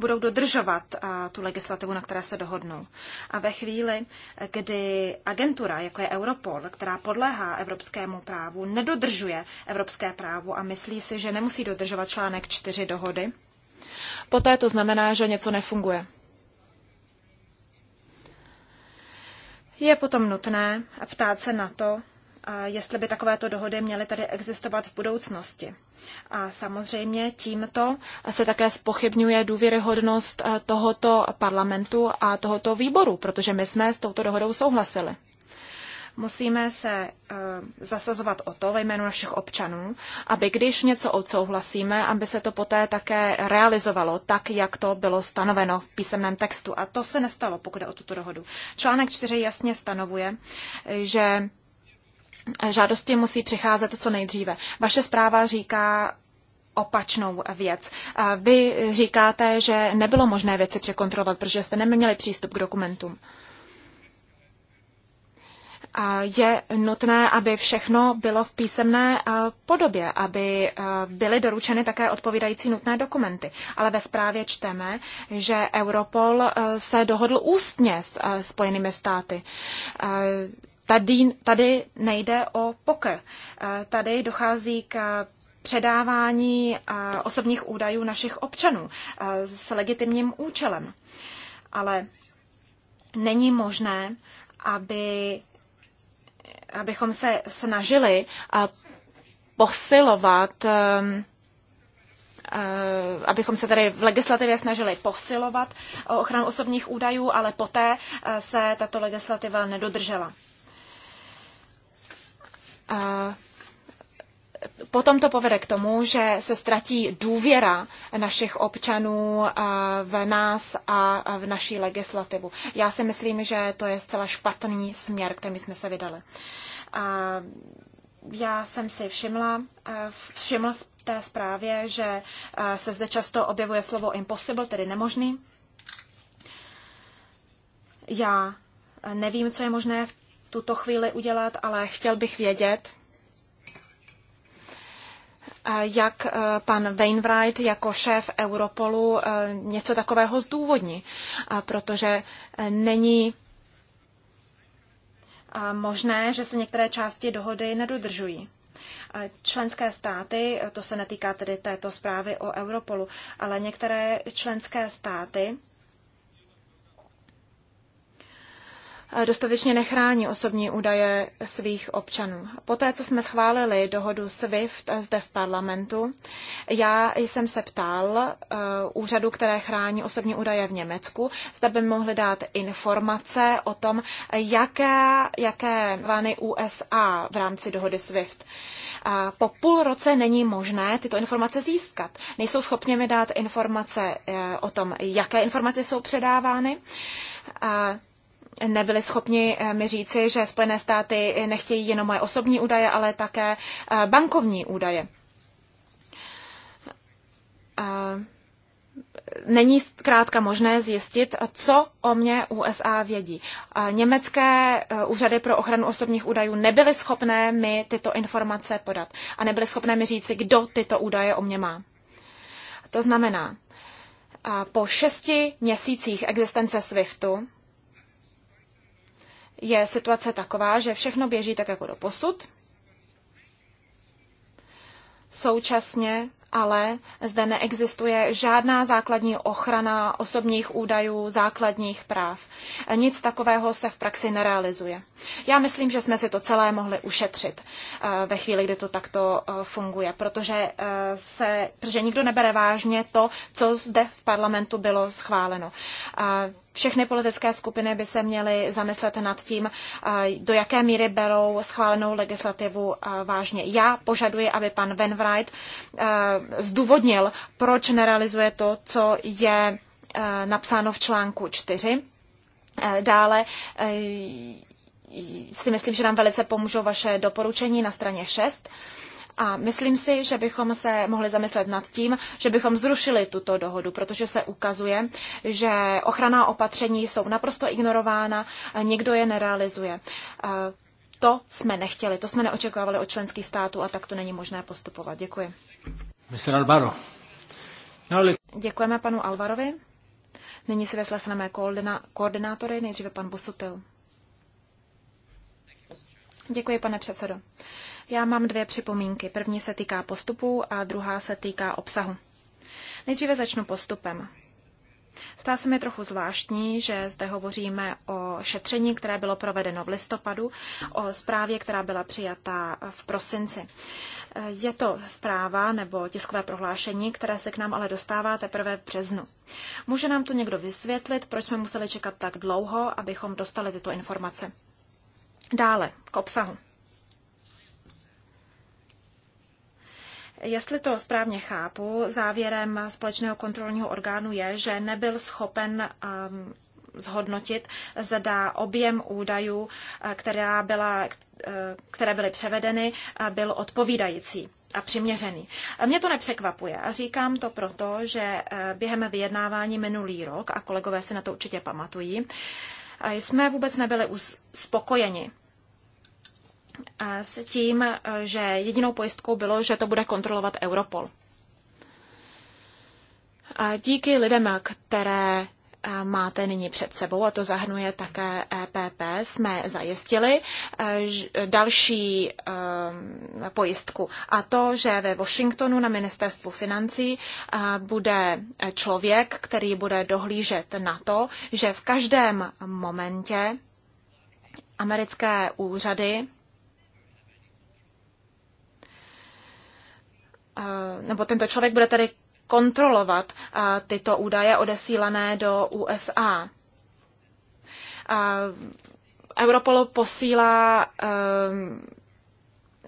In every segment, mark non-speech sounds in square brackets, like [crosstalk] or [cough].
budou dodržovat eh, tu legislativu, na které se dohodnou. A ve chvíli, kdy agentura, jako je Europol, která podléhá evropskému právu, nedodržuje evropské právo a myslí si, že nemusí dodržovat článek 4 dohody, poté to znamená, že něco nefunguje. Je potom nutné ptát se na to, jestli by takovéto dohody měly tady existovat v budoucnosti. A samozřejmě tímto se také spochybňuje důvěryhodnost eh, tohoto parlamentu a tohoto výboru, protože my jsme s touto dohodou souhlasili. Musíme se eh, zasazovat o to ve jménu našich občanů, aby když něco odsouhlasíme, aby se to poté také realizovalo tak, jak to bylo stanoveno v písemném textu. A to se nestalo, pokud je o tuto dohodu. Článek 4 jasně stanovuje, že žádosti musí přicházet co nejdříve. Vaše zpráva říká opačnou věc. Vy říkáte, že nebylo možné věci překontrolovat, protože jste neměli přístup k dokumentům. Je nutné, aby všechno bylo v písemné podobě, aby byly doručeny také odpovídající nutné dokumenty. Ale ve zprávě čteme, že Europol se dohodl ústně s Spojenými státy. Tady, tady nejde o poker. Eh, tady dochází k předávání eh, osobních údajů našich občanů eh, s legitimním účelem. Ale není možné, aby, abychom se snažili posilovat abychom se tady v legislativě snažili posilovat ochranu osobních údajů, ale poté se tato legislativa nedodržela potom to povede k tomu, že se ztratí důvěra našich občanů v nás a v naší legislativu. Já si myslím, že to je zcela špatný směr, který jsme se vydali. Já jsem si všimla, všimla z té zprávě, že se zde často objevuje slovo impossible, tedy nemožný. Já nevím, co je možné v tuto chvíli udělat, ale chtěl bych vědět, eh, jak eh, pan Wainwright jako šéf Europolu eh, něco takového zdůvodní, protože není možné, že se některé části dohody nedodržují. Členské státy, to se netýká tedy této zprávy o Europolu, ale některé členské státy dostatečně nechrání osobní údaje svých občanů. Poté, co jsme schválili dohodu SWIFT zde v parlamentu, já jsem se ptal uh, úřadu, které chrání osobní údaje v Německu, zda by mohli dát informace o tom, jaké, jaké vány USA v rámci dohody SWIFT. A po půl roce není možné tyto informace získat. Nejsou schopni mi dát informace eh, o tom, jaké informace jsou předávány. A nebyli schopni eh, mi říci, že Spojené státy nechtějí jenom moje osobní údaje, ale také eh, bankovní údaje. Eh, není zkrátka možné zjistit, co o mě USA vědí. Německé úřady pro ochranu osobních údajů nebyly schopné mi tyto informace podat a nebyly schopné mi říci, kdo tyto údaje o mě má. To znamená, po šesti měsících existence SWIFTu je situace taková, že všechno běží tak jako do posud. Současně ale zde neexistuje žádná základní ochrana osobních údajů, základních práv. Nic takového se v praxi nerealizuje. Já myslím, že jsme si to celé mohli ušetřit eh, ve chvíli, kdy to takto eh, funguje, protože, eh, se, protože nikdo nebere vážně to, co zde v parlamentu bylo schváleno. Všechny politické skupiny by se měly zamyslet nad tím, do jaké míry berou schválenou legislativu vážně. Já požaduji, aby pan Wright zdůvodnil, proč nerealizuje to, co je napsáno v článku 4. Dále si myslím, že nám velice pomůžou vaše doporučení na straně 6. A myslím si, že bychom se mohli zamyslet nad tím, že bychom zrušili tuto dohodu, protože se ukazuje, že ochranná opatření jsou naprosto ignorována, nikdo je nerealizuje. To jsme nechtěli, to jsme neočekávali od členských států a tak to není možné postupovat. Děkuji. Mr. Alvaro. No, let... Děkujeme panu Alvarovi. Nyní si vyslechneme koordina- koordinátory, nejdříve pan Busutil. Děkuji, pane předsedo. Já mám dvě připomínky. První se týká postupu a druhá se týká obsahu. Nejdříve začnu postupem. Stá se mi trochu zvláštní, že zde hovoříme o šetření, které bylo provedeno v listopadu, o zprávě, která byla přijata v prosinci. Je to zpráva nebo tiskové prohlášení, které se k nám ale dostává teprve v březnu. Může nám to někdo vysvětlit, proč jsme museli čekat tak dlouho, abychom dostali tyto informace? Dále, k obsahu. Jestli to správně chápu, závěrem společného kontrolního orgánu je, že nebyl schopen um, zhodnotit, zda objem údajů, eh, která byla, eh, které byly převedeny, eh, byl odpovídající a přiměřený. Mě to nepřekvapuje a říkám to proto, že během vyjednávání minulý rok, a kolegové si na to určitě pamatují, jsme vůbec nebyli spokojeni s tím, eh, že jedinou pojistkou bylo, že to bude kontrolovat Europol. A díky lidem, které eh, máte nyní před sebou, a to zahrnuje také EPP, jsme zajistili eh, další pojistku. A to, že ve Washingtonu na ministerstvu financí bude člověk, který bude dohlížet na to, že v každém momentě americké úřady Eh, nebo tento člověk bude tedy kontrolovat eh, tyto údaje odesílané do USA. Eh, Europol posílá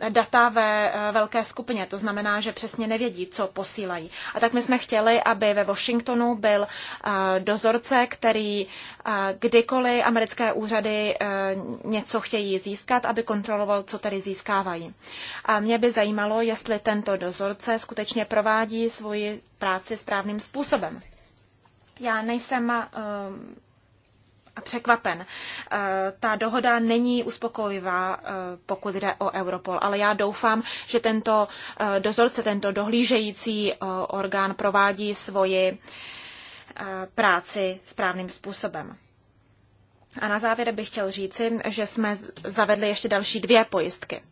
data ve eh, velké skupině, to znamená, že přesně nevědí, co posílají. A tak my jsme chtěli, aby ve Washingtonu byl eh, dozorce, který eh, kdykoliv americké úřady něco chtějí získat, aby kontroloval, co tady získávají. A mě by zajímalo, jestli tento dozorce skutečně provádí svoji práci správným způsobem. Já nejsem překvapen. Eh, ta dohoda není uspokojivá, eh, pokud jde o Europol, ale já doufám, že tento eh, dozorce, tento dohlížející orgán provádí svoji práci správným způsobem. A na závěr bych chtěl říci, že jsme zavedli ještě další dvě pojistky.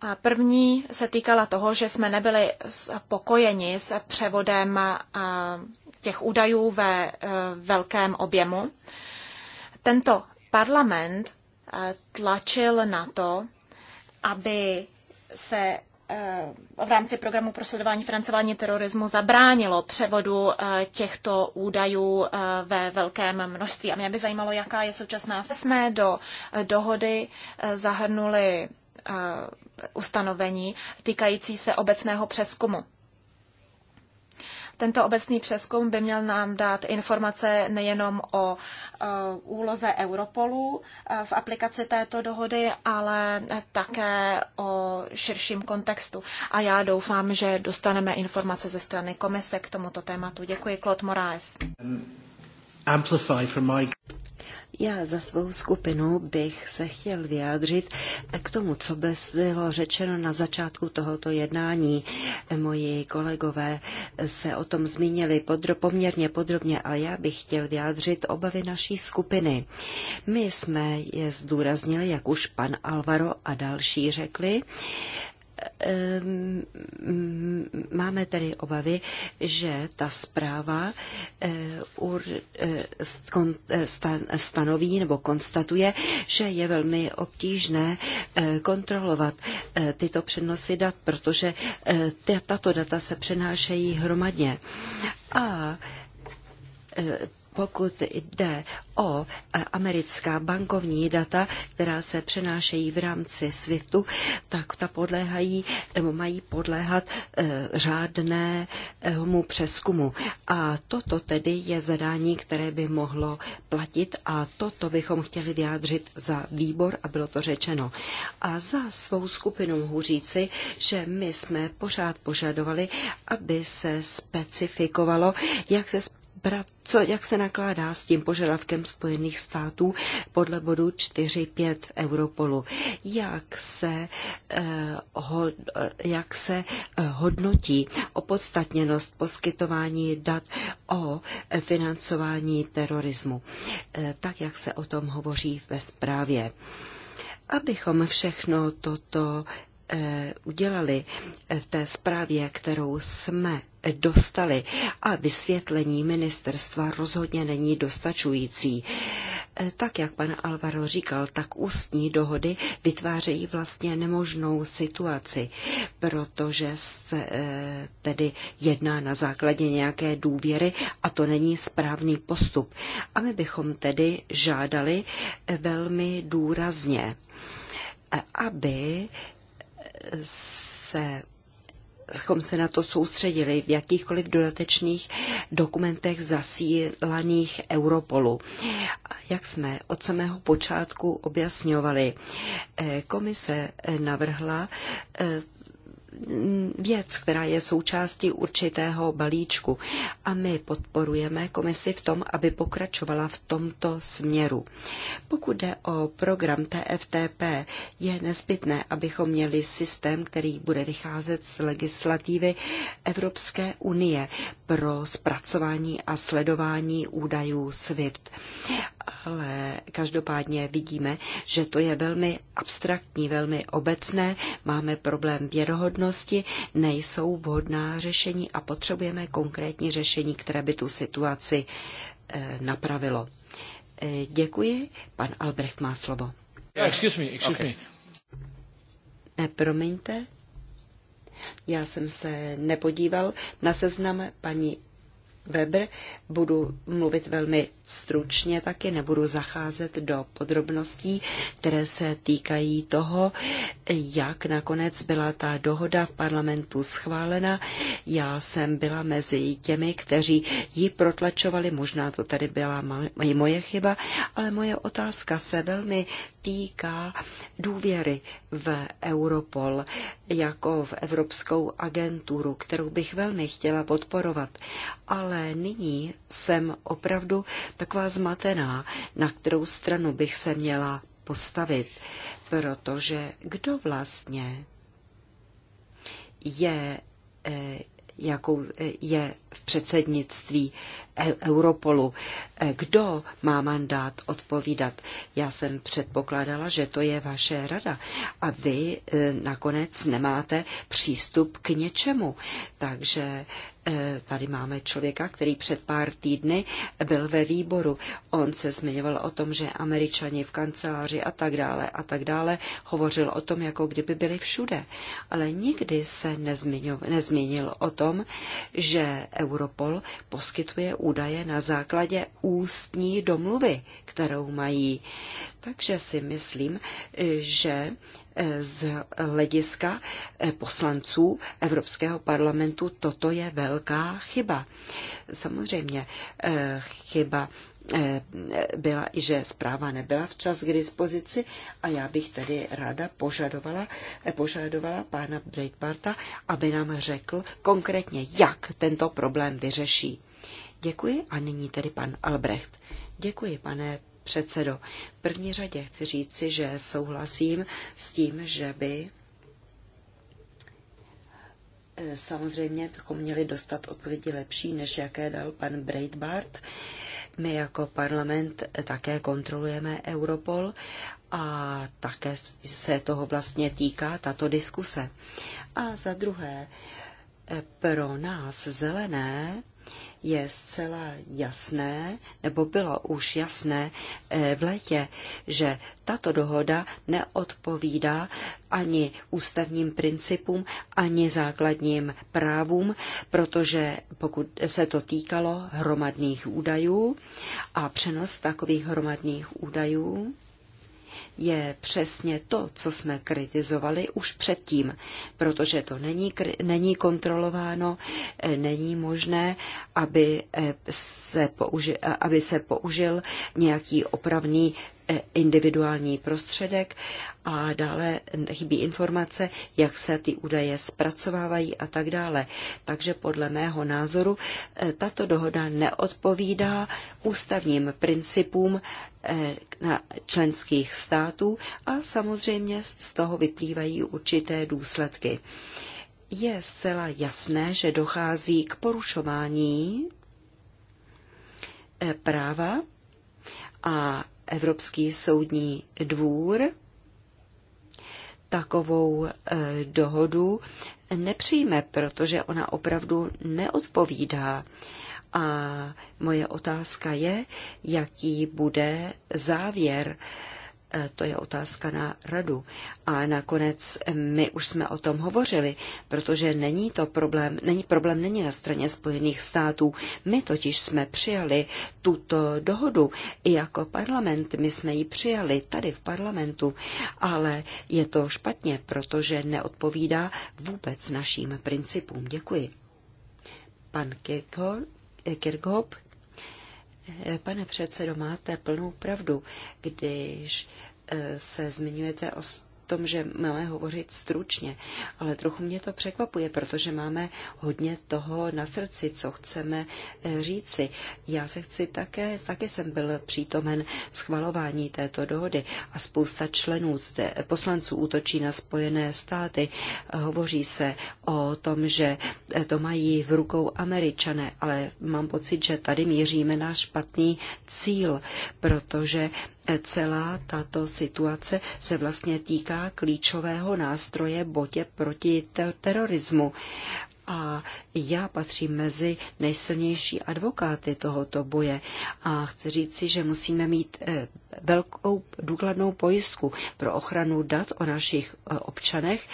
A první se týkala toho, že jsme nebyli spokojeni s převodem těch údajů ve eh, velkém objemu. Tento parlament eh, tlačil na to, aby se eh, v rámci programu pro sledování financování terorismu zabránilo převodu těchto údajů ve velkém množství. A mě by zajímalo, jaká je současná. Jsme do dohody zahrnuli ustanovení týkající se obecného přeskumu. Tento obecný přeskum by měl nám dát informace nejenom o e, úloze Europolu e, v aplikaci této dohody, ale také o širším kontextu. A já doufám, že dostaneme informace ze strany komise k tomuto tématu. Děkuji, Claude Moraes amplify my já za svou skupinu bych se chtěl vyjádřit k tomu, co bylo řečeno na začátku tohoto jednání. Moji kolegové se o tom zmínili podro, poměrně podrobně, ale já bych chtěl vyjádřit obavy naší skupiny. My jsme je zdůraznili, jak už pan Alvaro a další řekli, Ehm, máme tedy obavy, že ta zpráva eh, eh, eh, stanoví nebo konstatuje, že je velmi obtížné kontrolovat tyto přenosy dat, protože tato data se přenášejí hromadně. A pokud jde o e, americká bankovní data, která se přenášejí v rámci SWIFTu, tak ta podléhají nebo mají podléhat e, řádnému přeskumu. A toto tedy je zadání, které by mohlo platit a toto bychom chtěli vyjádřit za výbor a bylo to řečeno. A za svou skupinu mohu říci, že my jsme pořád požadovali, aby se specifikovalo, jak se brat, co, jak se nakládá s tím požadavkem Spojených států podle bodu 4.5 Europolu. Jak se, eh, ho, eh, jak se eh, hodnotí opodstatněnost poskytování dat o eh, financování terorismu, eh, tak jak se o tom hovoří ve zprávě. Abychom všechno toto Eh, udělali eh, v té zprávě, kterou jsme dostali a vysvětlení ministerstva rozhodně není dostačující. Eh, tak, jak pan Alvaro říkal, tak ústní dohody vytvářejí vlastně nemožnou situaci, protože se tedy jedná na základě nějaké důvěry a to není správný postup. A my bychom tedy žádali velmi důrazně, aby se abychom se na to soustředili v jakýchkoliv dodatečných dokumentech zasílaných Europolu. jak jsme od samého počátku objasňovali, eh, komise navrhla eh, věc, která je součástí určitého balíčku. A my podporujeme komisi v tom, aby pokračovala v tomto směru. Pokud jde o program TFTP, je nezbytné, abychom měli systém, který bude vycházet z legislativy Evropské unie pro zpracování a sledování údajů SWIFT. Ale každopádně vidíme, že to je velmi abstraktní, velmi obecné, máme problém věrohodnosti, nejsou vhodná řešení a potřebujeme konkrétní řešení, které by tu situaci eh, napravilo. Eh, děkuji. Pan Albrecht má slovo. Excuse me, excuse okay. me. Ne, promiňte. Já jsem se nepodíval na seznam paní Weber. Budu mluvit velmi stručně taky, nebudu zacházet do podrobností, které se týkají toho, jak nakonec byla ta dohoda v parlamentu schválena. Já jsem byla mezi těmi, kteří ji protlačovali, možná to tady byla moje chyba, ale moje otázka se velmi týká důvěry v Europol jako v Evropskou agenturu, kterou bych velmi chtěla podporovat. Ale nyní jsem opravdu taková zmatená, na kterou stranu bych se měla postavit, protože kdo vlastně je, eh, jakou, eh, je v předsednictví Europolu. Eh, kdo má mandát odpovídat? Já jsem předpokládala, že to je vaše rada a vy eh, nakonec nemáte přístup k něčemu. Takže Eh, tady máme člověka, který před pár týdny byl ve výboru. On se zmiňoval o tom, že američani v kanceláři a tak dále a tak dále. Hovořil o tom, jako kdyby byli všude. Ale nikdy se nezmínil o tom, že Europol poskytuje údaje na základě ústní domluvy, kterou mají. Takže si myslím, že z hlediska eh, poslanců Evropského parlamentu toto je velká chyba. Samozřejmě eh, chyba eh, byla, i že zpráva nebyla včas k dispozici a já bych tedy ráda požadovala, požadovala pána Breitbarta, aby nám řekl konkrétně, jak tento problém vyřeší. Děkuji a nyní tedy pan Albrecht. Děkuji, pane předsedo. V první řadě chci říci, že souhlasím s tím, že by eh, samozřejmě bychom měli dostat odpovědi lepší, než jaké dal pan Breitbart. My jako parlament eh, také kontrolujeme Europol a také se toho vlastně týká tato diskuse. A za druhé, eh, pro nás zelené je zcela jasné, nebo bylo už jasné eh, v létě, že tato dohoda neodpovídá ani ústavním principům, ani základním právům, protože pokud se to týkalo hromadných údajů a přenos takových hromadných údajů, je přesně to, co jsme kritizovali už předtím, protože to není, není kontrolováno, eh, není možné, aby eh, se, použi, aby se použil nějaký opravný individuální prostředek a dále chybí informace, jak se ty údaje zpracovávají a tak dále. Takže podle mého názoru eh, tato dohoda neodpovídá ústavním principům eh, na členských států a samozřejmě z toho vyplývají určité důsledky. Je zcela jasné, že dochází k porušování eh, práva a Evropský soudní dvůr takovou e, dohodu nepřijme, protože ona opravdu neodpovídá. A moje otázka je, jaký bude závěr Eh, to je otázka na radu. A nakonec eh, my už jsme o tom hovořili, protože není to problém, není problém není na straně Spojených států. My totiž jsme přijali tuto dohodu i jako parlament. My jsme ji přijali tady v parlamentu, ale je to špatně, protože neodpovídá vůbec našim principům. Děkuji. Pan Kirchhoff. Eh, Pane předsedo, máte plnou pravdu, když eh, se zmiňujete o tom, že máme hovořit stručně, ale trochu mě to překvapuje, protože máme hodně toho na srdci, co chceme eh, říci. Já se chci také, také jsem byl přítomen schvalování této dohody a spousta členů zde, poslanců útočí na Spojené státy. Hovoří se o tom, že eh, to mají v rukou američané, ale mám pocit, že tady míříme na špatný cíl, protože celá tato situace se vlastně týká klíčového nástroje botě proti terorismu. A já patřím mezi nejsilnější advokáty tohoto boje a chci říci, že musíme mít eh, velkou důkladnou pojistku pro ochranu dat o našich eh, občanech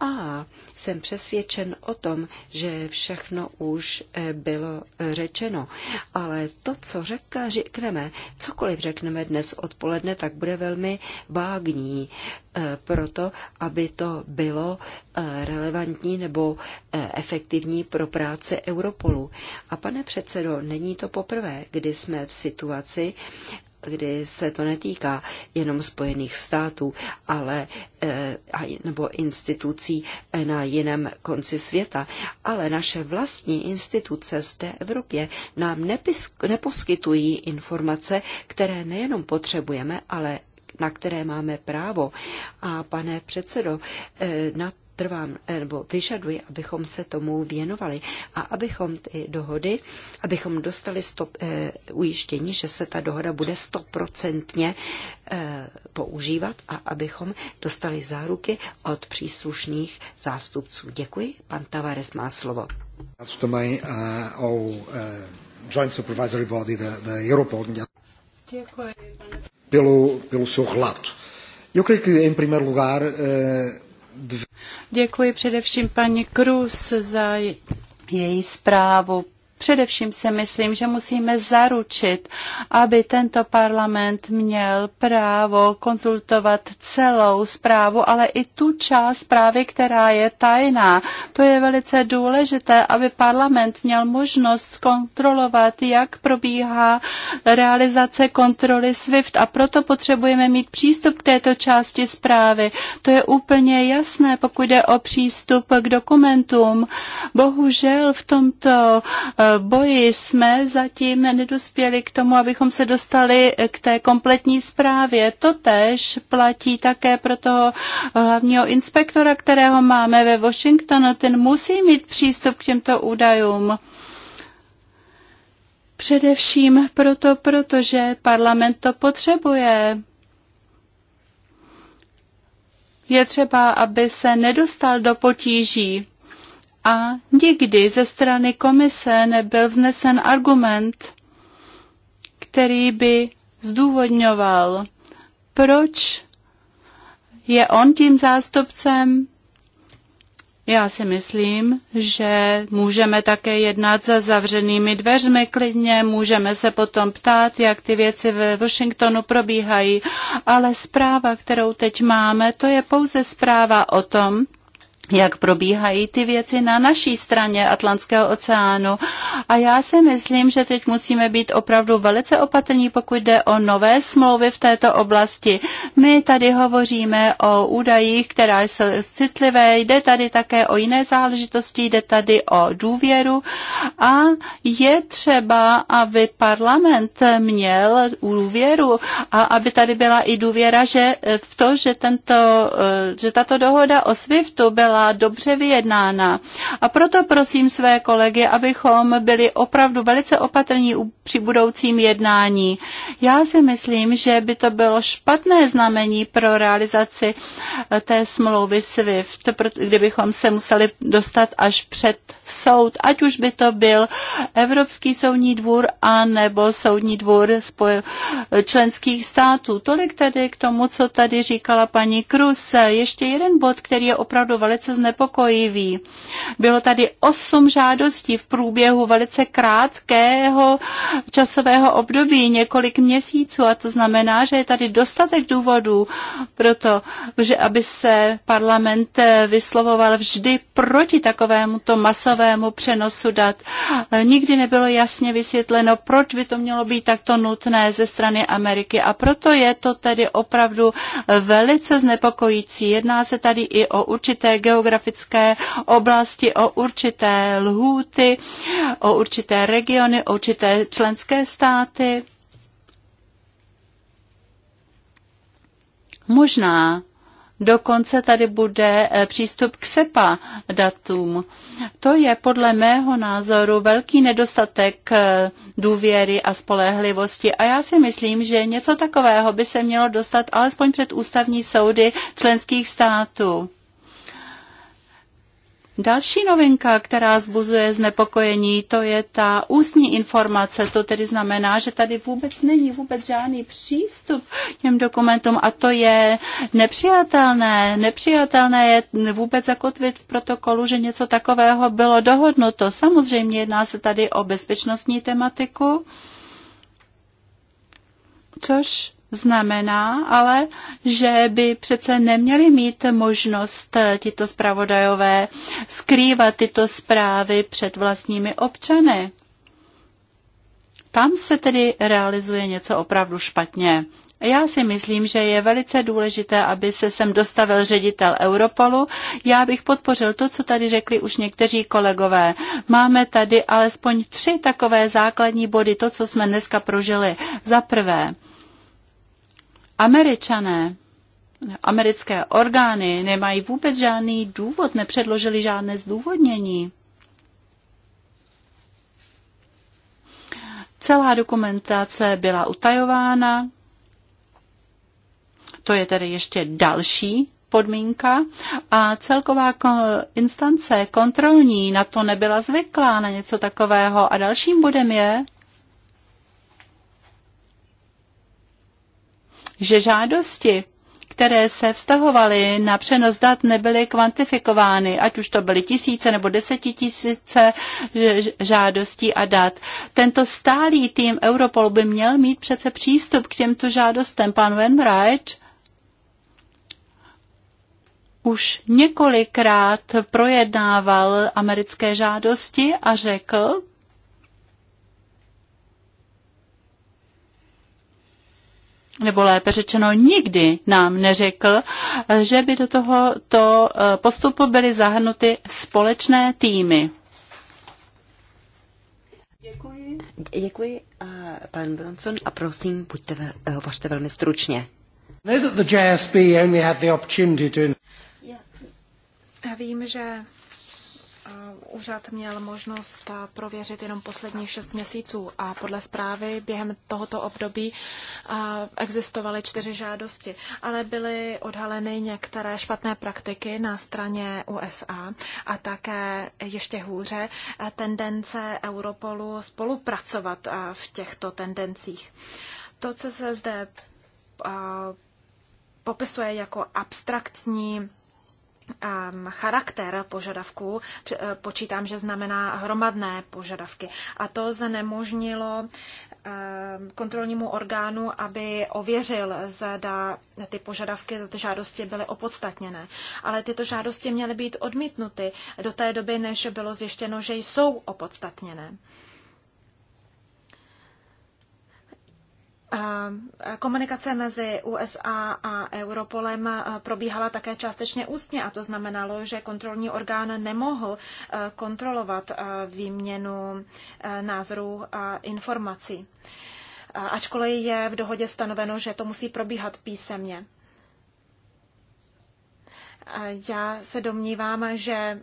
a jsem přesvědčen o tom, že všechno už eh, bylo eh, řečeno. Ale to, co řekka, řekneme, cokoliv řekneme dnes odpoledne, tak bude velmi vágní eh, proto, aby to bylo relevantní nebo efektivní pro práci Europolu. A pane předsedo, není to poprvé, kdy jsme v situaci, kdy se to netýká jenom Spojených států, ale eh, nebo institucí eh, na jiném konci světa. Ale naše vlastní instituce z té Evropě nám neposkytují informace, které nejenom potřebujeme, ale na které máme právo. A pane předsedo, eh, na trvám eh, nebo vyžaduji, abychom se tomu věnovali a abychom ty dohody, abychom dostali stop, e, ujištění, že se ta dohoda bude stoprocentně e, používat a abychom dostali záruky od příslušných zástupců. Děkuji. Pan Tavares má slovo. Děkuji. Pelo, pelo seu relato. Eu creio que, em primeiro lugar, eh, Děkuji především paní Krus za její zprávu Především si myslím, že musíme zaručit, aby tento parlament měl právo konzultovat celou zprávu, ale i tu část zprávy, která je tajná. To je velice důležité, aby parlament měl možnost zkontrolovat, jak probíhá realizace kontroly SWIFT a proto potřebujeme mít přístup k této části zprávy. To je úplně jasné, pokud jde o přístup k dokumentům. Bohužel v tomto Eh, boji jsme zatím nedospěli k tomu, abychom se dostali k té kompletní zprávě. To tež platí také pro toho hlavního inspektora, kterého máme ve Washingtonu. Ten musí mít přístup k těmto údajům. Především proto, protože parlament to potřebuje. Je třeba, aby se nedostal do potíží a nikdy ze strany komise nebyl vznesen argument, který by zdůvodňoval, proč je on tím zástupcem. Já si myslím, že můžeme také jednat za zavřenými dveřmi klidně, můžeme se potom ptát, jak ty věci ve Washingtonu probíhají, ale zpráva, kterou teď máme, to je pouze zpráva o tom, jak probíhají ty věci na naší straně Atlantského oceánu. A já si myslím, že teď musíme být opravdu velice opatrní, pokud jde o nové smlouvy v této oblasti. My tady hovoříme o údajích, které jsou citlivé, jde tady také o jiné záležitosti, jde tady o důvěru a je třeba, aby parlament měl důvěru a aby tady byla i důvěra, že v to, že, tento, eh, že tato dohoda o SWIFTu byla byla dobře vyjednána. A proto prosím své kolegy, abychom byli opravdu velice opatrní při budoucím jednání. Já si myslím, že by to bylo špatné znamení pro realizaci eh, té smlouvy SWIFT, kdybychom se museli dostat až před soud, ať už by to byl Evropský soudní dvůr a nebo soudní dvůr členských států. Tolik tedy k tomu, co tady říkala paní Krus. Ještě jeden bod, který je opravdu velice velice znepokojivý. Bylo tady osm žádostí v průběhu velice krátkého časového období, několik měsíců, a to znamená, že je tady dostatek důvodů pro to, že aby se parlament vyslovoval vždy proti takovému to masovému přenosu dat. Nikdy nebylo jasně vysvětleno, proč by to mělo být takto nutné ze strany Ameriky a proto je to tedy opravdu velice znepokojící. Jedná se tady i o určité geografické geografické oblasti, o určité lhůty, o určité regiony, o určité členské státy. Možná Dokonce tady bude eh, přístup k SEPA datům. To je podle mého názoru velký nedostatek eh, důvěry a spolehlivosti a já si myslím, že něco takového by se mělo dostat alespoň před ústavní soudy členských států. Další novinka, která zbuzuje znepokojení, to je ta ústní informace. To tedy znamená, že tady vůbec není vůbec žádný přístup k těm dokumentům a to je nepřijatelné. Nepřijatelné je vůbec zakotvit v protokolu, že něco takového bylo dohodnuto. Samozřejmě jedná se tady o bezpečnostní tematiku, což znamená ale, že by přece neměli mít možnost eh, tito zpravodajové skrývat tyto zprávy před vlastními občany. Tam se tedy realizuje něco opravdu špatně. Já si myslím, že je velice důležité, aby se sem dostavil ředitel Europolu. Já bych podpořil to, co tady řekli už někteří kolegové. Máme tady alespoň tři takové základní body, to, co jsme dneska prožili. Za prvé, Američané, americké orgány nemají vůbec žádný důvod, nepředložili žádné zdůvodnění. Celá dokumentace byla utajována. To je tedy ještě další podmínka a celková instance kontrolní na to nebyla zvyklá na něco takového. A dalším bodem je, že žádosti, které se vztahovaly na přenos dat, nebyly kvantifikovány, ať už to byly tisíce nebo desetitisíce žádostí a dat. Tento stálý tým Europol by měl mít přece přístup k těmto žádostem. Pan Wainwright už několikrát projednával americké žádosti a řekl, nebo lépe řečeno nikdy nám neřekl, že by do tohoto eh, postupu byly zahrnuty společné týmy. Děkuji. Děkuji, eh, pan Bronson, a prosím, buďte, hovořte eh, velmi stručně. Já vím, že úřad měl možnost prověřit jenom posledních šest měsíců a podle zprávy během tohoto období existovaly čtyři žádosti, ale byly odhaleny některé špatné praktiky na straně USA a také ještě hůře tendence Europolu spolupracovat v těchto tendencích. To, co se zde popisuje jako abstraktní charakter požadavků, eh, počítám, že znamená hromadné požadavky. A to znemožnilo kontrolnímu orgánu, aby ověřil, zda ty požadavky, ty žádosti byly opodstatněné. Ale tyto žádosti měly být odmítnuty do té doby, než bylo zjištěno, že jsou opodstatněné. Komunikace mezi USA a Europolem probíhala také částečně ústně a to znamenalo, že kontrolní orgán nemohl kontrolovat výměnu názorů a informací. Ačkoliv je v dohodě stanoveno, že to musí probíhat písemně. Já se domnívám, že e,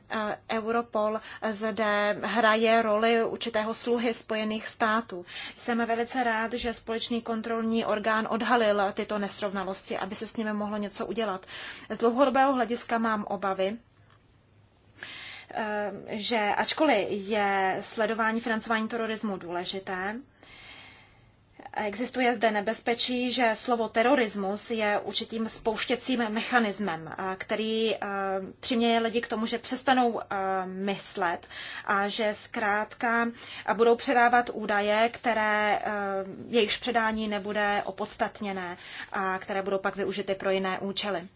Europol zde hraje roli určitého sluhy Spojených států. Jsem velice rád, že společný kontrolní orgán odhalil tyto nesrovnalosti, aby se s nimi mohlo něco udělat. Z dlouhodobého hlediska mám obavy, e, že ačkoliv je sledování financování terorismu důležité, Existuje zde nebezpečí, že slovo terorismus je určitým spouštěcím mechanismem, který eh, přiměje lidi k tomu, že přestanou eh, myslet a že zkrátka eh, budou předávat údaje, které jejichž předání nebude opodstatněné a které budou pak využity pro jiné účely.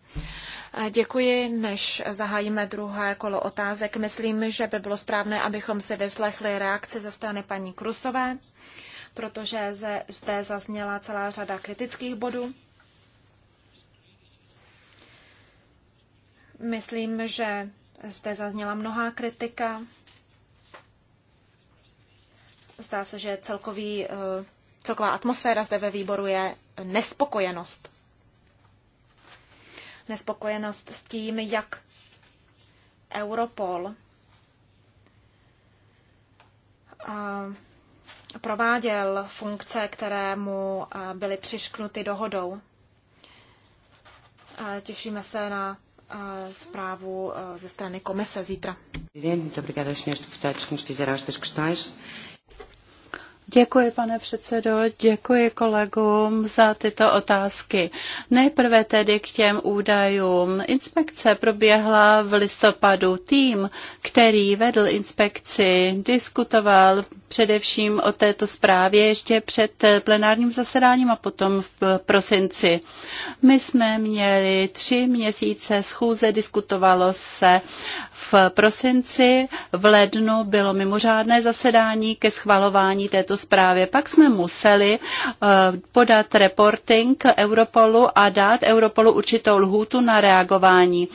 Děkuji. Než zahájíme druhé kolo otázek, myslím, že by bylo správné, abychom si vyslechli reakce ze strany paní Krusové protože zde zazněla celá řada kritických bodů. Myslím, že zde zazněla mnohá kritika. Zdá se, že celkový, eh, celková atmosféra zde ve výboru je nespokojenost. Nespokojenost s tím, jak Europol eh, prováděl funkce, které mu eh, byly přišknuty dohodou. Eh, těšíme se na eh, zprávu ze strany komise zítra. Děkuji, pane předsedo, děkuji kolegům za tyto otázky. Nejprve tedy k těm údajům. Inspekce proběhla v listopadu. Tým, který vedl inspekci, diskutoval především o této zprávě ještě před plenárním zasedáním a potom v prosinci. My jsme měli tři měsíce schůze, diskutovalo se v prosinci, v lednu bylo mimořádné zasedání ke schvalování této zprávě. Pak jsme museli eh, podat reporting Europolu a dát Europolu určitou lhůtu na reagování.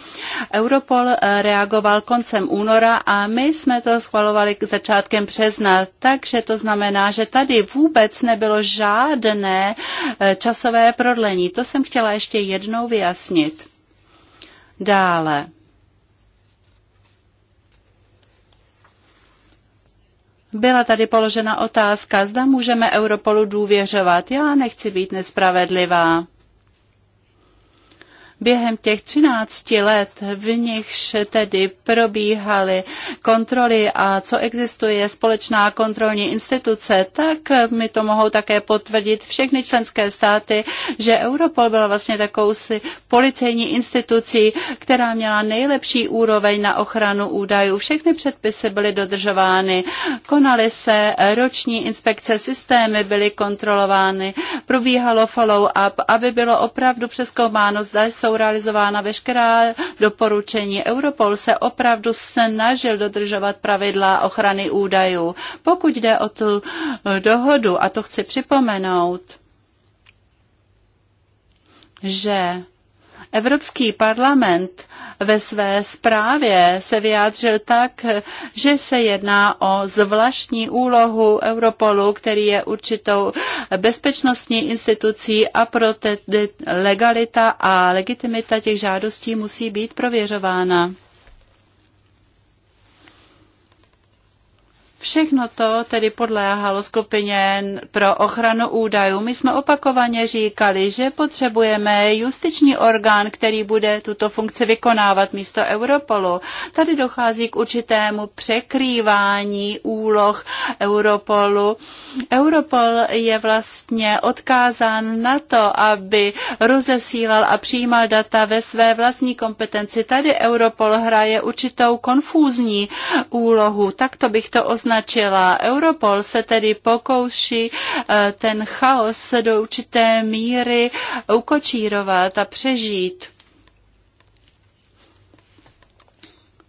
Europol eh, reagoval koncem února a my jsme to schvalovali k začátkem března, takže to znamená, že tady vůbec nebylo žádné eh, časové prodlení. To jsem chtěla ještě jednou vyjasnit. Dále. Byla tady položena otázka, zda můžeme Europolu důvěřovat. Já nechci být nespravedlivá během těch 13 let, v nichž tedy probíhaly kontroly a co existuje společná kontrolní instituce, tak mi to mohou také potvrdit všechny členské státy, že Europol byla vlastně takovou si policejní institucí, která měla nejlepší úroveň na ochranu údajů. Všechny předpisy byly dodržovány, konaly se roční inspekce, systémy byly kontrolovány, probíhalo follow-up, aby bylo opravdu přeskoumáno, zda jsou jsou realizována veškerá doporučení. Europol se opravdu snažil dodržovat pravidla ochrany údajů. Pokud jde o tu eh, dohodu, a to chci připomenout, že Evropský parlament ve své zprávě se vyjádřil tak, že se jedná o zvláštní úlohu Europolu, který je určitou bezpečnostní institucí a pro legalita a legitimita těch žádostí musí být prověřována. Všechno to tedy podléhalo skupině pro ochranu údajů. My jsme opakovaně říkali, že potřebujeme justiční orgán, který bude tuto funkci vykonávat místo Europolu. Tady dochází k určitému překrývání úloh Europolu. Europol je vlastně odkázán na to, aby rozesílal a přijímal data ve své vlastní kompetenci. Tady Europol hraje určitou konfúzní úlohu. Tak to bych to označil naznačila. Europol se tedy pokouší eh, ten chaos do určité míry ukočírovat a přežít.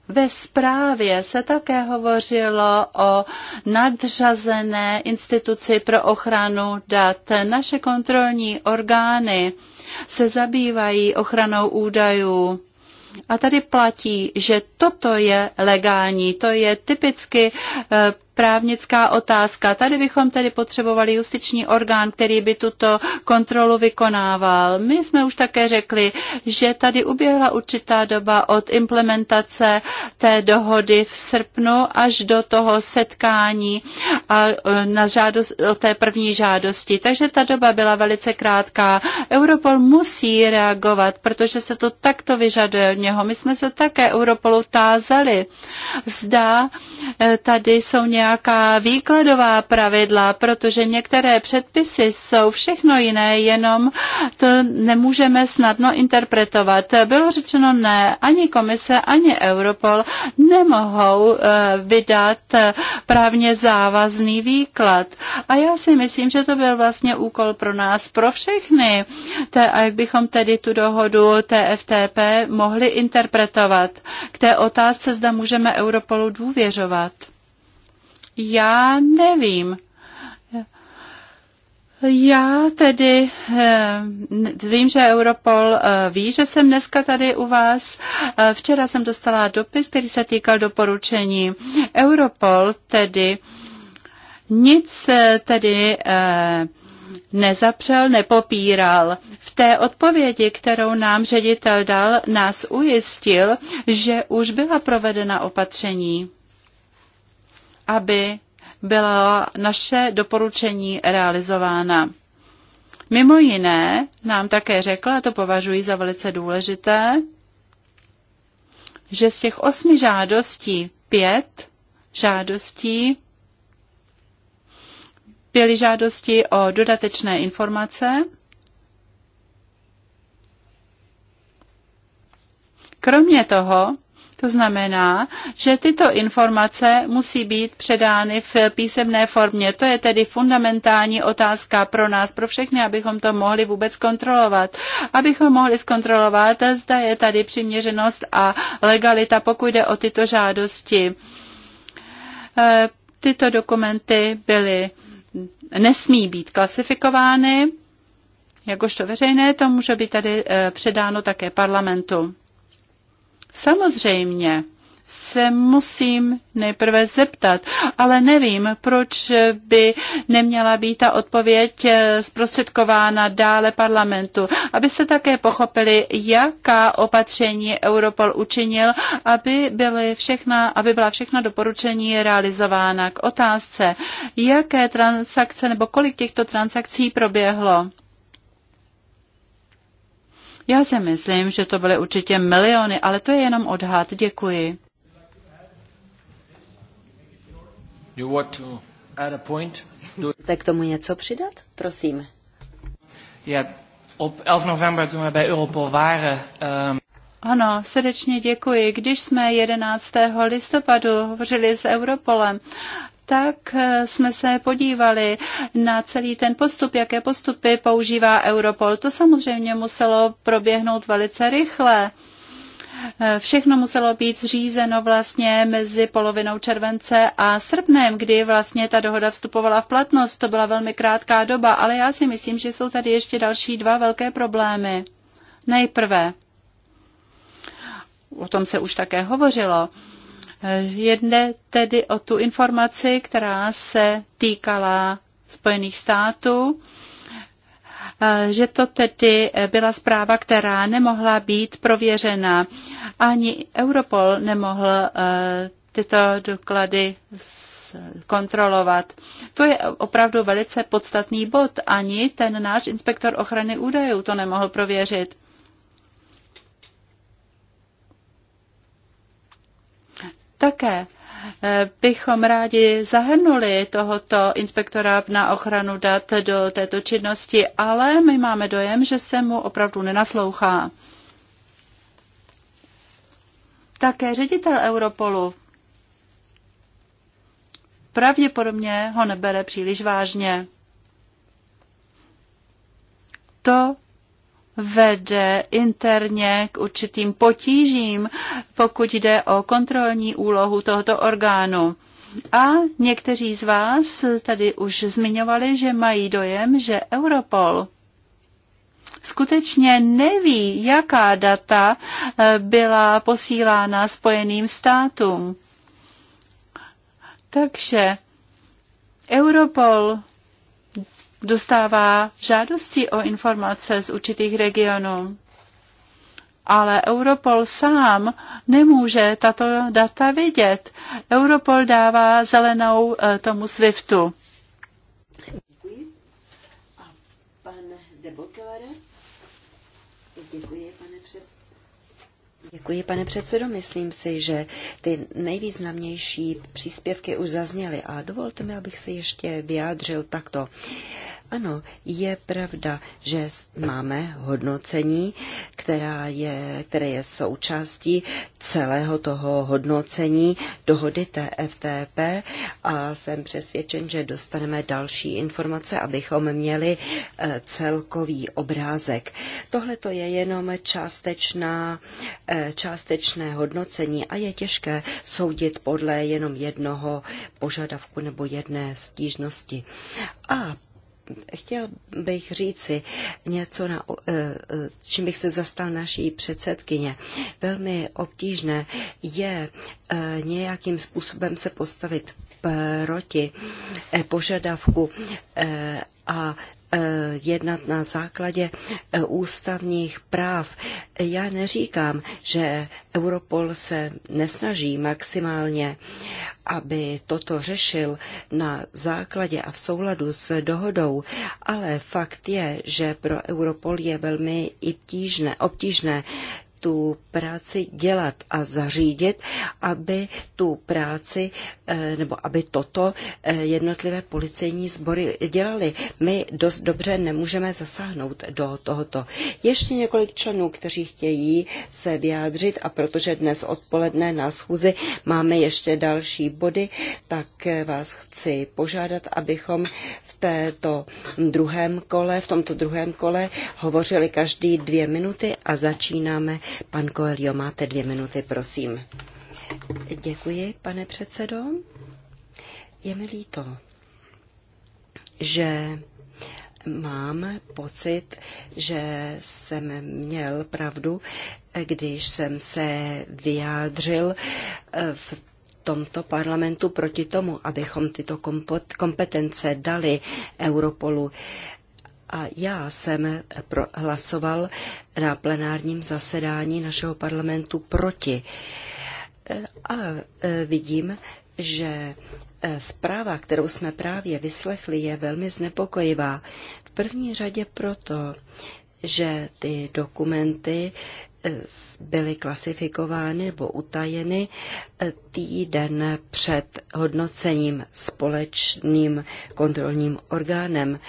Ve zprávě se také hovořilo o nadřazené instituci pro ochranu dat. Naše kontrolní orgány se zabývají ochranou údajů a tady platí, že toto je legální, to je typicky eh, právnická otázka. Tady bychom tedy potřebovali justiční orgán, který by tuto kontrolu vykonával. My jsme už také řekli, že tady uběhla určitá doba od implementace té dohody v srpnu až do toho setkání a e, na žádost, o té první žádosti. Takže ta doba byla velice krátká. Europol musí reagovat, protože se to takto vyžaduje od něho. My jsme se také Europolu tázali. Zda e, tady jsou nějaké nějaká výkladová pravidla, protože některé předpisy jsou všechno jiné, jenom to nemůžeme snadno interpretovat. Bylo řečeno ne, ani komise, ani Europol nemohou eh, vydat eh, právně závazný výklad. A já si myslím, že to byl vlastně úkol pro nás, pro všechny. A jak bychom tedy tu dohodu TFTP mohli interpretovat? K té otázce, zda můžeme Europolu důvěřovat. Já nevím. Já tedy eh, vím, že Europol eh, ví, že jsem dneska tady u vás. Eh, včera jsem dostala dopis, který se týkal doporučení. Europol tedy nic tedy nezapřel, nepopíral. V té odpovědi, kterou nám ředitel dal, nás ujistil, že už byla provedena opatření aby byla naše doporučení realizována. Mimo jiné nám také řekla, a to považuji za velice důležité, že z těch osmi žádostí pět žádostí byly žádosti o dodatečné informace. Kromě toho to znamená, že tyto informace musí být předány v písemné formě. To je tedy fundamentální otázka pro nás, pro všechny, abychom to mohli vůbec kontrolovat. Abychom mohli zkontrolovat, zda je tady přiměřenost a legalita, pokud jde o tyto žádosti. Eh, tyto dokumenty byly, nesmí být klasifikovány, jakožto veřejné, to může být tady eh, předáno také parlamentu. Samozřejmě se musím nejprve zeptat, ale nevím, proč by neměla být ta odpověď eh, zprostředkována dále parlamentu, abyste také pochopili, jaká opatření Europol učinil, aby, byly všechna, aby byla všechna doporučení realizována k otázce, jaké transakce nebo kolik těchto transakcí proběhlo. Já si myslím, že to byly určitě miliony, ale to je jenom odhad. Děkuji. You want to add a point? Do... tomu něco přidat? Prosím. Yeah, op 11 november, toen we Europol waren, um... Ano, srdečně děkuji. Když jsme 11. listopadu hovořili s Europolem, tak eh, jsme se podívali na celý ten postup, jaké postupy používá Europol. To samozřejmě muselo proběhnout velice rychle. Eh, všechno muselo být zřízeno vlastně mezi polovinou července a srpnem, kdy vlastně ta dohoda vstupovala v platnost. To byla velmi krátká doba, ale já si myslím, že jsou tady ještě další dva velké problémy. Nejprve, o tom se už také hovořilo, Jedne tedy o tu informaci, která se týkala Spojených států, že to tedy byla zpráva, která nemohla být prověřena. Ani Europol nemohl eh, tyto doklady kontrolovat. To je opravdu velice podstatný bod. Ani ten náš inspektor ochrany údajů to nemohl prověřit. Také eh, bychom rádi zahrnuli tohoto inspektora na ochranu dat do této činnosti, ale my máme dojem, že se mu opravdu nenaslouchá. Také ředitel Europolu pravděpodobně ho nebere příliš vážně. To vede interně k určitým potížím, pokud jde o kontrolní úlohu tohoto orgánu. A někteří z vás tady už zmiňovali, že mají dojem, že Europol skutečně neví, jaká data eh, byla posílána Spojeným státům. Takže Europol dostává žádosti o informace z určitých regionů. Ale Europol sám nemůže tato data vidět. Europol dává zelenou eh, tomu SWIFTu. Děkuji. A pan Děkuji. Děkuji, pane předsedo. Myslím si, že ty nejvýznamnější příspěvky už zazněly a dovolte mi, abych se ještě vyjádřil takto. Ano, je pravda, že máme hodnocení, která je, které je součástí celého toho hodnocení dohody TFTP a jsem přesvědčen, že dostaneme další informace, abychom měli eh, celkový obrázek. Tohle to je jenom částečná, eh, částečné hodnocení a je těžké soudit podle jenom jednoho požadavku nebo jedné stížnosti. A Chtěl bych říci něco, na, e, e, čím bych se zastal naší předsedkyně. Velmi obtížné je e, nějakým způsobem se postavit proti požadavku a Eh, jednat na základě eh, ústavních práv. Já neříkám, že Europol se nesnaží maximálně, aby toto řešil na základě a v souladu s dohodou, ale fakt je, že pro Europol je velmi obtížné, obtížné tu práci dělat a zařídit, aby tu práci Eh, nebo aby toto eh, jednotlivé policejní sbory dělali. My dost dobře nemůžeme zasáhnout do tohoto. Ještě několik členů, kteří chtějí se vyjádřit a protože dnes odpoledne na schůzi máme ještě další body, tak eh, vás chci požádat, abychom v této druhém kole, v tomto druhém kole hovořili každý dvě minuty a začínáme. Pan Koelio, máte dvě minuty, prosím. Děkuji, pane předsedo. Je mi líto, že mám pocit, že jsem měl pravdu, když jsem se vyjádřil eh, v tomto parlamentu proti tomu, abychom tyto kompetence dali Europolu. A já jsem hlasoval na plenárním zasedání našeho parlamentu proti a e, vidím, že e, zpráva, kterou jsme právě vyslechli, je velmi znepokojivá. V první řadě proto, že ty dokumenty e, byly klasifikovány nebo utajeny týden před hodnocením společným kontrolním orgánem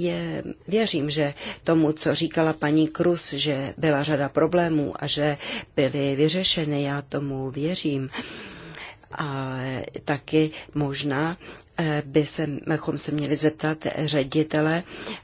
je, věřím, že tomu, co říkala paní Krus, že byla řada problémů a že byly vyřešeny, já tomu věřím. A taky možná eh, by se, bychom se měli zeptat ředitele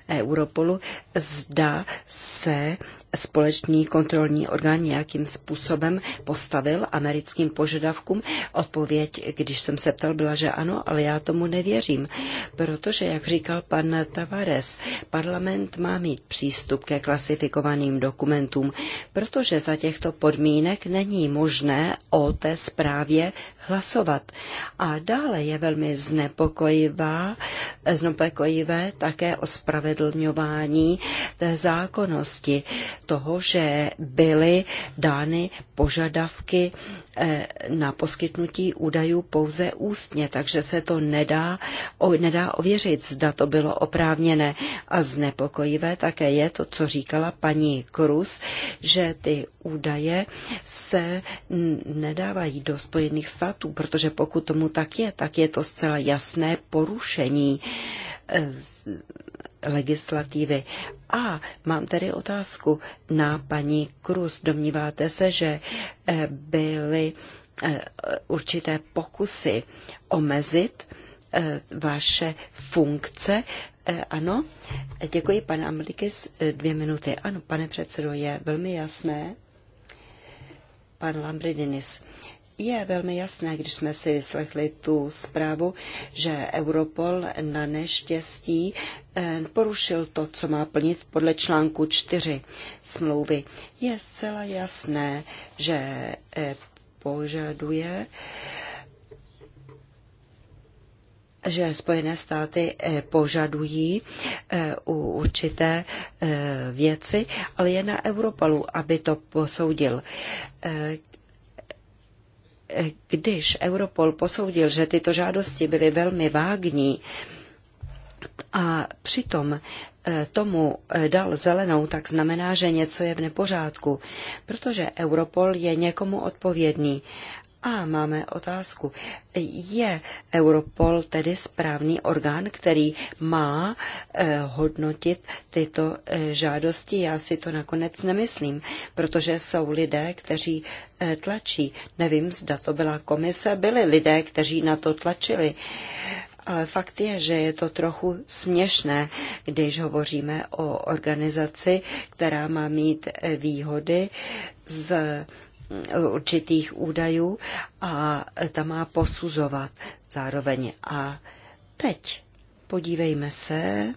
eh, Europolu, zda se společný kontrolní orgán nějakým způsobem postavil americkým požadavkům. Odpověď, když jsem se ptal, byla, že ano, ale já tomu nevěřím, protože, jak říkal pan Tavares, parlament má mít přístup ke klasifikovaným dokumentům, protože za těchto podmínek není možné o té zprávě hlasovat. A dále je velmi znepokojivá, znepokojivé také ospravedlňování té zákonnosti toho, že byly dány požadavky eh, na poskytnutí údajů pouze ústně, takže se to nedá, o, nedá ověřit, zda to bylo oprávněné. A znepokojivé také je to, co říkala paní Krus, že ty údaje se nedávají do Spojených států, protože pokud tomu tak je, tak je to zcela jasné porušení eh, legislativy. A mám tady otázku na paní Krus. Domníváte se, že eh, byly eh, určité pokusy omezit eh, vaše funkce. Ano, děkuji, pane Amlikis, dvě minuty. Ano, pane předsedo, je velmi jasné, pan Lambridinis, je velmi jasné, když jsme si vyslechli tu zprávu, že Europol na neštěstí eh, porušil to, co má plnit podle článku 4 smlouvy. Je zcela jasné, že eh, požaduje že Spojené státy eh, požadují u určité věci, ale je na Europolu, aby to posoudil když Europol posoudil, že tyto žádosti byly velmi vágní a přitom eh, tomu eh, dal zelenou, tak znamená, že něco je v nepořádku, protože Europol je někomu odpovědný a máme otázku. Je Europol tedy správný orgán, který má eh, hodnotit tyto eh, žádosti? Já si to nakonec nemyslím, protože jsou lidé, kteří eh, tlačí. Nevím, zda to byla komise, byli lidé, kteří na to tlačili. Ale fakt je, že je to trochu směšné, když hovoříme o organizaci, která má mít výhody z určitých údajů a ta má posuzovat zároveň. A teď podívejme se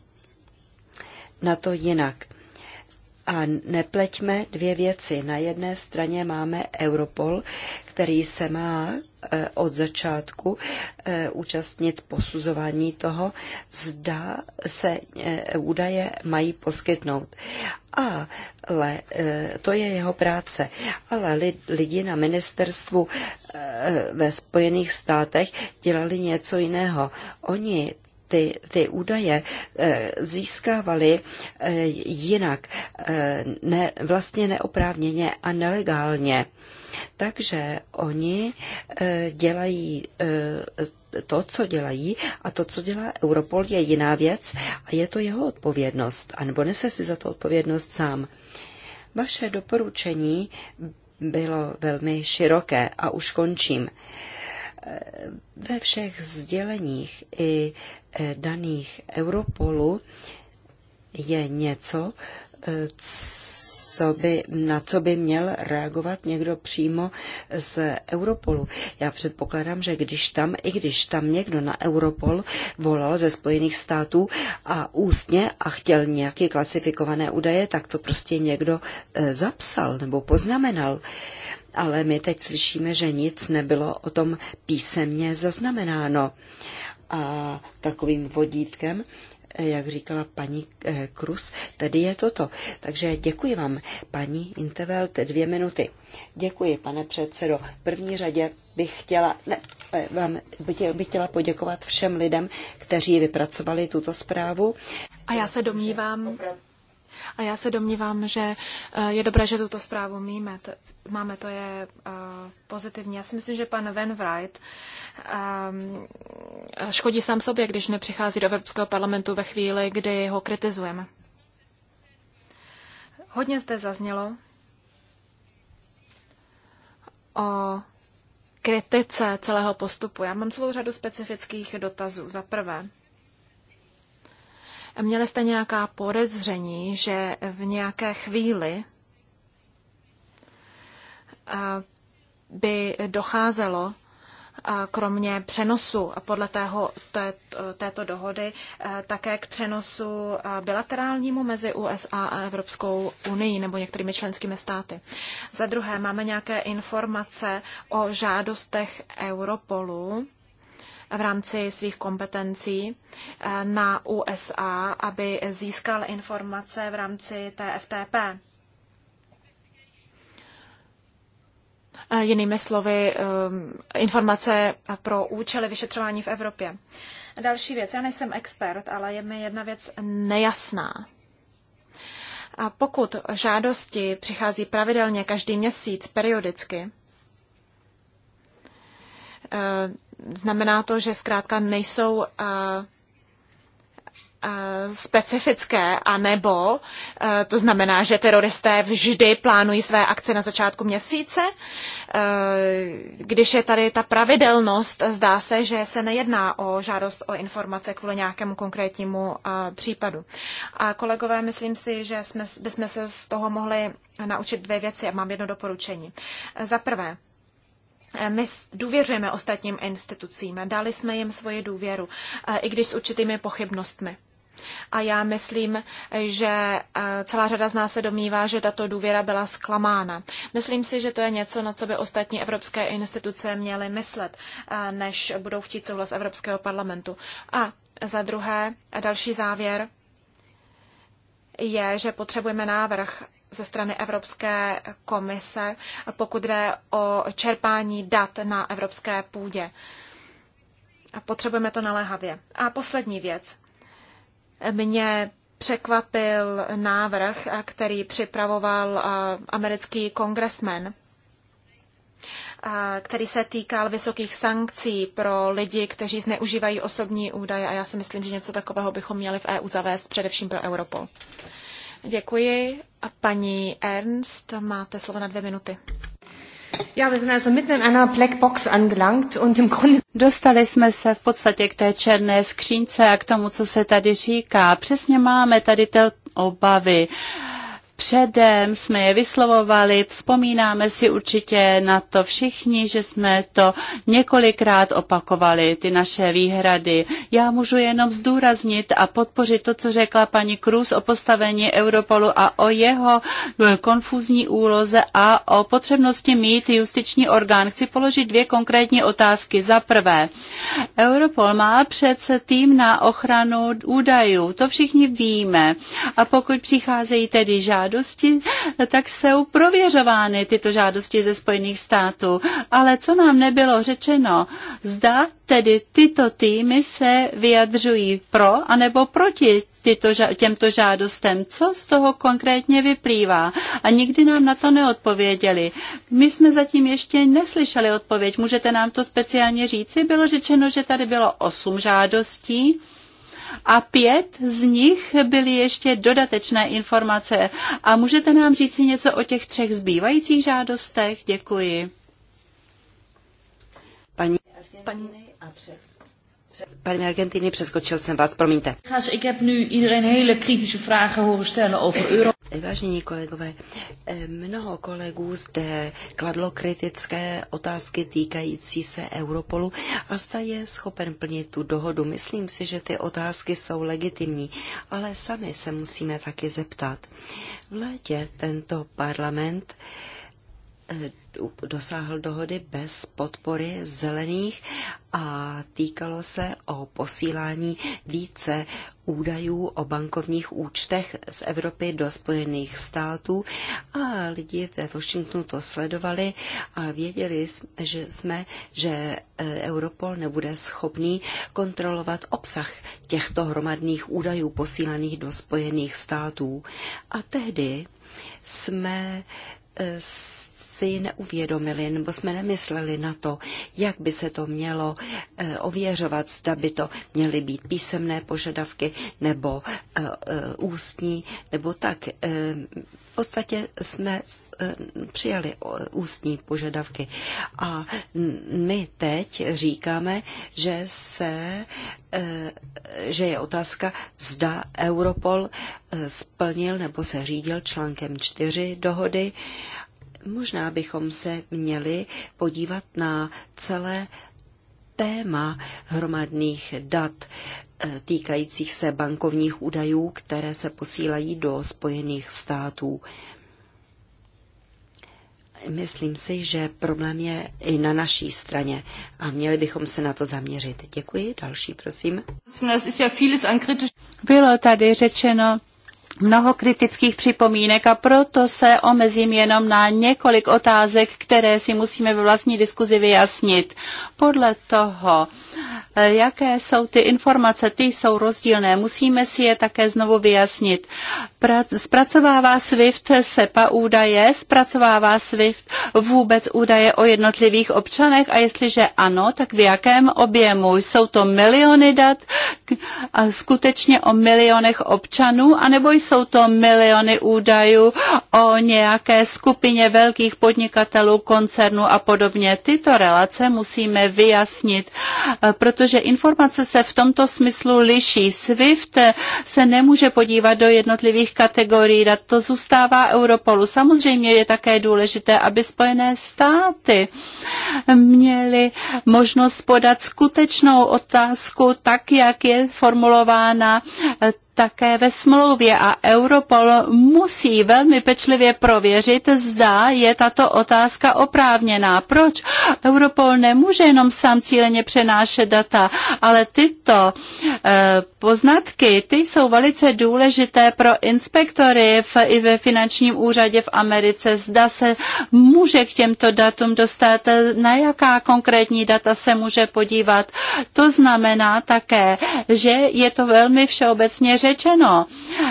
na to jinak. A nepleťme dvě věci. Na jedné straně máme Europol, který se má Eh, od začátku eh, účastnit posuzování toho, zda se eh, údaje mají poskytnout. Ale to je jeho práce. Ale lidi na ministerstvu ve Spojených státech dělali něco jiného. Oni ty, ty údaje získávali jinak, ne, vlastně neoprávněně a nelegálně. Takže oni eh, dělají eh, to, co dělají a to, co dělá Europol, je jiná věc a je to jeho odpovědnost, anebo nese si za to odpovědnost sám. Vaše doporučení bylo velmi široké a už končím. Eh, ve všech sděleních i daných Europolu je něco, co by, na co by měl reagovat někdo přímo z Europolu. Já předpokládám, že když tam, i když tam někdo na Europol volal ze Spojených států a ústně a chtěl nějaké klasifikované údaje, tak to prostě někdo eh, zapsal nebo poznamenal. Ale my teď slyšíme, že nic nebylo o tom písemně zaznamenáno. A takovým vodítkem jak říkala paní eh, Krus, tedy je toto. Takže děkuji vám, paní Intervelt, dvě minuty. Děkuji, pane předsedo. V první řadě bych chtěla, ne, eh, vám, bych chtěla poděkovat všem lidem, kteří vypracovali tuto zprávu. A já se domnívám, a já se domnívám, že eh, je dobré, že tuto zprávu míme. máme, to je eh, pozitivní. Já si myslím, že pan Van Wright ehm, škodí sám sobě, když nepřichází do Evropského parlamentu ve chvíli, kdy ho kritizujeme. Hodně zde zaznělo o kritice celého postupu. Já mám celou řadu specifických dotazů. Za prvé, Měli jste nějaká podezření, že v nějaké chvíli eh, by docházelo eh, kromě přenosu a podle tého, té, této dohody eh, také k přenosu bilaterálnímu mezi USA a Evropskou unii nebo některými členskými státy. Za druhé, máme nějaké informace o žádostech Europolu v rámci svých kompetencí eh, na USA, aby získal informace v rámci TFTP. Eh, jinými slovy, eh, informace pro účely vyšetřování v Evropě. Další věc, já nejsem expert, ale je mi jedna věc nejasná. A pokud žádosti přichází pravidelně každý měsíc, periodicky, znamená to, že zkrátka nejsou eh, eh, specifické, anebo eh, to znamená, že teroristé vždy plánují své akce na začátku měsíce. Když je tady ta pravidelnost, zdá se, že se nejedná o žádost o informace kvůli nějakému konkrétnímu případu. A kolegové, myslím si, že jsme, bychom se z toho mohli naučit dvě věci a mám jedno doporučení. Za prvé, Eh, my důvěřujeme ostatním institucím, dali jsme jim svoji důvěru, eh, i když s určitými pochybnostmi. A já myslím, že eh, celá řada z nás se domnívá, že tato důvěra byla zklamána. Myslím si, že to je něco, na co by ostatní evropské instituce měly myslet, než budou chtít souhlas Evropského parlamentu. A za druhé, další závěr je, že potřebujeme návrh ze strany Evropské komise, pokud jde o čerpání dat na evropské půdě. Potřebujeme to naléhavě. A poslední věc. Mě překvapil návrh, který připravoval americký kongresmen, který se týkal vysokých sankcí pro lidi, kteří zneužívají osobní údaje a já si myslím, že něco takového bychom měli v EU zavést, především pro Europol. Děkuji. A paní Ernst, máte slovo na dvě minuty. Ja, wir sind also mitten Dostali jsme se v podstatě k té černé skřínce a k tomu, co se tady říká. Přesně máme tady ty obavy. Uh, předem, jsme je vyslovovali, vzpomínáme si určitě na to všichni, že jsme to několikrát opakovali, ty naše výhrady. Já můžu jenom zdůraznit a podpořit to, co řekla paní Krus o postavení Europolu a o jeho no, konfuzní úloze a o potřebnosti mít justiční orgán. Chci položit dvě konkrétní otázky. Za prvé, Europol má přece tým na ochranu údajů, to všichni víme. A pokud přicházejí tedy žádné žádosti, tak jsou prověřovány tyto žádosti ze Spojených států. Ale co nám nebylo řečeno, zda tedy tyto týmy se vyjadřují pro anebo proti tyto, těmto žádostem. Co z toho konkrétně vyplývá? A nikdy nám na to neodpověděli. My jsme zatím ještě neslyšeli odpověď. Můžete nám to speciálně říci? Bylo řečeno, že tady bylo osm žádostí a pět z nich byly ještě dodatečné informace. A můžete nám říct si něco o těch třech zbývajících žádostech? Děkuji. Paní, paní a přes, přes, paní Argentiny, přeskočil jsem vás, promiňte. Ik heb nu iedereen hele kritische vragen horen stellen over euro. Vážení kolegové, eh, mnoho kolegů zde kladlo kritické otázky týkající se Europolu a zda je schopen plnit tu dohodu. Myslím si, že ty otázky jsou legitimní, ale sami se musíme taky zeptat. V létě tento parlament Eh, dosáhl dohody bez podpory zelených a týkalo se o posílání více údajů o bankovních účtech z Evropy do Spojených států a lidi ve Washingtonu to sledovali a věděli že jsme, že eh, Europol nebude schopný kontrolovat obsah těchto hromadných údajů posílaných do Spojených států. A tehdy jsme eh, s si ji neuvědomili nebo jsme nemysleli na to, jak by se to mělo eh, ověřovat, zda by to měly být písemné požadavky nebo eh, eh, ústní, nebo tak. V podstatě jsme přijali ústní požadavky a my teď říkáme, že se že je otázka, zda Europol splnil nebo se řídil článkem 4 dohody, Možná bychom se měli podívat na celé téma hromadných dat eh, týkajících se bankovních údajů, které se posílají do Spojených států. Myslím si, že problém je i na naší straně a měli bychom se na to zaměřit. Děkuji. Další, prosím. Bylo tady řečeno mnoho kritických připomínek a proto se omezím jenom na několik otázek, které si musíme ve vlastní diskuzi vyjasnit. Podle toho, Eh, jaké jsou ty informace, ty jsou rozdílné, musíme si je také znovu vyjasnit. Zpracovává SWIFT SEPA údaje, zpracovává SWIFT vůbec údaje o jednotlivých občanech a jestliže ano, tak v jakém objemu? Jsou to miliony dat a skutečně o milionech občanů, anebo jsou to miliony údajů o nějaké skupině velkých podnikatelů, koncernů a podobně. Tyto relace musíme vyjasnit, eh, protože informace se v tomto smyslu liší. SWIFT se nemůže podívat do jednotlivých kategorií dat, to zůstává Europolu. Samozřejmě je také důležité, aby Spojené státy měly možnost podat skutečnou otázku tak, jak je formulována také ve smlouvě a Europol musí velmi pečlivě prověřit, zda je tato otázka oprávněná. Proč? Europol nemůže jenom sám cíleně přenášet data, ale tyto eh, poznatky, ty jsou velice důležité pro inspektory v, i ve finančním úřadě v Americe. Zda se může k těmto datům dostat, na jaká konkrétní data se může podívat. To znamená také, že je to velmi všeobecně řečeno řečeno.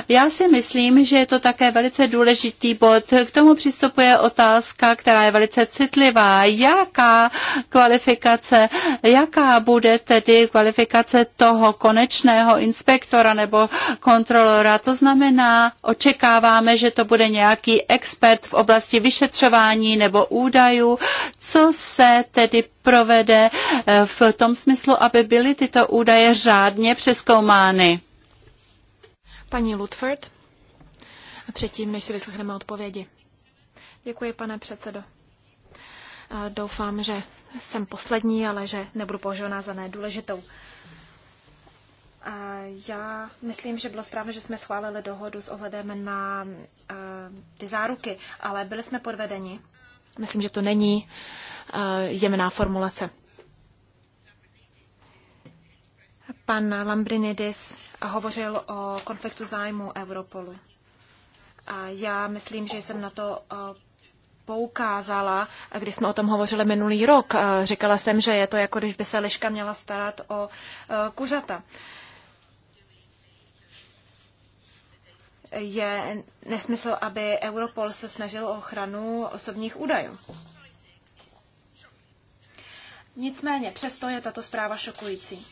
Já si myslím, že je to také velice důležitý bod. K tomu přistupuje otázka, která je velice citlivá. Jaká kvalifikace, jaká bude tedy kvalifikace toho konečného inspektora nebo kontrolora? To znamená, očekáváme, že to bude nějaký expert v oblasti vyšetřování nebo údajů. Co se tedy provede eh, v tom smyslu, aby byly tyto údaje řádně přeskoumány? Paní Lutford, a předtím, než si vyslechneme odpovědi. Děkuji, pane předsedo. Doufám, že jsem poslední, ale že nebudu považovaná za nedůležitou. Já myslím, že bylo správné, že jsme schválili dohodu s ohledem na ty záruky, ale byli jsme podvedeni. Myslím, že to není jemná formulace. Pan Lambrinidis hovořil o konfliktu zájmu Europolu. A já myslím, že jsem na to eh, poukázala, když jsme o tom hovořili minulý rok. Eh, říkala jsem, že je to jako když by se liška měla starat o eh, kuřata. Je nesmysl, aby Europol se snažil o ochranu osobních údajů. Nicméně, přesto je tato zpráva šokující.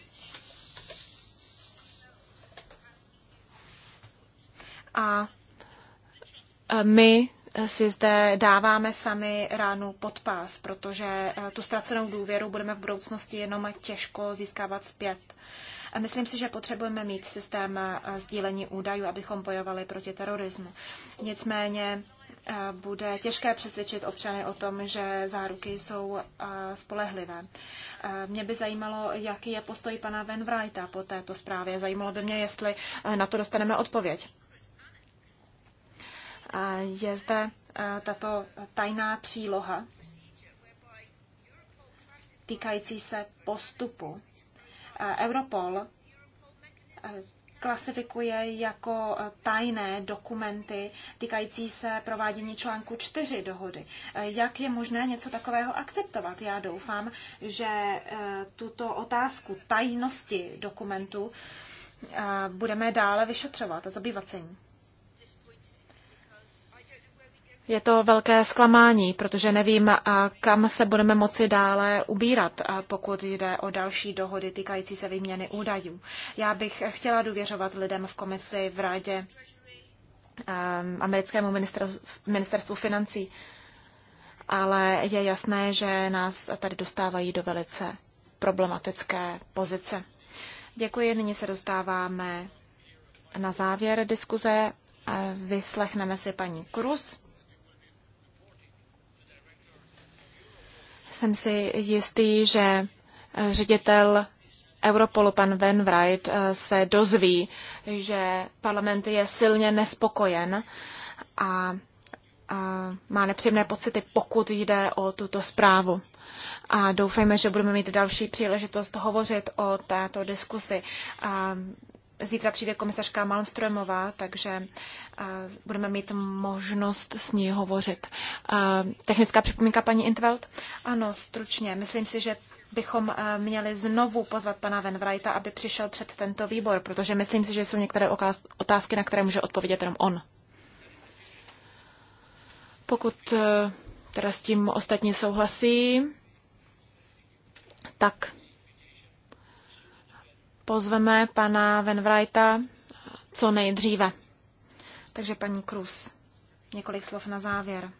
a my si zde dáváme sami ránu pod pás, protože e, tu ztracenou důvěru budeme v budoucnosti jenom těžko získávat zpět. A myslím si, že potřebujeme mít systém e, sdílení údajů, abychom bojovali proti terorismu. Nicméně e, bude těžké přesvědčit občany o tom, že záruky jsou spolehlivé. Mě by zajímalo, jaký je postoj pana Van Wrighta po této zprávě. Zajímalo by mě, jestli na to dostaneme odpověď je zde eh, tato tajná příloha týkající se postupu. Eh, Europol eh, klasifikuje jako tajné dokumenty týkající se provádění článku 4 dohody. Jak je možné něco takového akceptovat? Já doufám, že tuto otázku tajnosti dokumentu budeme dále vyšetřovat a zabývat se ní. Je to velké zklamání, protože nevím, kam se budeme moci dále ubírat, pokud jde o další dohody týkající se výměny údajů. Já bych chtěla důvěřovat lidem v komisi, v radě, ehm, americkému ministerstvu financí, ale je jasné, že nás tady dostávají do velice problematické pozice. Děkuji, nyní se dostáváme na závěr diskuze. Vyslechneme si paní Krus Jsem si jistý, že eh, ředitel Europolu pan Van Wright eh, se dozví, že parlament je silně nespokojen a, a má nepříjemné pocity, pokud jde o tuto zprávu. A doufejme, že budeme mít další příležitost hovořit o této diskusi. A Zítra přijde komisařka Malmströmová, takže eh, budeme mít možnost s ní hovořit. Eh, technická připomínka paní Intveld? Ano, stručně. Myslím si, že bychom eh, měli znovu pozvat pana Venvrajta, aby přišel před tento výbor, protože myslím si, že jsou některé otázky, na které může odpovědět jenom on. Pokud teda s tím ostatní souhlasí, tak pozveme pana Venvrajta co nejdříve. Takže paní Krus, několik slov na závěr.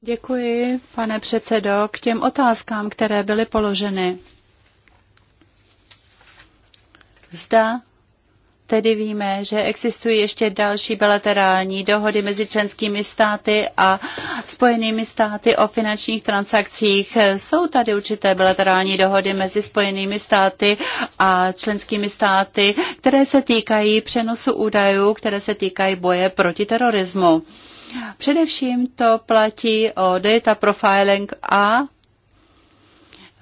Děkuji, pane předsedo, k těm otázkám, které byly položeny. Zda Tedy víme, že existují ještě další bilaterální dohody mezi členskými státy a spojenými státy o finančních transakcích. Jsou tady určité bilaterální dohody mezi spojenými státy a členskými státy, které se týkají přenosu údajů, které se týkají boje proti terorismu. Především to platí o data profiling a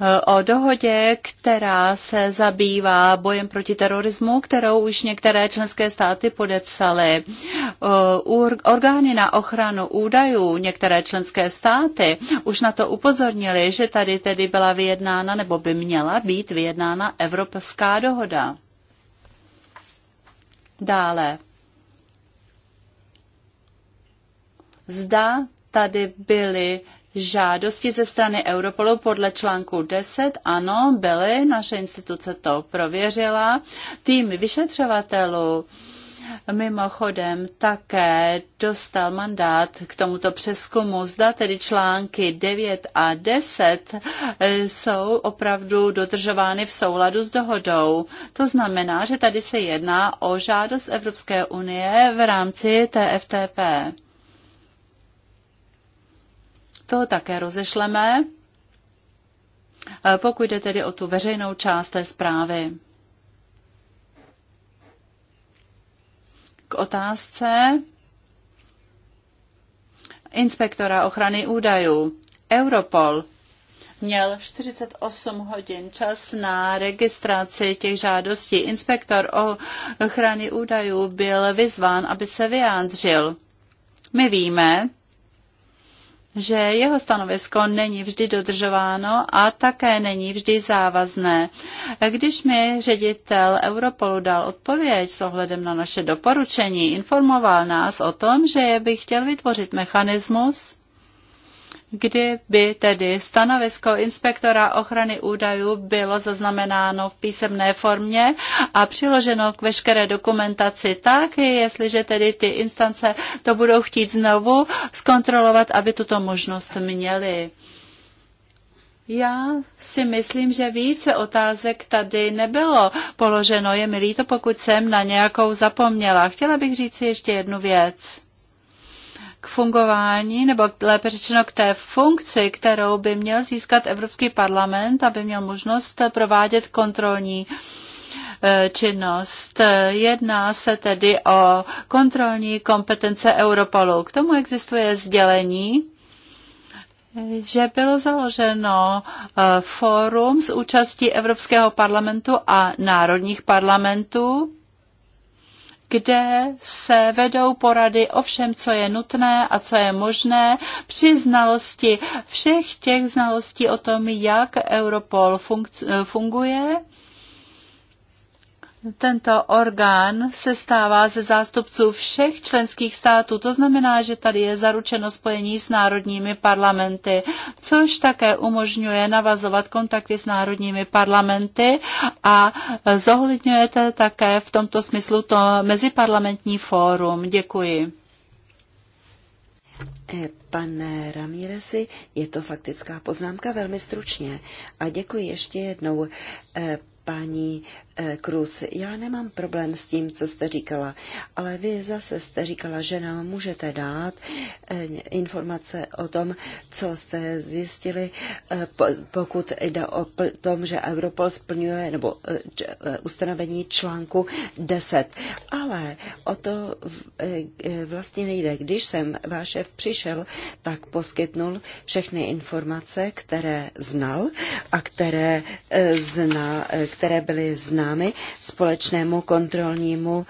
Eh, o dohodě, která se zabývá bojem proti terorismu, kterou už některé členské státy podepsaly. Eh, orgány na ochranu údajů některé členské státy už na to upozornili, že tady tedy byla vyjednána nebo by měla být vyjednána Evropská dohoda. Dále. Zda tady byly žádosti ze strany Europolu podle článku 10. Ano, byly, naše instituce to prověřila. Tým vyšetřovatelů mimochodem také dostal mandát k tomuto přeskumu. Zda tedy články 9 a 10 eh, jsou opravdu dodržovány v souladu s dohodou. To znamená, že tady se jedná o žádost Evropské unie v rámci TFTP to také rozešleme, eh, pokud jde tedy o tu veřejnou část té zprávy. K otázce inspektora ochrany údajů. Europol měl 48 hodin čas na registraci těch žádostí. Inspektor o ochrany údajů byl vyzván, aby se vyjádřil. My víme, že jeho stanovisko není vždy dodržováno a také není vždy závazné. Když mi ředitel Europolu dal odpověď s ohledem na naše doporučení, informoval nás o tom, že by chtěl vytvořit mechanismus, kdyby tedy stanovisko inspektora ochrany údajů bylo zaznamenáno v písemné formě a přiloženo k veškeré dokumentaci tak, jestliže tedy ty instance to budou chtít znovu zkontrolovat, aby tuto možnost měli. Já si myslím, že více otázek tady nebylo položeno. Je mi líto, pokud jsem na nějakou zapomněla. Chtěla bych říct si ještě jednu věc k fungování, nebo lépe řečeno k té funkci, kterou by měl získat Evropský parlament, aby měl možnost provádět kontrolní eh, činnost. Jedná se tedy o kontrolní kompetence Europolu. K tomu existuje sdělení, že bylo založeno eh, fórum s účastí Evropského parlamentu a národních parlamentů kde se vedou porady o všem, co je nutné a co je možné při znalosti všech těch znalostí o tom, jak Europol eh, funguje tento orgán se stává ze zástupců všech členských států, to znamená, že tady je zaručeno spojení s národními parlamenty, což také umožňuje navazovat kontakty s národními parlamenty a zohledňujete také v tomto smyslu to meziparlamentní fórum. Děkuji. E, pane Ramírezi, je to faktická poznámka velmi stručně. A děkuji ještě jednou e, paní Eh, Krus, já nemám problém s tím, co jste říkala, ale vy zase jste říkala, že nám můžete dát eh, informace o tom, co jste zjistili, eh, pokud jde o tom, že Europol splňuje nebo ustanovení článku 10. Ale o to vlastně nejde. Když jsem váš šéf přišel, tak poskytnul všechny informace, které znal a které, zna, které byly známy námi společnému kontrolnímu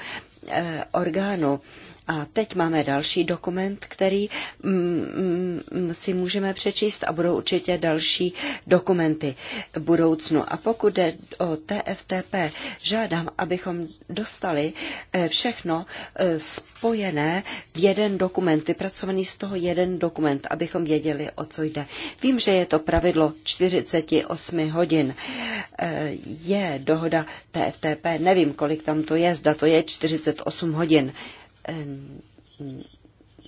eh, orgánu. A teď máme další dokument, který mm, mm, si můžeme přečíst a budou určitě další dokumenty v budoucnu. A pokud jde o TFTP, žádám, abychom dostali eh, všechno eh, spojené v jeden dokument, vypracovaný z toho jeden dokument, abychom věděli, o co jde. Vím, že je to pravidlo 48 hodin. Eh, je dohoda TFTP, nevím, kolik tam to je, zda to je 48 hodin. Eh,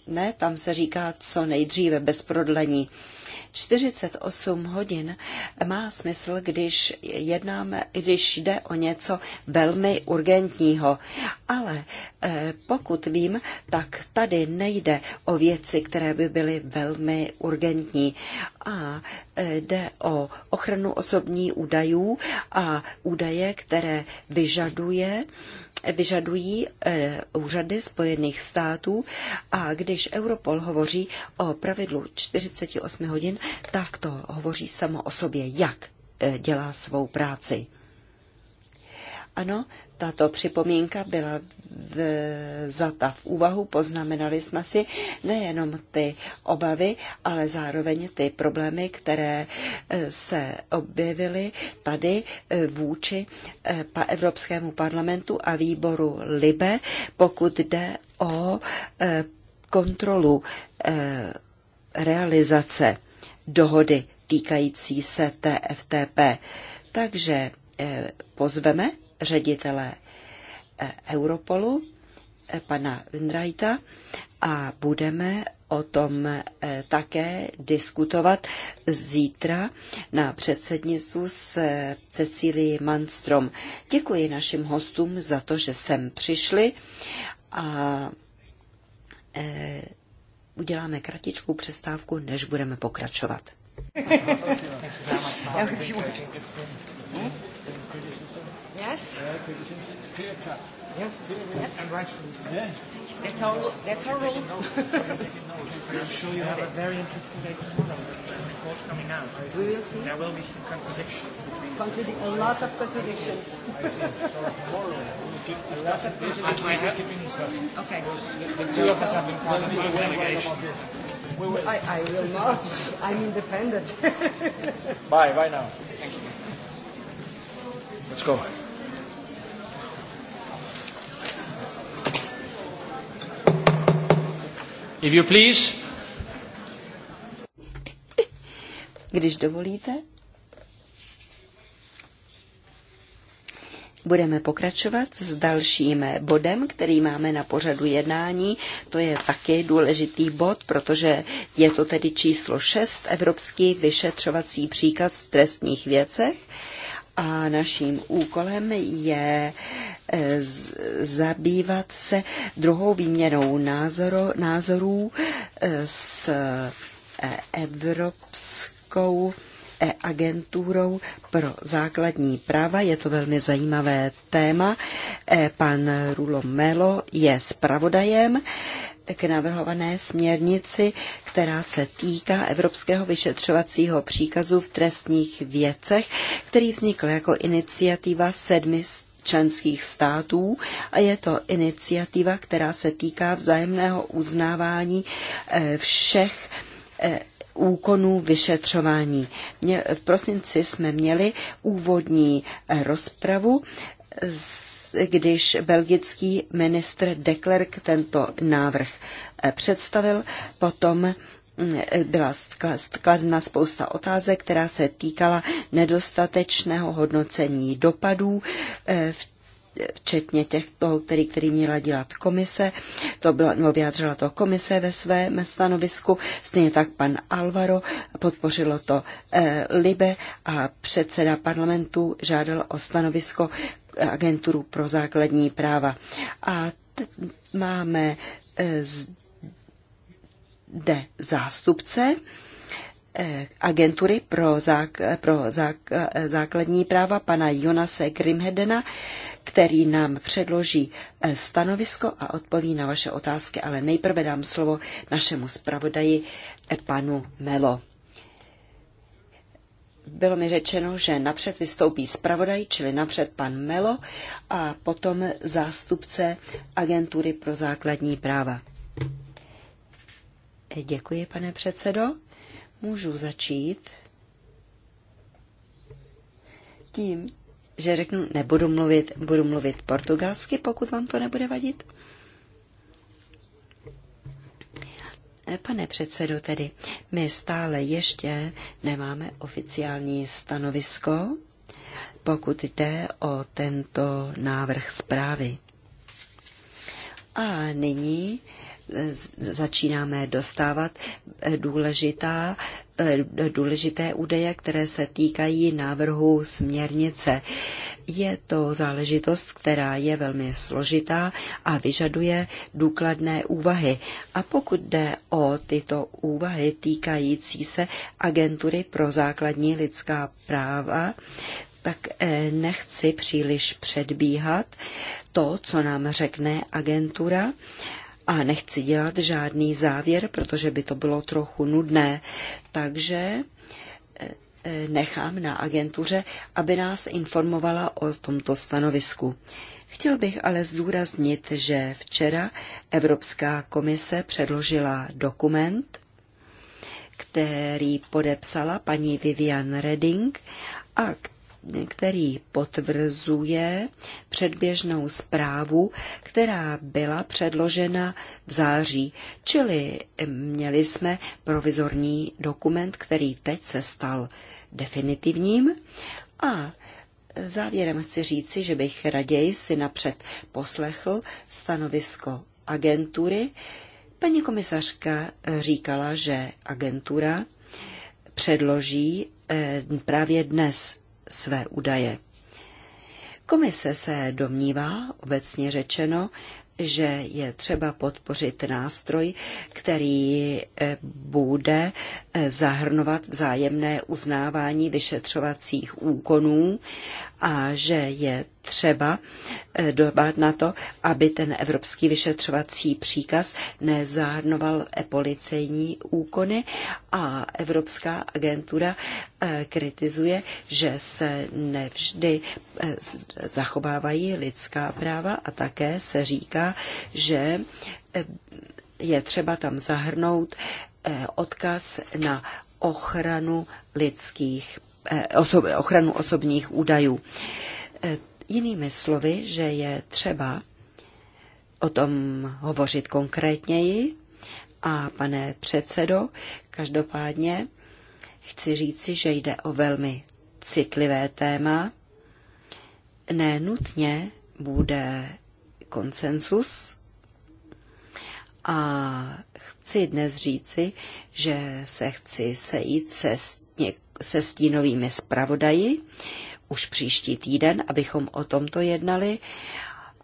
ne, tam se říká co nejdříve bez prodlení. 48 hodin má smysl, když jednáme, když jde o něco velmi urgentního. Ale eh, pokud vím, tak tady nejde o věci, které by byly velmi urgentní. A eh, jde o ochranu osobní údajů a údaje, které vyžaduje eh, vyžadují eh, úřady Spojených států a když Europol hovoří o pravidlu 48 hodin, tak to hovoří samo o sobě, jak eh, dělá svou práci. Ano, tato připomínka byla vzata v úvahu. Poznamenali jsme si nejenom ty obavy, ale zároveň ty problémy, které eh, se objevily tady eh, vůči eh, Evropskému parlamentu a výboru LIBE, pokud jde o kontrolu realizace dohody týkající se TFTP. Takže pozveme ředitele eh, Europolu, eh, pana Vindrajta, a budeme o tom eh, také diskutovat zítra na předsednictvu s Cecílií Manstrom. Děkuji našim hostům za to, že sem přišli a uděláme kratičkou přestávku, než budeme pokračovat. [laughs] Yes. Yeah, Yes. Clear yes. And rightfully so. Yeah. That's our that's our rule. [laughs] I'm sure you have a very interesting day tomorrow. report coming out. I see. We will see. There will be some contradictions between. a lot of contradictions. I see. [laughs] So tomorrow we will keep discussing this. I have keeping in Okay. The two of us have been part of the delegation. I, I will not. I'm independent. [laughs] bye. Bye now. Thank you. Let's go. Když dovolíte. Budeme pokračovat s dalším bodem, který máme na pořadu jednání. To je taky důležitý bod, protože je to tedy číslo 6, Evropský vyšetřovací příkaz v trestních věcech. A naším úkolem je Eh, zabývat se druhou výměnou názoru, názorů eh, s eh, Evropskou agenturou pro základní práva. Je to velmi zajímavé téma. Pan Rulo Melo je zpravodajem k navrhované směrnici, která se týká Evropského vyšetřovacího příkazu v trestních věcech, který vznikl jako iniciativa sedmi členských států a je to iniciativa, která se týká vzájemného uznávání eh, všech eh, úkonů vyšetřování. V prosinci jsme měli úvodní eh, rozpravu když belgický ministr Deklerk tento návrh představil. Potom Mm, byla skladna spousta otázek, která se týkala nedostatečného hodnocení dopadů eh, v včetně těch toho, který, který měla dělat komise, to byla, no, vyjádřila to komise ve svém stanovisku, stejně tak pan Alvaro, podpořilo to eh, Libe a předseda parlamentu žádal o stanovisko agenturu pro základní práva. A máme eh, z, jde zástupce eh, agentury pro, zák, pro zák, eh, základní práva pana Jonase Grimhedena, který nám předloží eh, stanovisko a odpoví na vaše otázky, ale nejprve dám slovo našemu zpravodaji panu Melo. Bylo mi řečeno, že napřed vystoupí zpravodaj, čili napřed pan Melo a potom zástupce agentury pro základní práva. Děkuji, pane předsedo. Můžu začít tím, že řeknu, nebudu mluvit, budu mluvit portugalsky, pokud vám to nebude vadit. Pane předsedo, tedy my stále ještě nemáme oficiální stanovisko, pokud jde o tento návrh zprávy. A nyní začínáme dostávat eh, důležitá, eh, důležité údaje, které se týkají návrhu směrnice. Je to záležitost, která je velmi složitá a vyžaduje důkladné úvahy. A pokud jde o tyto úvahy týkající se agentury pro základní lidská práva, tak eh, nechci příliš předbíhat to, co nám řekne agentura a nechci dělat žádný závěr, protože by to bylo trochu nudné. Takže eh, eh, nechám na agentuře, aby nás informovala o tomto stanovisku. Chtěl bych ale zdůraznit, že včera Evropská komise předložila dokument, který podepsala paní Vivian Redding a který potvrzuje předběžnou zprávu, která byla předložena v září, čili měli jsme provizorní dokument, který teď se stal definitivním a Závěrem chci říci, že bych raději si napřed poslechl stanovisko agentury. Paní komisařka říkala, že agentura předloží eh, právě dnes své údaje. Komise se domnívá, obecně řečeno, že je třeba podpořit nástroj, který eh, bude eh, zahrnovat vzájemné uznávání vyšetřovacích úkonů a že je třeba eh, dbát na to, aby ten evropský vyšetřovací příkaz nezahrnoval policejní úkony a Evropská agentura eh, kritizuje, že se nevždy eh, zachovávají lidská práva a také se říká, že je třeba tam zahrnout odkaz na ochranu lidských Eh, ochranu osobních údajů. Eh, jinými slovy, že je třeba o tom hovořit konkrétněji. A pane předsedo, každopádně chci říci, že jde o velmi citlivé téma. Nenutně bude konsensus. A chci dnes říci, že se chci sejít se s něk- se stínovými zpravodaji už příští týden, abychom o tomto jednali.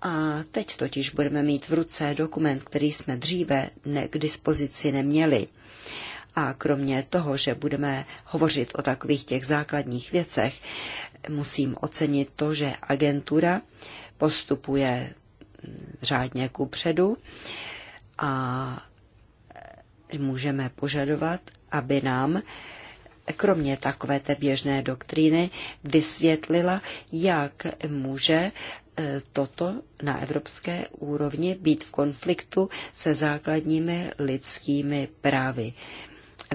A teď totiž budeme mít v ruce dokument, který jsme dříve ne k dispozici neměli. A kromě toho, že budeme hovořit o takových těch základních věcech, musím ocenit to, že agentura postupuje mm, řádně ku předu a můžeme požadovat, aby nám kromě takové té běžné doktríny vysvětlila, jak může e, toto na evropské úrovni být v konfliktu se základními lidskými právy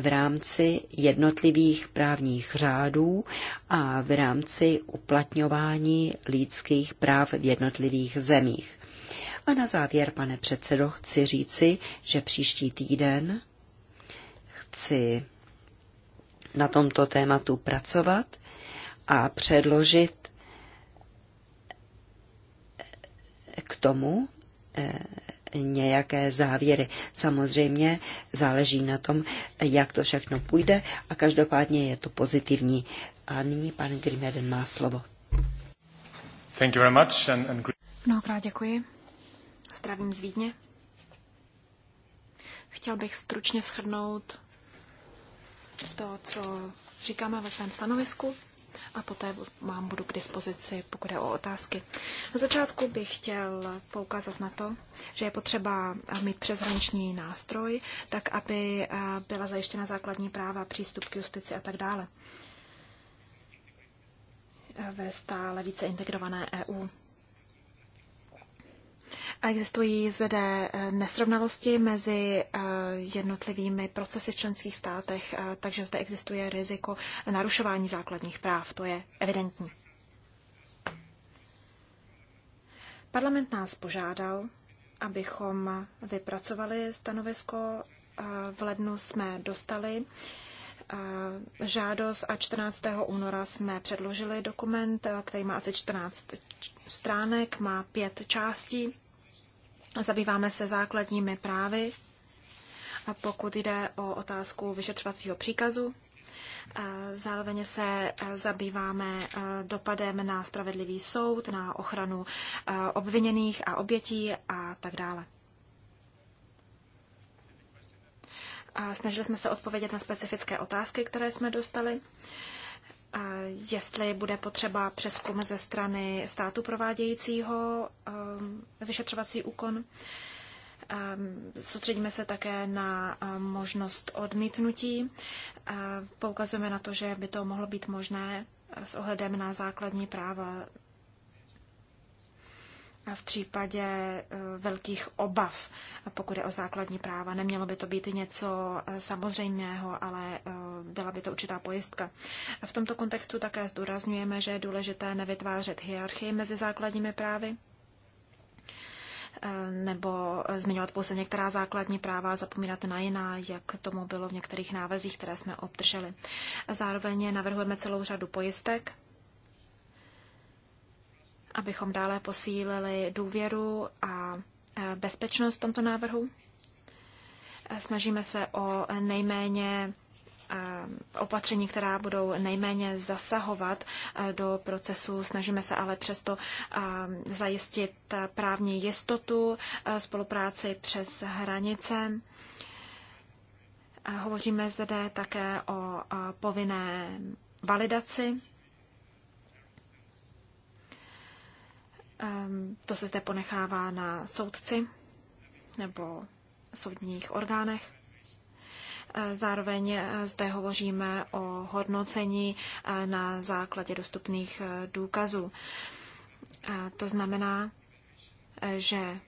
v rámci jednotlivých právních řádů a v rámci uplatňování lidských práv v jednotlivých zemích. A na závěr, pane předsedo, chci říci, že příští týden chci na tomto tématu pracovat a předložit eh, k tomu eh, nějaké závěry. Samozřejmě záleží na tom, jak to všechno půjde a každopádně je to pozitivní. A nyní pan Grimeden má slovo. Thank you very much and, and... Mnohokrát děkuji. Zdravím z Vídně. Chtěl bych stručně shrnout to, co říkáme ve svém stanovisku a poté vám budu k dispozici, pokud je o otázky. Na začátku bych chtěl poukázat na to, že je potřeba mít přeshraniční nástroj, tak aby eh, byla zajištěna základní práva, přístup k justici a tak dále eh, ve stále více integrované EU. Existují zde eh, nesrovnalosti mezi eh, jednotlivými procesy v členských státech, eh, takže zde existuje riziko narušování základních práv. To je evidentní. Parlament nás požádal, abychom vypracovali stanovisko. V lednu jsme dostali žádost a 14. února jsme předložili dokument, který má asi 14 stránek, má pět částí. Zabýváme se základními právy, a pokud jde o otázku vyšetřovacího příkazu. Zároveň se zabýváme dopadem na spravedlivý soud, na ochranu obviněných a obětí a tak dále. snažili jsme se odpovědět na specifické otázky, které jsme dostali jestli bude potřeba přeskum ze strany státu provádějícího ehm, vyšetřovací úkon. Ehm, soustředíme se také na ehm, možnost odmítnutí. Poukazujeme na to, že by to mohlo být možné eh, s ohledem na základní práva v případě eh, velkých obav, pokud je o základní práva. Nemělo by to být něco eh, samozřejmého, ale eh, byla by to určitá pojistka. V tomto kontextu také zdůrazňujeme, že je důležité nevytvářet hierarchii mezi základními právy nebo zmiňovat pouze některá základní práva a zapomínat na jiná, jak tomu bylo v některých návezích, které jsme obdrželi. Zároveň navrhujeme celou řadu pojistek, abychom dále posílili důvěru a e, bezpečnost v tomto návrhu. E, snažíme se o nejméně e, opatření, která budou nejméně zasahovat do procesu. Snažíme se ale přesto zajistit právní jistotu, spolupráci přes hranice. Hovoříme zde také o povinné validaci Ehm, to se zde ponechává na soudci nebo soudních orgánech. Eh, zároveň eh, zde hovoříme o hodnocení eh, na základě dostupných důkazů. To znamená, že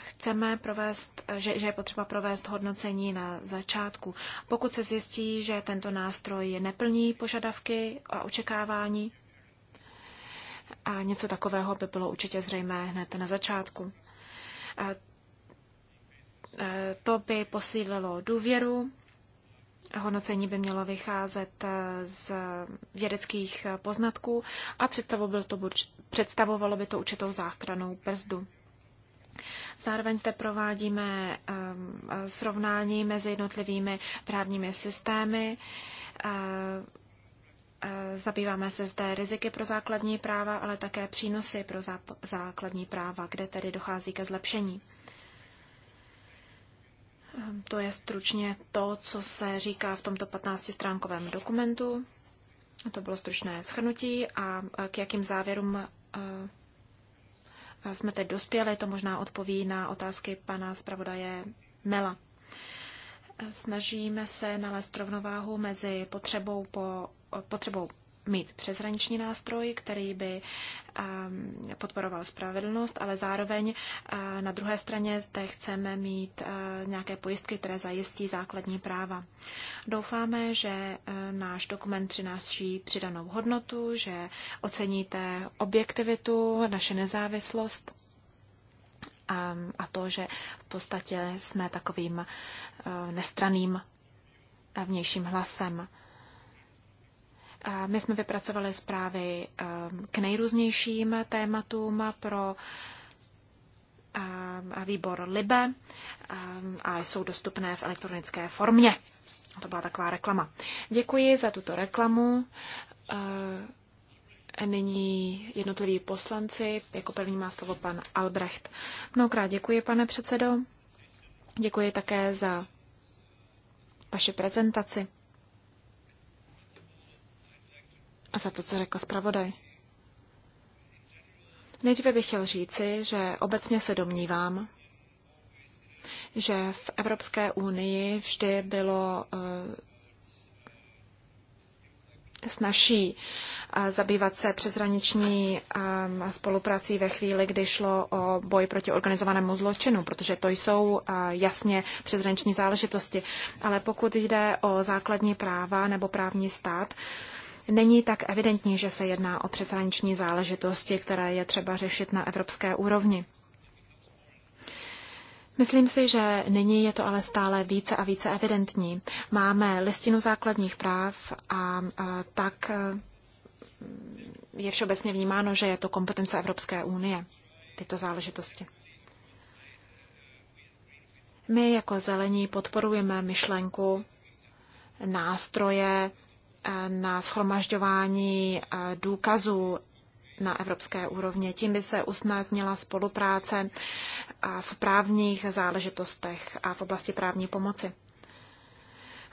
chceme provést, že, že je potřeba provést hodnocení na začátku. Pokud se zjistí, že tento nástroj neplní požadavky a očekávání, a něco takového by bylo určitě zřejmé hned na začátku. A to by posílilo důvěru, hodnocení by mělo vycházet z vědeckých poznatků a představovalo, představovalo by to určitou záchranou brzdu. Zároveň zde provádíme um, srovnání mezi jednotlivými právními systémy, Eh, zabýváme se zde riziky pro základní práva, ale také přínosy pro základní práva, kde tedy dochází ke zlepšení. Eh, to je stručně to, co se říká v tomto 15-stránkovém dokumentu. To bylo stručné shrnutí a eh, k jakým závěrům jsme teď dospěli, to možná odpoví na otázky pana zpravodaje Mela. Snažíme se nalézt rovnováhu mezi potřebou po potřebou mít přeshraniční nástroj, který by ehm, podporoval spravedlnost, ale zároveň eh, na druhé straně zde chceme mít eh, nějaké pojistky, které zajistí základní práva. Doufáme, že eh, náš dokument přináší přidanou hodnotu, že oceníte objektivitu, naše nezávislost a, ehm, a to, že v podstatě jsme takovým nestraným vnějším hlasem. My jsme vypracovali zprávy ehm, k nejrůznějším tématům pro ehm, výbor Libe ehm, a jsou dostupné v elektronické formě. To byla taková reklama. Děkuji za tuto reklamu. Nyní jednotliví poslanci. Jako první má slovo pan Albrecht. Mnohokrát děkuji, pane předsedo. Děkuji také za vaši prezentaci. A za to, co řekl zpravodaj. Nejdříve bych chtěl říci, že obecně se domnívám, že v Evropské unii vždy bylo uh, zabývat se um, eh, spoluprací ve chvíli, kdy šlo o boj proti organizovanému zločinu, protože to jsou jasně přezraniční záležitosti. Ale pokud jde o základní práva nebo právní stát, není tak evidentní, že se jedná o přeshraniční záležitosti, které je třeba řešit na evropské úrovni. Myslím si, že nyní je to ale stále více a více evidentní. Máme listinu základních práv a, a tak e, je všeobecně vnímáno, že je to kompetence Evropské unie, tyto záležitosti. My jako zelení podporujeme myšlenku nástroje na schromažďování eh, důkazů na evropské úrovni. Tím by se usnadnila spolupráce eh, v právních záležitostech a v oblasti právní pomoci.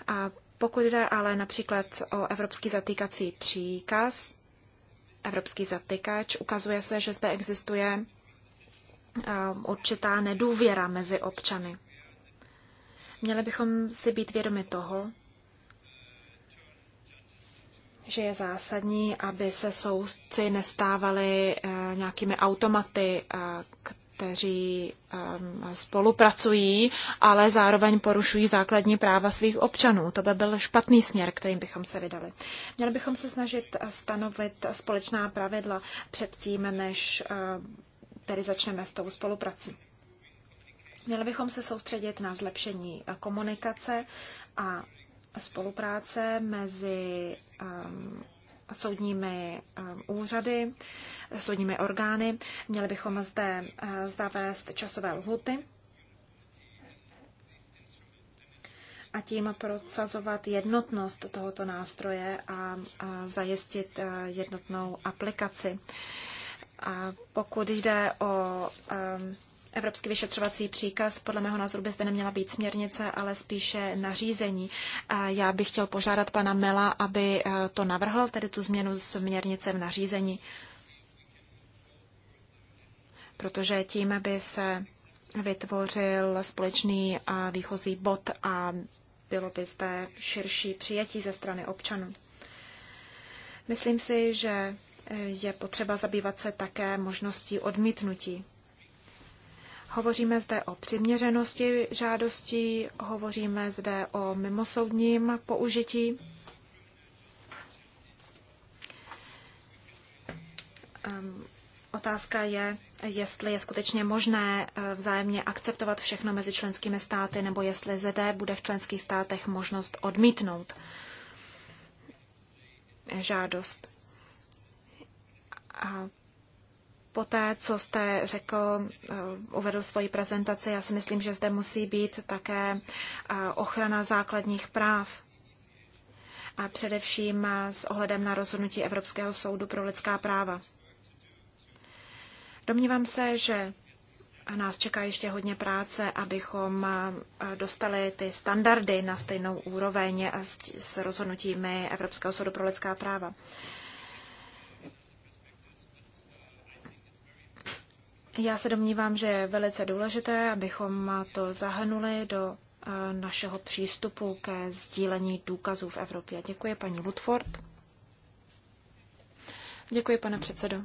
A pokud jde ale například o evropský zatýkací příkaz, evropský zatýkač, ukazuje se, že zde existuje eh, určitá nedůvěra mezi občany. Měli bychom si být vědomi toho, že je zásadní, aby se soudci nestávali eh, nějakými automaty, eh, kteří eh, spolupracují, ale zároveň porušují základní práva svých občanů. To by byl špatný směr, kterým bychom se vydali. Měli bychom se snažit stanovit společná pravidla předtím, než tedy začneme s tou spoluprací. Měli bychom se soustředit na zlepšení komunikace a spolupráce mezi um, soudními um, úřady, soudními orgány. Měli bychom zde uh, zavést časové lhuty a tím procazovat jednotnost tohoto nástroje a, a zajistit uh, jednotnou aplikaci. A pokud jde o um, Evropský vyšetřovací příkaz podle mého názoru by zde neměla být směrnice, ale spíše nařízení. Já bych chtěl požádat pana Mela, aby eh, to navrhl, tedy tu změnu směrnice v nařízení, protože tím by se vytvořil společný výchozí bod a bylo by zde širší přijetí ze strany občanů. Myslím si, že eh, je potřeba zabývat se také možností odmítnutí. Hovoříme zde o přiměřenosti žádostí, hovoříme zde o mimosoudním použití. Ehm, otázka je, jestli je skutečně možné eh, vzájemně akceptovat všechno mezi členskými státy, nebo jestli zde bude v členských státech možnost odmítnout žádost. A Poté, co jste řekl, eh, uvedl svoji prezentaci, já si myslím, že zde musí být také eh, ochrana základních práv. A především eh, s ohledem na rozhodnutí Evropského soudu pro lidská práva. Domnívám se, že nás čeká ještě hodně práce, abychom dostali ty standardy na stejnou úroveň s rozhodnutími Evropského soudu pro lidská práva. Já se domnívám, že je velice důležité, abychom to zahrnuli do eh, našeho přístupu ke sdílení důkazů v Evropě. Děkuji paní Woodford. Děkuji, pane předsedo.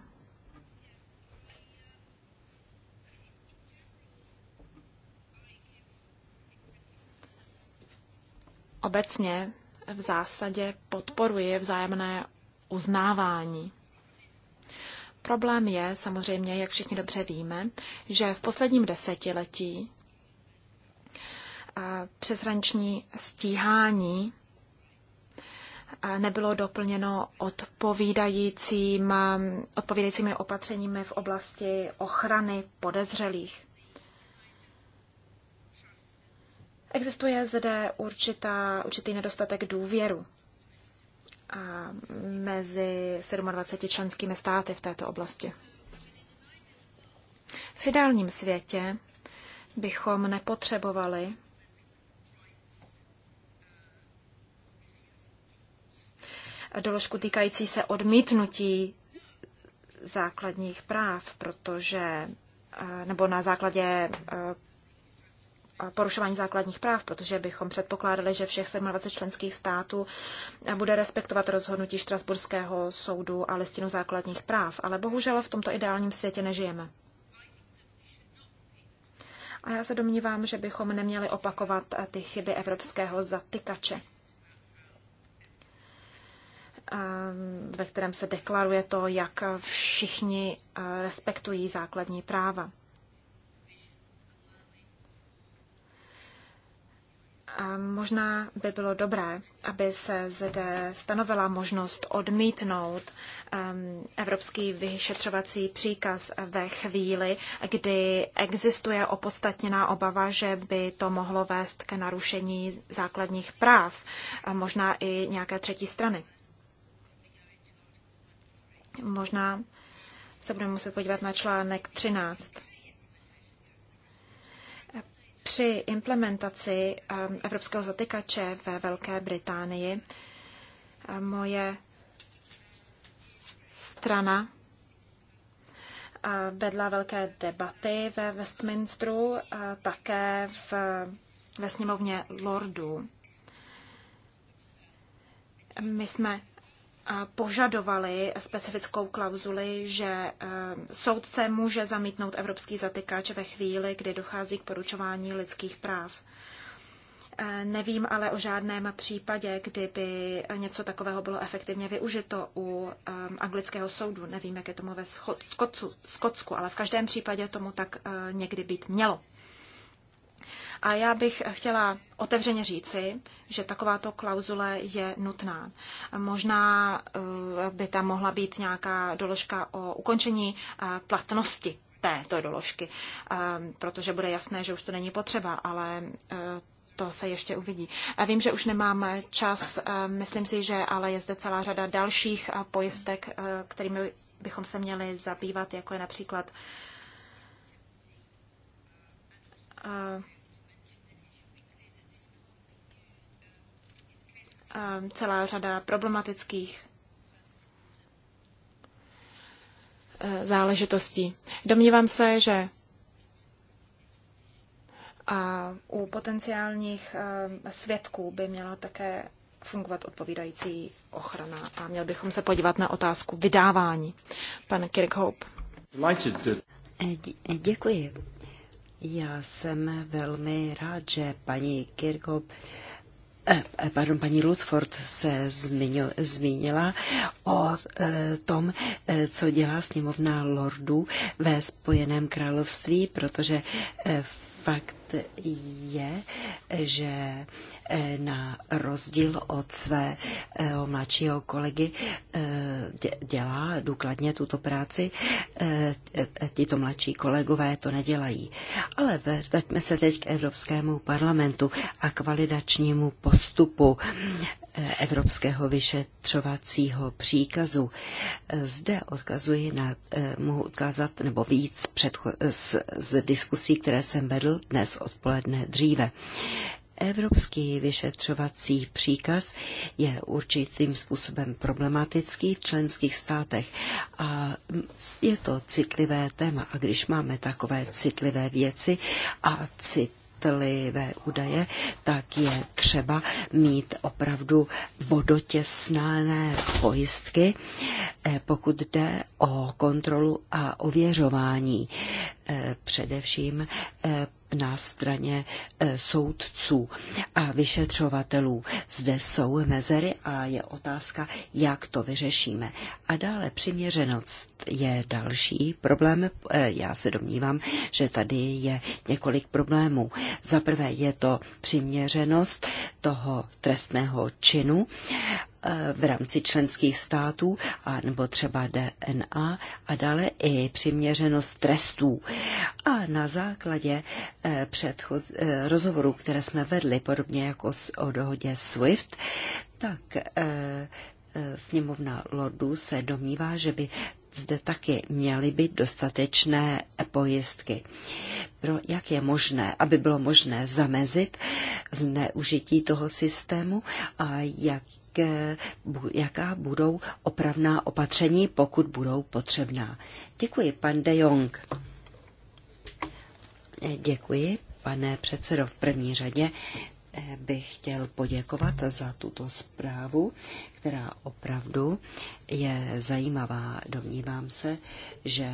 Obecně v zásadě podporuje vzájemné uznávání Problém je samozřejmě, jak všichni dobře víme, že v posledním desetiletí eh, přeshraniční stíhání eh, nebylo doplněno odpovídajícím, eh, odpovídajícími opatřeními v oblasti ochrany podezřelých. Existuje zde určitá, určitý nedostatek důvěru mezi 27 členskými státy v této oblasti. V ideálním světě bychom nepotřebovali doložku týkající se odmítnutí základních práv, protože eh, nebo na základě eh, porušování základních práv, protože bychom předpokládali, že všech 27 členských států bude respektovat rozhodnutí Štrasburského soudu a listinu základních práv. Ale bohužel v tomto ideálním světě nežijeme. A já se domnívám, že bychom neměli opakovat ty chyby evropského zatykače ehm, ve kterém se deklaruje to, jak všichni eh, respektují základní práva. Možná by bylo dobré, aby se zde stanovila možnost odmítnout ehm, evropský vyšetřovací příkaz ve chvíli, kdy existuje opodstatněná obava, že by to mohlo vést k narušení základních práv, možná i nějaké třetí strany. Možná se budeme muset podívat na článek 13. Při implementaci ehm, evropského zatykače ve Velké Británii ehm, moje strana ehm, vedla velké debaty ve Westminsteru, také v, ve sněmovně Lordů. My jsme požadovali specifickou klauzuli, že eh, soudce může zamítnout evropský zatykač ve chvíli, kdy dochází k poručování lidských práv. Eh, nevím ale o žádném případě, kdyby něco takového bylo efektivně využito u eh, anglického soudu. Nevím, jak je tomu ve Skotsku, ale v každém případě tomu tak někdy být mělo. A já bych chtěla otevřeně říci, že takováto klauzule je nutná. Možná eh, by tam mohla být nějaká doložka o ukončení eh, platnosti této doložky, eh, protože bude jasné, že už to není potřeba, ale to se ještě uvidí. Vím, že už nemám čas, myslím si, že ale je zde celá řada dalších pojistek, kterými bychom se měli zabývat, jako je například celá řada problematických e, záležitostí. Domnívám se, že a u potenciálních e, svědků by měla také fungovat odpovídající ochrana a měl bychom se podívat na otázku vydávání. Pan Kirkhope. E, děkuji. Já jsem velmi rád, že paní Kirkhope Eh, eh, pardon, paní Ludford se zmiňo, zmínila o eh, tom, co dělá sněmovna lordů ve Spojeném království, protože fakt je, že eh, na rozdíl od svého mladšího kolegy eh, dělá důkladně tuto práci. Eh, tito mladší kolegové to nedělají. Ale vrťme se teď k Evropskému parlamentu a k validačnímu postupu evropského vyšetřovacího příkazu. Zde odkazuji na, eh, mohu odkázat nebo víc předcho- z, z diskusí, které jsem vedl dnes odpoledne dříve. Evropský vyšetřovací příkaz je určitým způsobem problematický v členských státech a je to citlivé téma. A když máme takové citlivé věci a cit citlivé údaje, tak je třeba mít opravdu vodotěsnané pojistky, eh, pokud jde o kontrolu a ověřování, eh, především eh, na straně eh, soudců a vyšetřovatelů. Zde jsou mezery a je otázka, jak to vyřešíme. A dále přiměřenost je další problém. Eh, já se domnívám, že tady je několik problémů. Za prvé je to přiměřenost toho trestného činu v rámci členských států, a nebo třeba DNA a dále i přiměřenost trestů. A na základě eh, předchoz, eh, rozhovorů, které jsme vedli, podobně jako o dohodě SWIFT, tak eh, sněmovna lordů se domnívá, že by zde taky měly být dostatečné pojistky. Pro jak je možné, aby bylo možné zamezit zneužití toho systému a jak eh, jaká budou opravná opatření, pokud budou potřebná. Děkuji, pan De Jong. Eh, děkuji, pane předsedo. V první řadě bych chtěl poděkovat za tuto zprávu, která opravdu je zajímavá. Domnívám se, že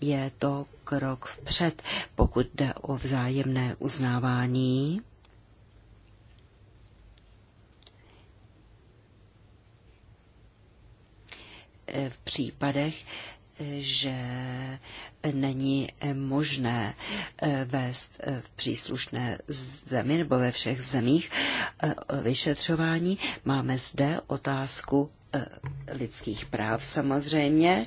je to krok vpřed, pokud jde o vzájemné uznávání. V případech, že není možné eh, vést eh, v příslušné zemi nebo ve všech zemích eh, vyšetřování. Máme zde otázku lidských práv samozřejmě.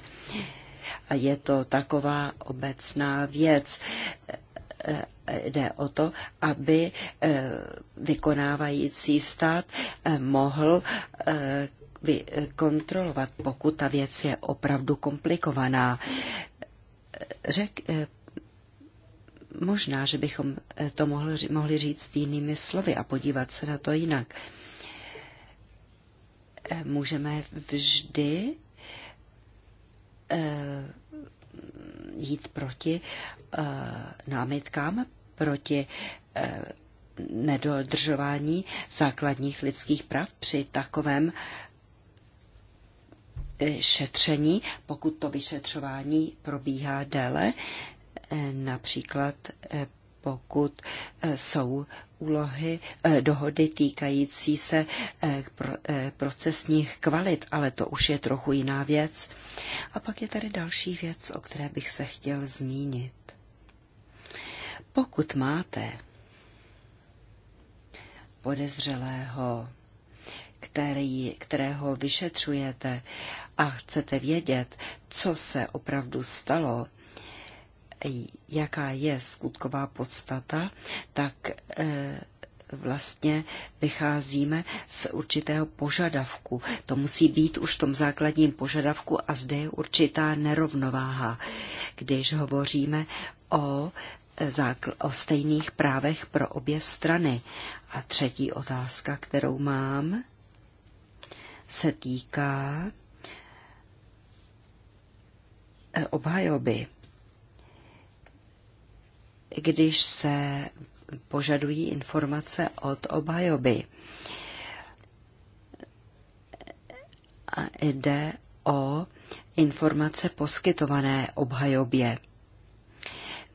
A je to taková obecná věc. Jde o to, aby vykonávající stát mohl Eh, kontrolovat, pokud ta věc je opravdu komplikovaná. Řek, eh, možná, že bychom eh, to mohli, mohli říct jinými slovy a podívat se na to jinak. Můžeme vždy jít proti námitkám, proti nedodržování základních lidských práv při takovém šetření, pokud to vyšetřování probíhá déle, eh, například eh, pokud eh, jsou úlohy, dohody týkající se procesních kvalit, ale to už je trochu jiná věc. A pak je tady další věc, o které bych se chtěl zmínit. Pokud máte podezřelého, který, kterého vyšetřujete a chcete vědět, co se opravdu stalo, jaká je skutková podstata, tak e, vlastně vycházíme z určitého požadavku. To musí být už v tom základním požadavku a zde je určitá nerovnováha, když hovoříme o, e, o stejných právech pro obě strany. A třetí otázka, kterou mám, se týká E, obhajoby, když se požadují informace od obhajoby. A jde o informace poskytované obhajobě.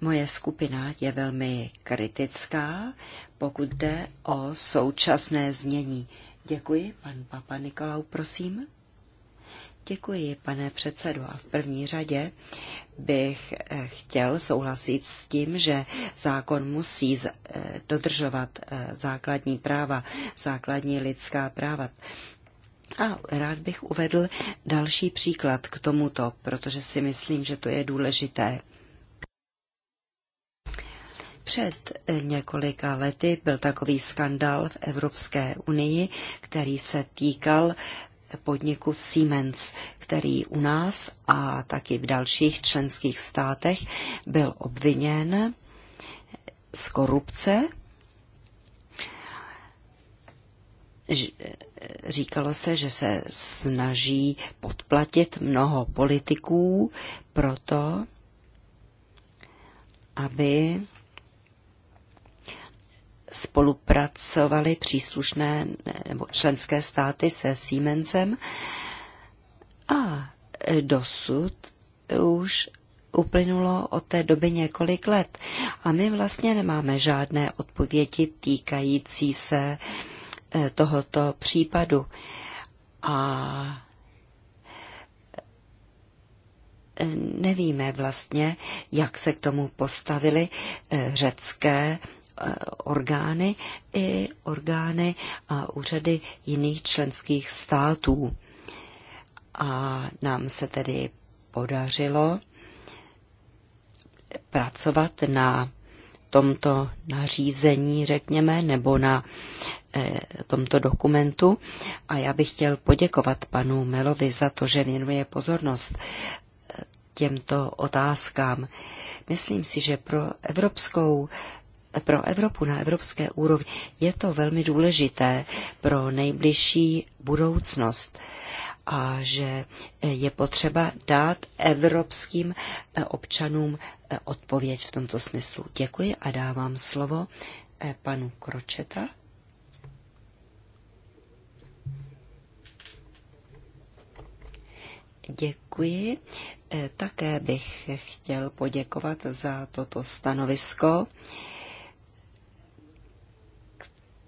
Moje skupina je velmi kritická, pokud jde o současné znění. Děkuji, pan Papa Nikolau, prosím. Děkuji, pane předsedo. A v první řadě bych eh, chtěl souhlasit s tím, že zákon musí eh, dodržovat eh, základní práva, základní lidská práva. A rád bych uvedl další příklad k tomuto, protože si myslím, že to je důležité. Před několika lety byl takový skandal v Evropské unii, který se týkal podniku Siemens, který u nás a taky v dalších členských státech byl obviněn z korupce. Říkalo se, že se snaží podplatit mnoho politiků proto, aby spolupracovaly příslušné nebo členské státy se Siemensem a dosud už uplynulo od té doby několik let a my vlastně nemáme žádné odpovědi týkající se e, tohoto případu. A e, nevíme vlastně, jak se k tomu postavili e, řecké Eh, orgány i orgány a úřady jiných členských států. A nám se tedy podařilo pracovat na tomto nařízení, řekněme, nebo na eh, tomto dokumentu. A já bych chtěl poděkovat panu Melovi za to, že věnuje pozornost eh, těmto otázkám. Myslím si, že pro Evropskou pro Evropu na evropské úrovni je to velmi důležité pro nejbližší budoucnost a že eh, je potřeba dát evropským eh, občanům eh, odpověď v tomto smyslu. Děkuji a dávám slovo panu Kročeta. Děkuji. Také bych chtěl poděkovat za toto stanovisko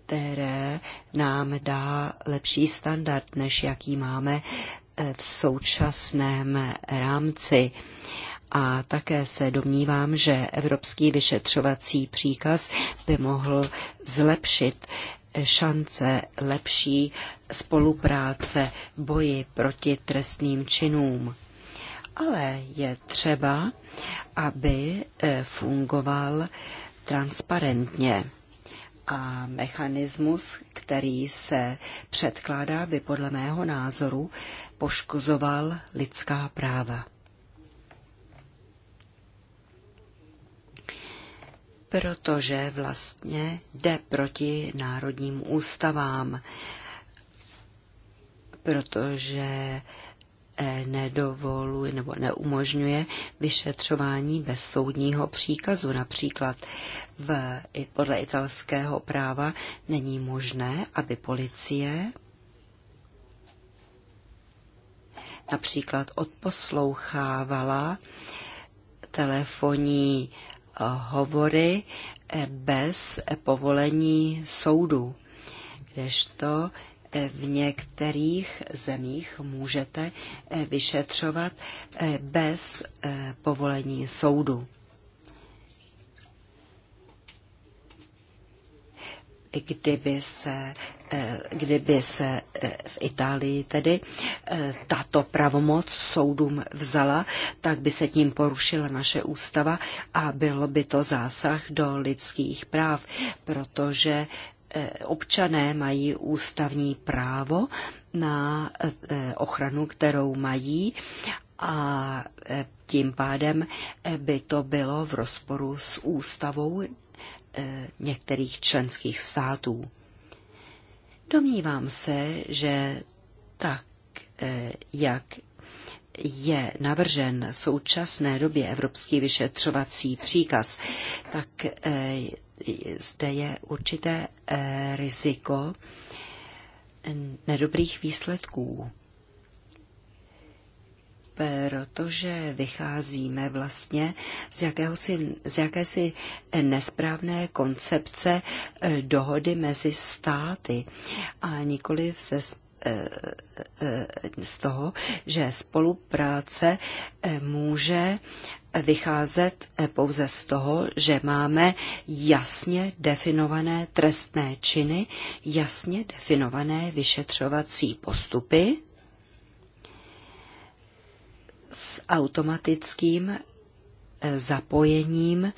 které nám dá lepší standard, než jaký máme eh, v současném rámci. A také se domnívám, že evropský vyšetřovací příkaz by mohl zlepšit šance lepší spolupráce boji proti trestným činům. Ale je třeba, aby eh, fungoval transparentně. A mechanismus, který se předkládá, by podle mého názoru poškozoval lidská práva. Protože vlastně jde proti národním ústavám, protože nedovoluje nebo neumožňuje vyšetřování bez soudního příkazu. Například v, podle italského práva není možné, aby policie například odposlouchávala telefonní eh, hovory eh, bez povolení soudu. Kdežto v některých zemích můžete eh, vyšetřovat eh, bez eh, povolení soudu. Kdyby se, kdyby se v Itálii tedy tato pravomoc soudům vzala, tak by se tím porušila naše ústava a bylo by to zásah do lidských práv, protože Eh, občané mají ústavní právo na eh, ochranu, kterou mají a eh, tím pádem by to bylo v rozporu s ústavou některých členských států. Domnívám se, že tak, jak je navržen v současné době evropský vyšetřovací příkaz, tak zde je určité eh, riziko nedobrých výsledků, protože vycházíme vlastně z, jakéhosi, z jakési eh, nesprávné koncepce eh, dohody mezi státy a nikoli se z toho, že spolupráce může vycházet eh, pouze z toho, že máme jasně definované trestné činy, jasně definované vyšetřovací postupy s automatickým eh, zapojením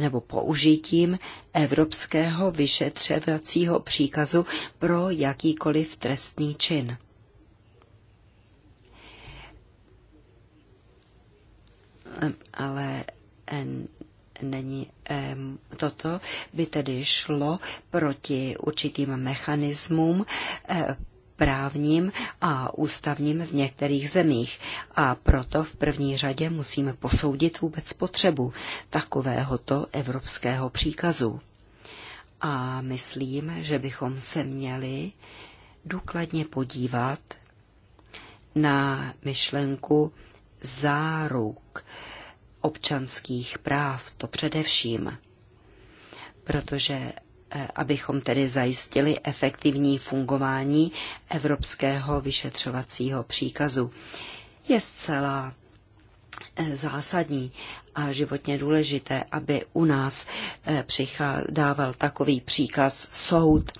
nebo použitím evropského vyšetřovacího příkazu pro jakýkoliv trestný čin. ale není toto, by tedy šlo proti určitým mechanismům e, právním a ústavním v některých zemích a proto v první řadě musíme posoudit vůbec potřebu takovéhoto evropského příkazu. A myslím, že bychom se měli důkladně podívat na myšlenku záruk, občanských práv, to především, protože eh, abychom tedy zajistili efektivní fungování evropského vyšetřovacího příkazu. Je zcela eh, zásadní a životně důležité, aby u nás eh, dával takový příkaz soud.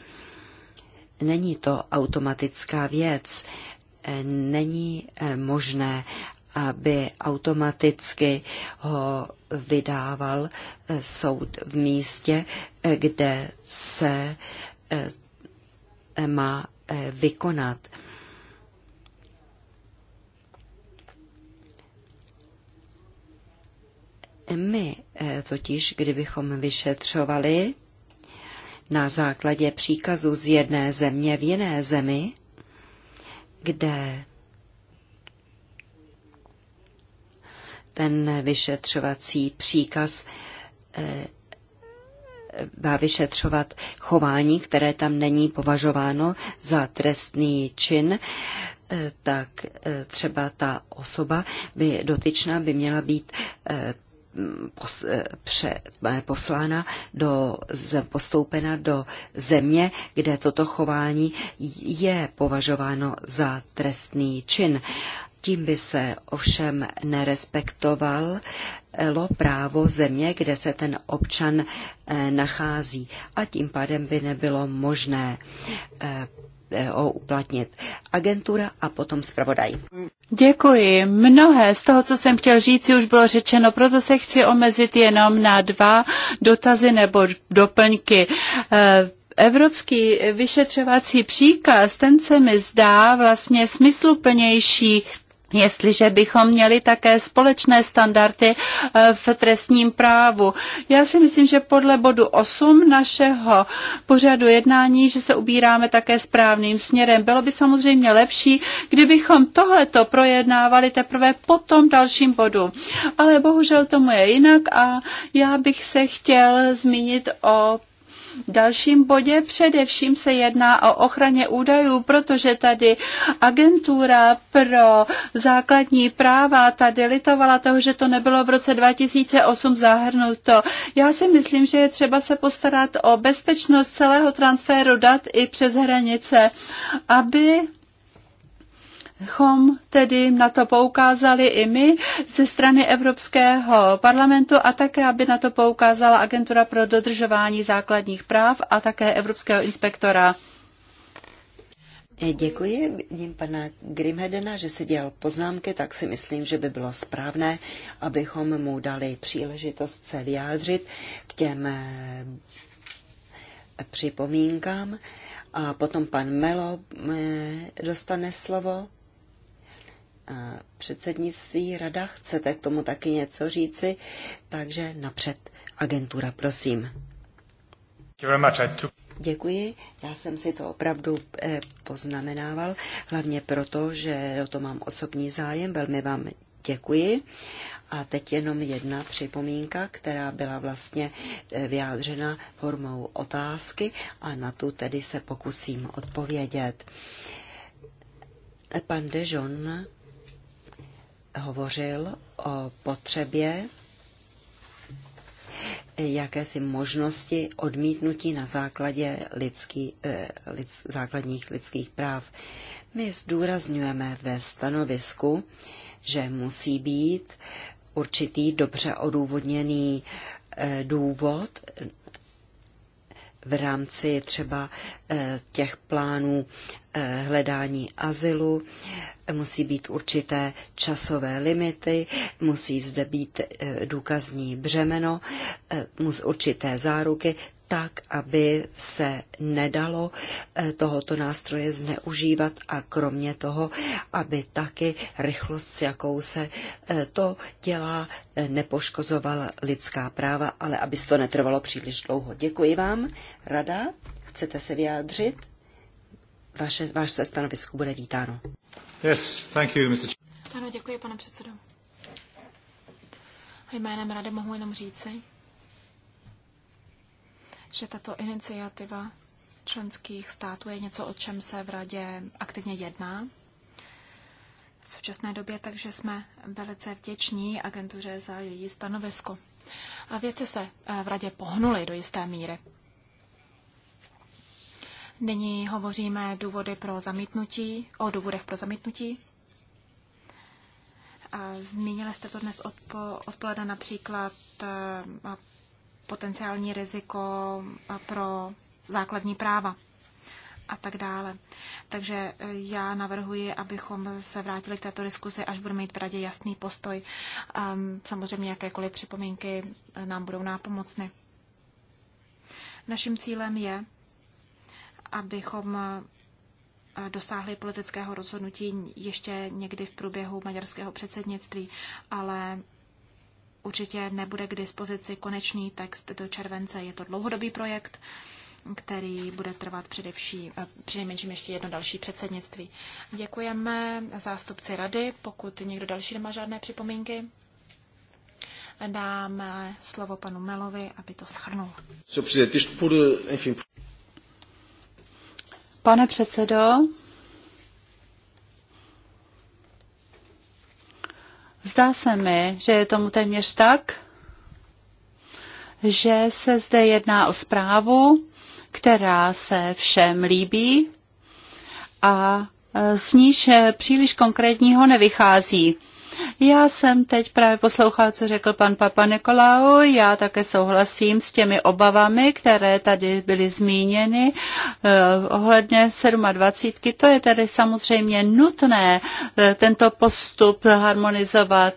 Není to automatická věc, není možné, aby automaticky ho vydával eh, soud v místě, eh, kde se eh, má vykonat. My totiž, kdybychom vyšetřovali na základě příkazu z jedné země v jiné zemi, kde ten vyšetřovací příkaz má eh, vyšetřovat chování, které tam není považováno za trestný čin, eh, tak eh, třeba ta osoba by dotyčná by měla být poslána do, postoupena do země, kde toto chování je považováno za trestný čin. Tím by se ovšem nerespektoval eh, právo země, kde se ten občan eh, nachází a tím pádem by nebylo možné eh, ho uplatnit. Agentura a potom zpravodaj. Děkuji. Mnohé z toho, co jsem chtěl říct, už bylo řečeno, proto se chci omezit jenom na dva dotazy nebo doplňky. Evropský vyšetřovací příkaz, ten se mi zdá vlastně smysluplnější jestliže bychom měli také společné standardy eh, v trestním právu. Já si myslím, že podle bodu 8 našeho pořadu jednání, že se ubíráme také správným směrem. Bylo by samozřejmě lepší, kdybychom tohleto projednávali teprve po tom dalším bodu. Ale bohužel tomu je jinak a já bych se chtěl zmínit o dalším bodě. Především se jedná o ochraně údajů, protože tady agentura pro základní práva tady litovala toho, že to nebylo v roce 2008 zahrnuto. Já si myslím, že je třeba se postarat o bezpečnost celého transferu dat i přes hranice, aby chom tedy na to poukázali i my ze strany Evropského parlamentu a také, aby na to poukázala Agentura pro dodržování základních práv a také Evropského inspektora. Děkuji. Vidím pana Grimhedena, že si dělal poznámky, tak si myslím, že by bylo správné, abychom mu dali příležitost se vyjádřit k těm eh, připomínkám. A potom pan Melo eh, dostane slovo předsednictví rada, chcete k tomu taky něco říci, takže napřed agentura, prosím. Děkuji, já jsem si to opravdu eh, poznamenával, hlavně proto, že o to mám osobní zájem, velmi vám děkuji. A teď jenom jedna připomínka, která byla vlastně eh, vyjádřena formou otázky a na tu tedy se pokusím odpovědět. Pan Dejon hovořil o potřebě jakési možnosti odmítnutí na základě lidský, eh, lids, základních lidských práv. My zdůrazňujeme ve stanovisku, že musí být určitý dobře odůvodněný eh, důvod eh, v rámci třeba těch plánů Eh, hledání azylu, musí být určité časové limity, musí zde být eh, důkazní břemeno, eh, určité záruky, tak, aby se nedalo tohoto nástroje zneužívat a kromě toho, aby taky rychlost, s jakou se to dělá, nepoškozovala lidská práva, ale aby to netrvalo příliš dlouho. Děkuji vám. Rada, chcete se vyjádřit? vaše, vaše stanovisko bude vítáno. Yes, thank you, Mr. Ano, děkuji, pane předsedo. A jménem rady mohu jenom říci, že tato iniciativa členských států je něco, o čem se v radě aktivně jedná v současné době, takže jsme velice vděční agentuře za její stanovisko. A věci se eh, v radě pohnuly do jisté míry. Nyní hovoříme důvody pro zamítnutí, o důvodech pro zamítnutí. Zmínili jste to dnes odpo, odpoledne například eh, potenciální riziko eh, pro základní práva a tak dále. Takže eh, já navrhuji, abychom se vrátili k této diskusi, až budeme mít v radě jasný postoj. Ehm, samozřejmě jakékoliv připomínky nám budou nápomocny. Naším cílem je, abychom eh, dosáhli politického rozhodnutí ještě někdy v průběhu maďarského předsednictví, ale určitě nebude k dispozici konečný text do července. Je to dlouhodobý projekt, který bude trvat především, eh, přinejmenším ještě jedno další předsednictví. Děkujeme zástupci rady, pokud někdo další nemá žádné připomínky. Dáme slovo panu Melovi, aby to schrnul. Pane předsedo, zdá se mi, že je tomu téměř tak, že se zde jedná o zprávu, která se všem líbí a z níž příliš konkrétního nevychází. Já jsem teď právě poslouchal, co řekl pan Papa Nikolau. Já také souhlasím s těmi obavami, které tady byly zmíněny eh, ohledně 27. To je tedy samozřejmě nutné eh, tento postup harmonizovat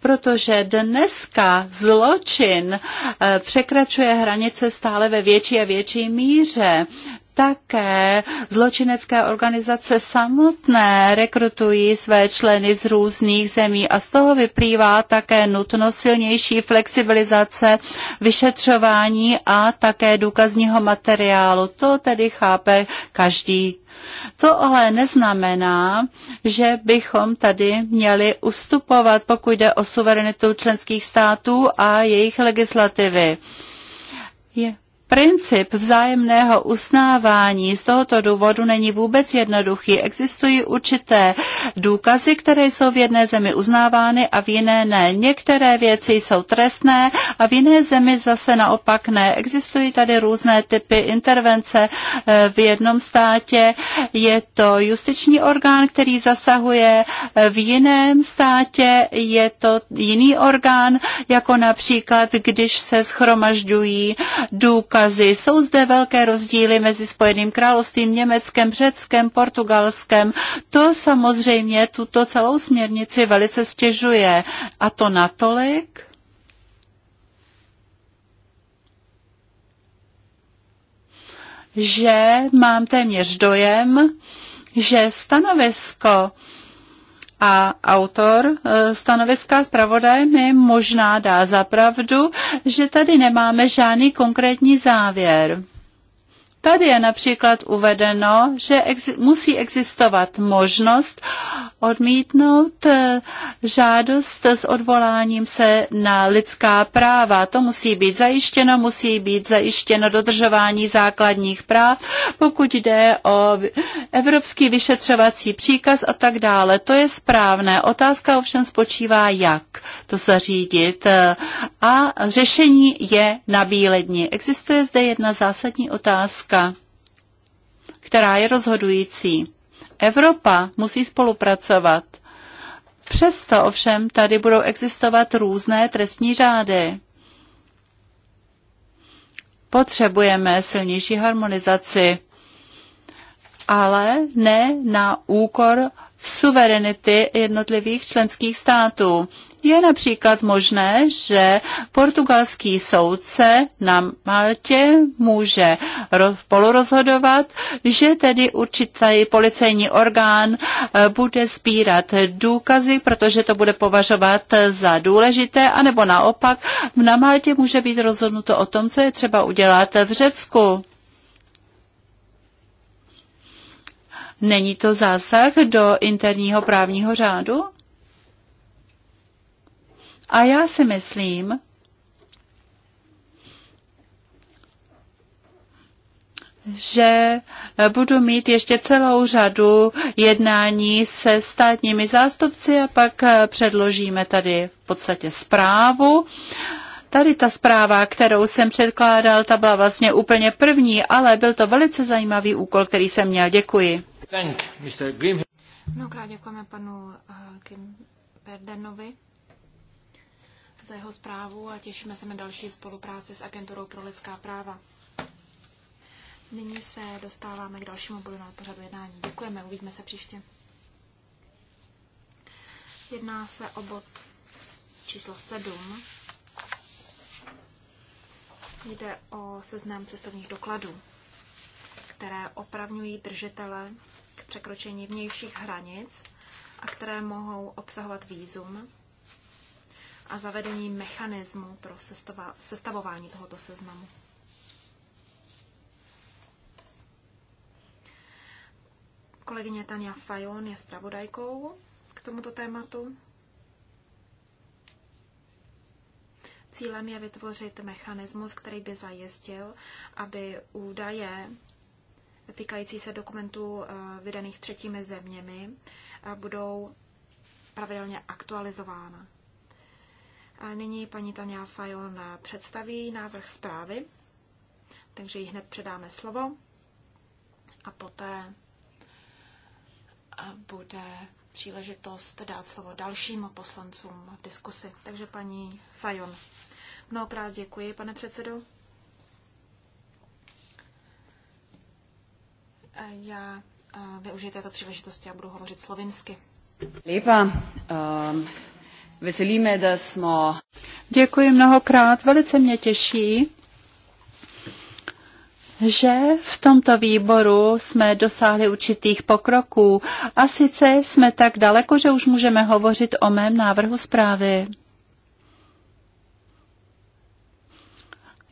protože dneska zločin eh, překračuje hranice stále ve větší a větší míře také zločinecké organizace samotné rekrutují své členy z různých zemí a z toho vyplývá také nutnost silnější flexibilizace vyšetřování a také důkazního materiálu. To tedy chápe každý. To ale neznamená, že bychom tady měli ustupovat, pokud jde o suverenitu členských států a jejich legislativy. Je Princip vzájemného uznávání z tohoto důvodu není vůbec jednoduchý. Existují určité důkazy, které jsou v jedné zemi uznávány a v jiné ne. Některé věci jsou trestné a v jiné zemi zase naopak ne. Existují tady různé typy intervence eh, v jednom státě. Je to justiční orgán, který zasahuje eh, v jiném státě. Je to jiný orgán, jako například, když se schromažďují důkazy důkazy. Jsou zde velké rozdíly mezi Spojeným královstvím, Německem, Řeckem, Portugalskem. To samozřejmě tuto celou směrnici velice stěžuje. A to natolik, že mám téměř dojem, že stanovisko a autor e, stanoviska zpravodaj mi možná dá pravdu, že tady nemáme žádný konkrétní závěr. Tady je například uvedeno, že exi- musí existovat možnost odmítnout eh, žádost s odvoláním se na lidská práva. To musí být zajištěno, musí být zajištěno dodržování základních práv, pokud jde o evropský vyšetřovací příkaz a tak dále. To je správné. Otázka ovšem spočívá, jak to zařídit. Eh, a řešení je na bíledni. Existuje zde jedna zásadní otázka otázka, která je rozhodující. Evropa musí spolupracovat. Přesto ovšem tady budou existovat různé trestní řády. Potřebujeme silnější harmonizaci, ale ne na úkor suverenity jednotlivých členských států. Je například možné, že portugalský soudce na Maltě může spolurozhodovat, že tedy určitý policejní orgán eh, bude sbírat důkazy, protože to bude považovat za důležité, anebo naopak na Maltě může být rozhodnuto o tom, co je třeba udělat v Řecku. Není to zásah do interního právního řádu? A já si myslím, že budu mít ještě celou řadu jednání se státními zástupci a pak předložíme tady v podstatě zprávu. Tady ta zpráva, kterou jsem předkládal, ta byla vlastně úplně první, ale byl to velice zajímavý úkol, který jsem měl. Děkuji. Thank, Mr. Mnohokrát děkujeme panu uh, Kim Perdenovi za jeho zprávu a těšíme se na další spolupráci s Agenturou pro lidská práva. Nyní se dostáváme k dalšímu bodu na pořadu jednání. Děkujeme, uvidíme se příště. Jedná se o bod číslo 7. Jde o seznam cestovních dokladů, které opravňují držitele k překročení vnějších hranic a které mohou obsahovat výzum, a zavedení mechanismu pro sestavování tohoto seznamu. Kolegyně Tania Fajon je zpravodajkou k tomuto tématu. Cílem je vytvořit mechanismus, který by zajistil, aby údaje týkající se dokumentů eh, vydaných třetími zeměmi eh, budou pravidelně aktualizována. A nyní paní Tanja Fajon představí návrh zprávy, takže ji hned předáme slovo a poté eh, bude příležitost dát slovo dalším poslancům v diskusi. Takže paní Fajon. Mnohokrát děkuji, pane předsedo. Eh, já eh, využiju této příležitosti a budu hovořit slovinsky. Lípa. Um da Děkuji mnohokrát, velice mě těší, že v tomto výboru jsme dosáhli určitých pokroků a sice jsme tak daleko, že už můžeme hovořit o mém návrhu zprávy.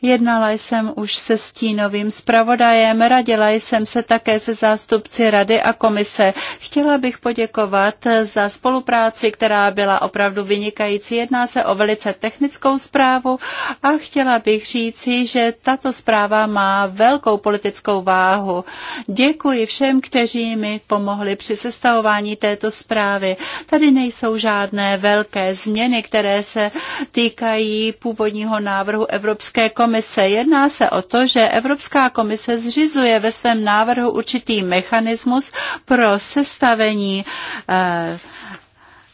Jednala jsem už se stínovým zpravodajem, radila jsem se také se zástupci rady a komise. Chtěla bych poděkovat za spolupráci, která byla opravdu vynikající. Jedná se o velice technickou zprávu a chtěla bych říci, že tato zpráva má velkou politickou váhu. Děkuji všem, kteří mi pomohli při sestavování této zprávy. Tady nejsou žádné velké změny, které se týkají původního návrhu Evropské komise komise. Jedná se o to, že Evropská komise zřizuje ve svém návrhu určitý mechanismus pro sestavení eh,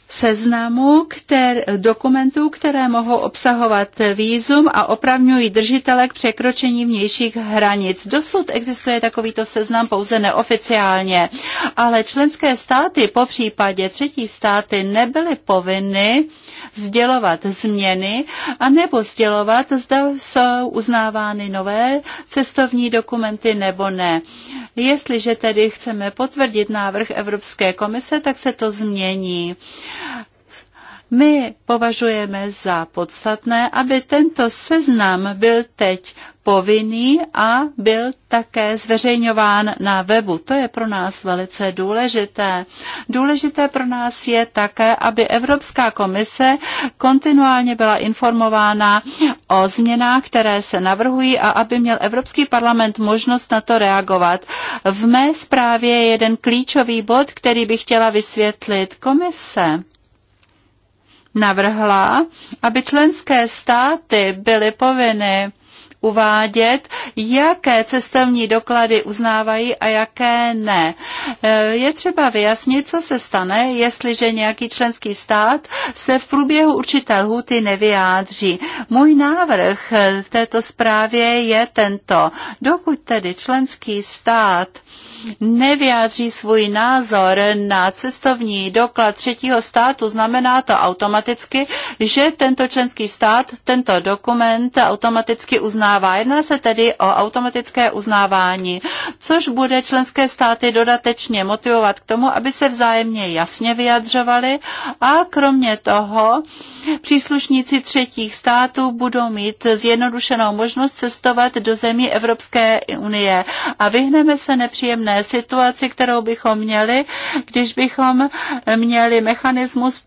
seznamu kter, dokumentů, které mohou obsahovat výzum a opravňují držitele k překročení vnějších hranic. Dosud existuje takovýto seznam pouze neoficiálně, ale členské státy, po případě třetí státy, nebyly povinny sdělovat změny a nebo sdělovat, zda jsou uznávány nové cestovní dokumenty nebo ne. Jestliže tedy chceme potvrdit návrh Evropské komise, tak se to změní. My považujeme za podstatné, aby tento seznam byl teď povinný a byl také zveřejňován na webu. To je pro nás velice důležité. Důležité pro nás je také, aby Evropská komise kontinuálně byla informována o změnách, které se navrhují a aby měl Evropský parlament možnost na to reagovat. V mé zprávě je jeden klíčový bod, který bych chtěla vysvětlit komise navrhla, aby členské státy byly povinny uvádět, jaké cestovní doklady uznávají a jaké ne. E, je třeba vyjasnit, co se stane, jestliže nějaký členský stát se v průběhu určité lhuty nevyjádří. Můj návrh e, v této zprávě je tento. Dokud tedy členský stát nevyjádří svůj názor na cestovní doklad třetího státu, znamená to automaticky, že tento členský stát tento dokument automaticky uznává. Jedná se tedy o automatické uznávání, což bude členské státy dodatečně motivovat k tomu, aby se vzájemně jasně vyjadřovali a kromě toho příslušníci třetích států budou mít zjednodušenou možnost cestovat do zemí Evropské unie a vyhneme se nepříjemné situaci, kterou bychom měli, když bychom měli mechanismus,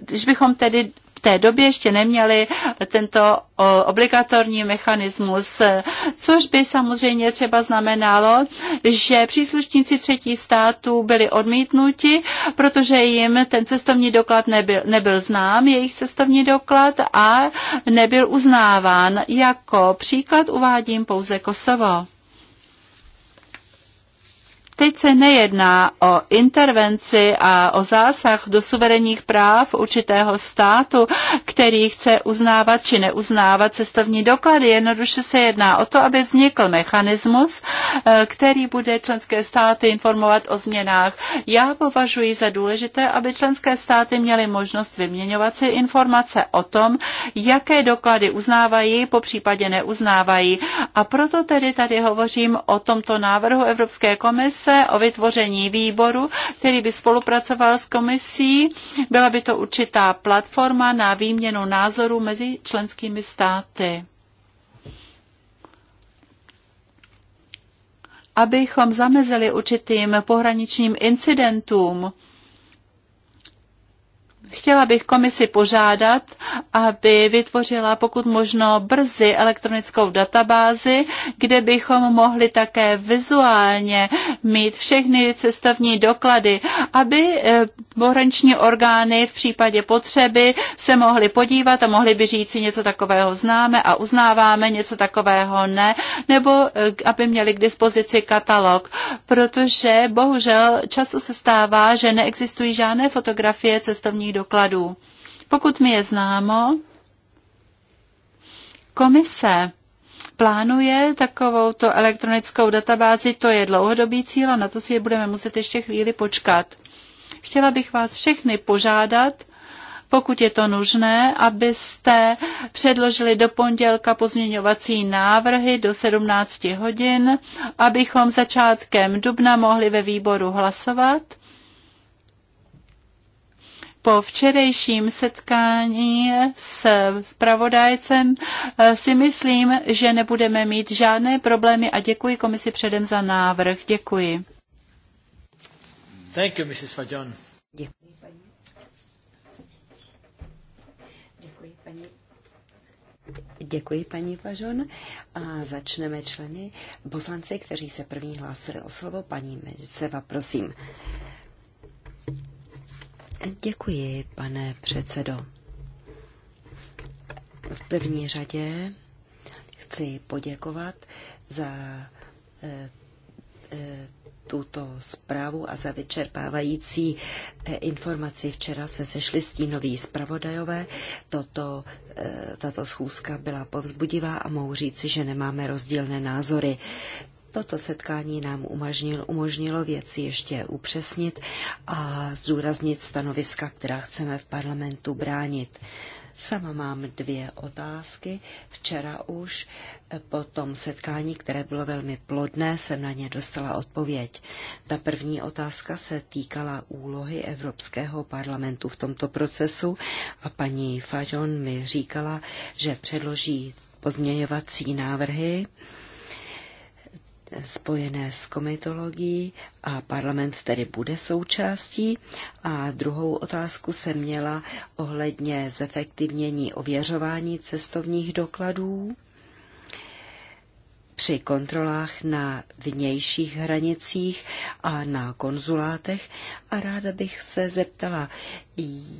když bychom tedy v té době ještě neměli tento obligatorní mechanismus, což by samozřejmě třeba znamenalo, že příslušníci třetí států byli odmítnuti, protože jim ten cestovní doklad nebyl, nebyl znám, jejich cestovní doklad a nebyl uznáván. Jako příklad uvádím pouze Kosovo. Teď se nejedná o intervenci a o zásah do suverenních práv určitého státu, který chce uznávat či neuznávat cestovní doklady. Jednoduše se jedná o to, aby vznikl mechanismus, eh, který bude členské státy informovat o změnách. Já považuji za důležité, aby členské státy měly možnost vyměňovat si informace o tom, jaké doklady uznávají, po případě neuznávají. A proto tedy tady hovořím o tomto návrhu Evropské komise, komise o vytvoření výboru, který by spolupracoval s komisí. Byla by to určitá platforma na výměnu názorů mezi členskými státy. Abychom zamezili určitým pohraničním incidentům, Chtěla bych komisi požádat, aby vytvořila pokud možno brzy elektronickou databázi, kde bychom mohli také vizuálně mít všechny cestovní doklady, aby eh, pohraniční orgány v případě potřeby se mohly podívat a mohly by říci něco takového známe a uznáváme, něco takového ne, nebo eh, aby měli k dispozici katalog, protože bohužel často se stává, že neexistují žádné fotografie cestovních doklad dokladů. Pokud mi je známo, komise plánuje takovou to elektronickou databázi, to je dlouhodobý cíl a na to si je budeme muset ještě chvíli počkat. Chtěla bych vás všechny požádat, pokud je to nužné, abyste předložili do pondělka pozměňovací návrhy do 17 hodin, abychom začátkem dubna mohli ve výboru hlasovat po včerejším setkání s zpravodajcem eh, si myslím, že nebudeme mít žádné problémy a děkuji komisi předem za návrh. Děkuji. Thank you, Mrs. Fajon. Děkuji, paní. Děkuji, paní. Děkuji, paní Pažon. A začneme členy. Poslanci, kteří se první hlásili o slovo, paní Mezeva, prosím. Uh, Děkuji, pane předsedo. V první řadě chci poděkovat za eh, eh, tuto zprávu a za vyčerpávající eh, informaci. Včera se sešli stínoví zpravodajové. Toto, tato schůzka byla povzbudivá a mohu říci, že nemáme rozdílné názory. Toto setkání nám umožnilo, umožnilo věci ještě upřesnit a zdůraznit stanoviska, která chceme v parlamentu bránit. Sama mám dvě otázky. Včera už eh, po tom setkání, které bylo velmi plodné, jsem na ně dostala odpověď. Ta první otázka se týkala úlohy Evropského parlamentu v tomto procesu a paní Fajon mi říkala, že předloží pozměňovací návrhy spojené s komitologií a parlament tedy bude součástí. A druhou otázku se měla ohledně zefektivnění ověřování cestovních dokladů při kontrolách na vnějších hranicích a na konzulátech a ráda bych se zeptala,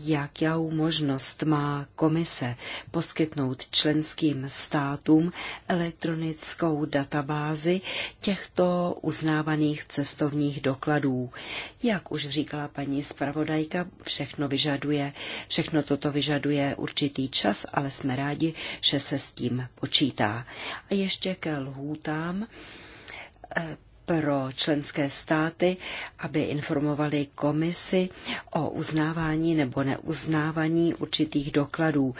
jakou možnost má komise poskytnout členským státům elektronickou databázi těchto uznávaných cestovních dokladů. Jak už říkala paní zpravodajka, všechno vyžaduje, všechno toto vyžaduje určitý čas, ale jsme rádi, že se s tím počítá. A ještě ke lhůtám pro členské státy, aby informovali komisi o uznávání nebo neuznávání určitých dokladů,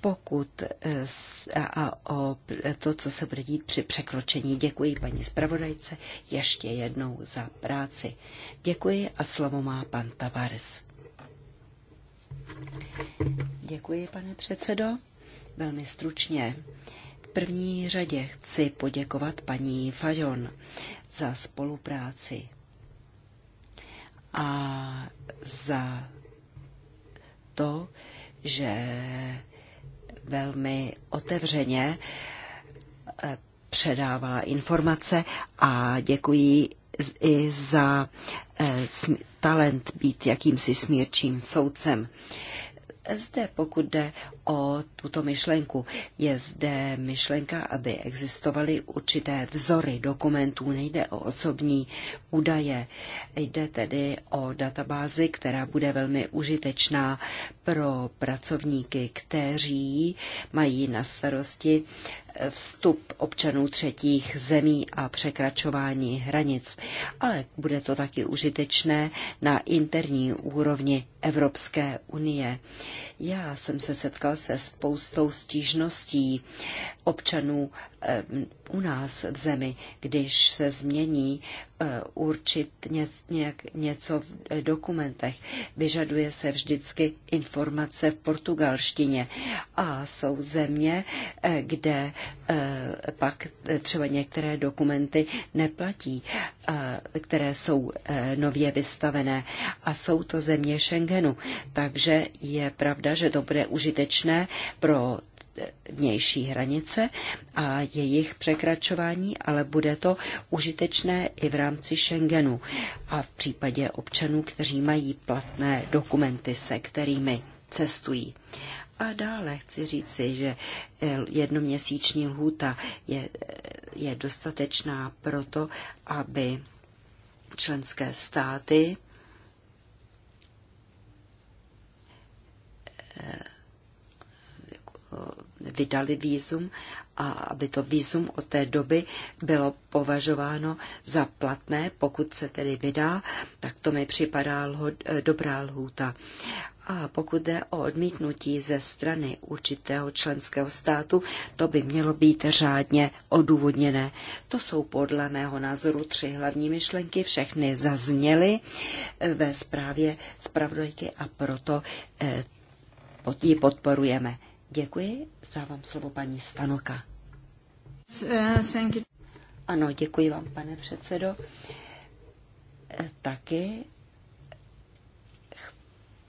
pokud eh, a o to, co se bude dít při překročení. Děkuji paní zpravodajce ještě jednou za práci. Děkuji a slovo má pan Tavares. Děkuji, pane předsedo. Velmi stručně první řadě chci poděkovat paní Fajon za spolupráci a za to, že velmi otevřeně eh, předávala informace a děkuji i za eh, talent být jakýmsi smírčím soudcem. Zde, pokud jde o tuto myšlenku, je zde myšlenka, aby existovaly určité vzory dokumentů, nejde o osobní údaje. Jde tedy o databázi, která bude velmi užitečná pro pracovníky, kteří mají na starosti vstup občanů třetích zemí a překračování hranic, ale bude to taky užitečné na interní úrovni Evropské unie. Já jsem se setkal se spoustou stížností občanů eh, u nás v zemi, když se změní eh, určit něco v eh, dokumentech. Vyžaduje se vždycky informace v portugalštině a jsou země, kde pak třeba některé dokumenty neplatí, které jsou nově vystavené a jsou to země Schengenu. Takže je pravda, že to bude užitečné pro vnější hranice a jejich překračování, ale bude to užitečné i v rámci Schengenu a v případě občanů, kteří mají platné dokumenty, se kterými cestují. A dále chci říci, že eh, jednoměsíční lhůta je, eh, je dostatečná proto, aby členské státy eh, Eh, vydali výzum a aby to výzum od té doby bylo považováno za platné, pokud se tedy vydá, tak to mi připadá lho, eh, dobrá lhůta. A pokud jde o odmítnutí ze strany určitého členského státu, to by mělo být řádně odůvodněné. To jsou podle mého názoru tři hlavní myšlenky, všechny zazněly eh, ve zprávě zpravodajky a proto ji podporujeme. Děkuji, zdávám slovo paní Stanoka. Ano, děkuji vám, pane předsedo. Eh, taky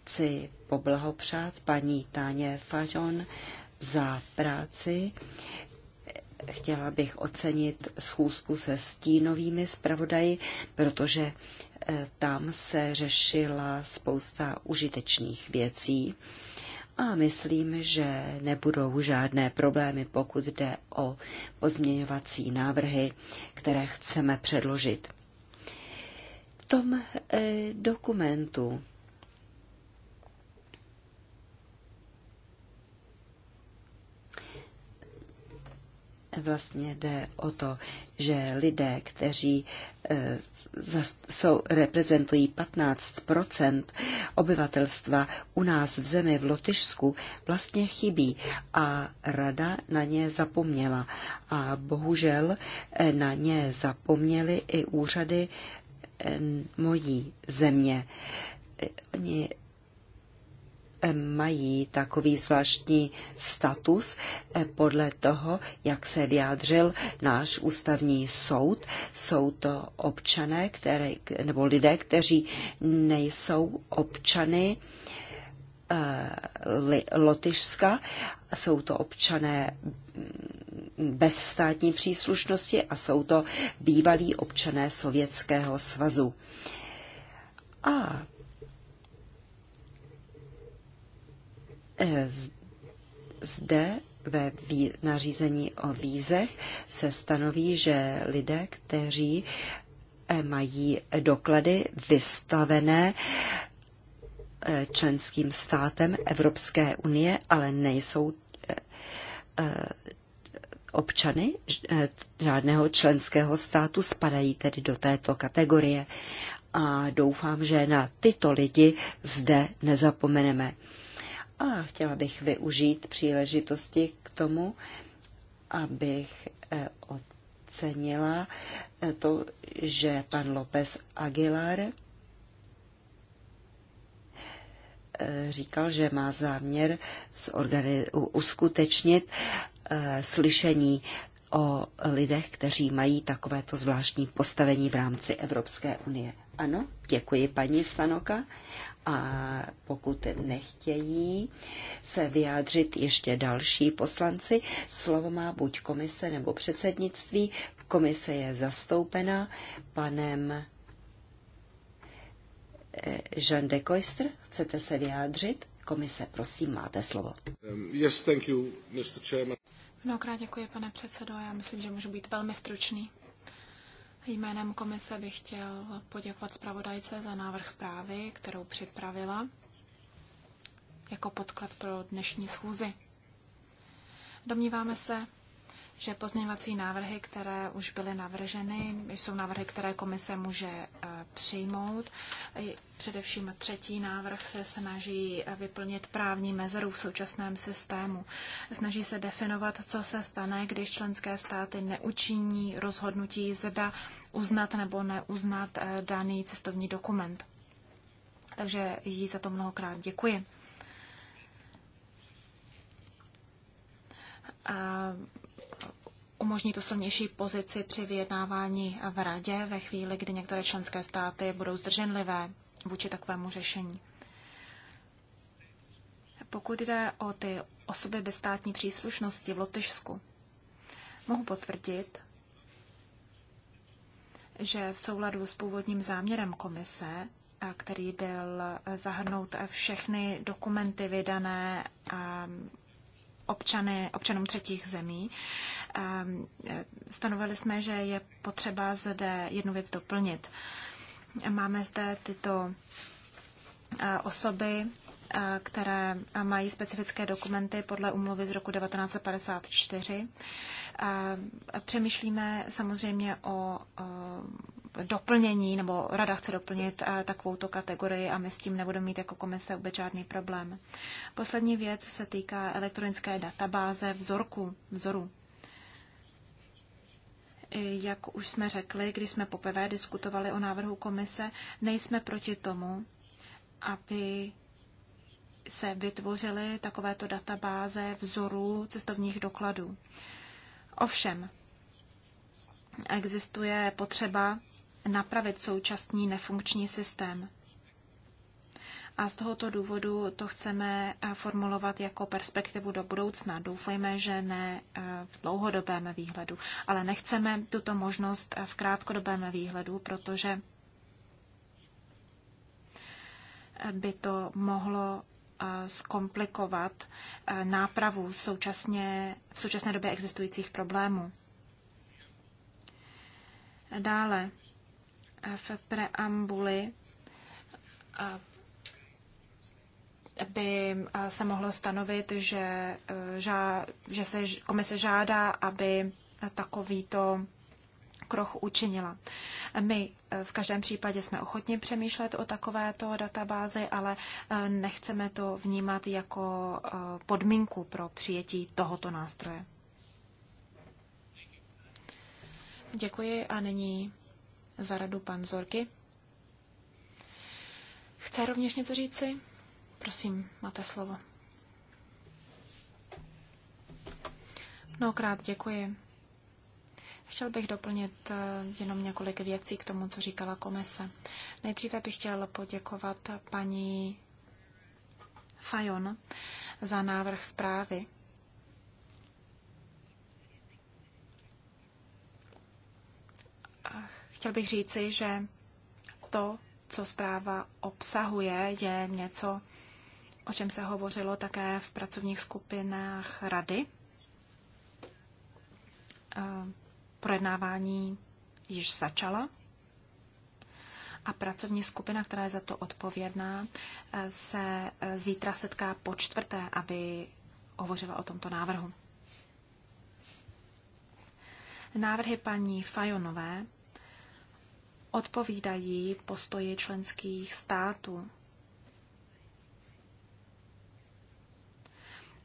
chci poblahopřát paní Táně Fajon za práci. Chtěla bych ocenit schůzku se stínovými zpravodaji, protože eh, tam se řešila spousta užitečných věcí a myslím, že nebudou žádné problémy, pokud jde o pozměňovací návrhy, které chceme předložit. V tom eh, dokumentu vlastně jde o to, že lidé, kteří eh, jsou, reprezentují 15 obyvatelstva u nás v zemi v Lotyšsku, vlastně chybí a rada na ně zapomněla. A bohužel eh, na ně zapomněly i úřady eh, mojí země. Oni mají takový zvláštní status eh, podle toho, jak se vyjádřil náš ústavní soud. Jsou to občané které, nebo lidé, kteří nejsou občany eh, Lotyšska. Jsou to občané mm, bez státní příslušnosti a jsou to bývalí občané Sovětského svazu. A Eh, zde ve nařízení o vízech se stanoví, že lidé, kteří eh, mají doklady vystavené eh, členským státem Evropské unie, ale nejsou občany žádného členského státu, spadají tedy do této kategorie. A doufám, že na tyto lidi zde nezapomeneme. A chtěla bych využít příležitosti k tomu, abych eh, ocenila eh, to, že pan López Aguilar eh, říkal, že má záměr uskutečnit slyšení o lidech, kteří mají takovéto zvláštní postavení v rámci Evropské unie. Ano, děkuji paní Stanoka a pokud nechtějí se vyjádřit ještě další poslanci, slovo má buď komise nebo předsednictví. Komise je zastoupena panem eh, Jean de Koistr. Chcete se vyjádřit? Komise, prosím, máte slovo. Um, yes, thank you, Mr. Chairman. Mnohokrát děkuji, pane předsedo. Já myslím, že můžu být velmi stručný. Jménem komise bych chtěl poděkovat zpravodajce za návrh zprávy, kterou připravila jako podklad pro dnešní schůzi. Domníváme se, že pozměňovací návrhy, které už byly navrženy, jsou návrhy, které komise může eh, přijmout. Především třetí návrh se snaží eh, vyplnit právní mezeru v současném systému. Snaží se definovat, co se stane, když členské státy neučiní rozhodnutí, zda uznat nebo neuznat eh, daný cestovní dokument. Takže jí za to mnohokrát děkuji. Umožní to silnější pozici při vyjednávání v radě ve chvíli, kdy některé členské státy budou zdrženlivé vůči takovému řešení. Pokud jde o ty osoby bez státní příslušnosti v Lotyšsku, mohu potvrdit, že v souladu s původním záměrem komise, který byl zahrnout všechny dokumenty vydané občany, občanům třetích zemí. Ehm, e, stanovili jsme, že je potřeba zde jednu věc doplnit. Máme zde tyto e, osoby, e, které mají specifické dokumenty podle umluvy z roku 1954. Ehm, přemýšlíme samozřejmě o doplnění, nebo rada chce doplnit eh, takovou kategorii a my s tím nebudeme mít jako komise vůbec žádný problém. Poslední věc se týká elektronické databáze vzorku, vzoru. Jak už jsme řekli, když jsme poprvé diskutovali o návrhu komise, nejsme proti tomu, aby se vytvořily takovéto databáze vzorů cestovních dokladů. Ovšem, existuje potřeba napravit současný nefunkční systém. A z tohoto důvodu to chceme eh, formulovat jako perspektivu do budoucna. Doufejme, že ne eh, v dlouhodobém výhledu, ale nechceme tuto možnost eh, v krátkodobém výhledu, protože by to mohlo zkomplikovat nápravu současně, v současné době existujících problémů. Dále v preambuli eh, by eh, se mohlo stanovit, že, eh, že se komise žádá, aby takovýto krok učinila. My v každém případě jsme ochotni přemýšlet o takovéto databázi, ale nechceme to vnímat jako podmínku pro přijetí tohoto nástroje. Děkuji a nyní za radu pan Zorky. Chce rovněž něco říci? Prosím, máte slovo. Mnohokrát děkuji. Chtěl bych doplnit eh, jenom několik věcí k tomu, co říkala komise. Nejdříve bych chtěl poděkovat paní Fajon za návrh zprávy. Ach Chtěl bych říci, že to, co zpráva obsahuje, je něco, o čem se hovořilo také v pracovních skupinách rady. Eh, projednávání již začala a pracovní skupina, která je za to odpovědná, eh, se eh, zítra setká po čtvrté, aby hovořila o tomto návrhu. Návrhy paní Fajonové odpovídají postoji členských států.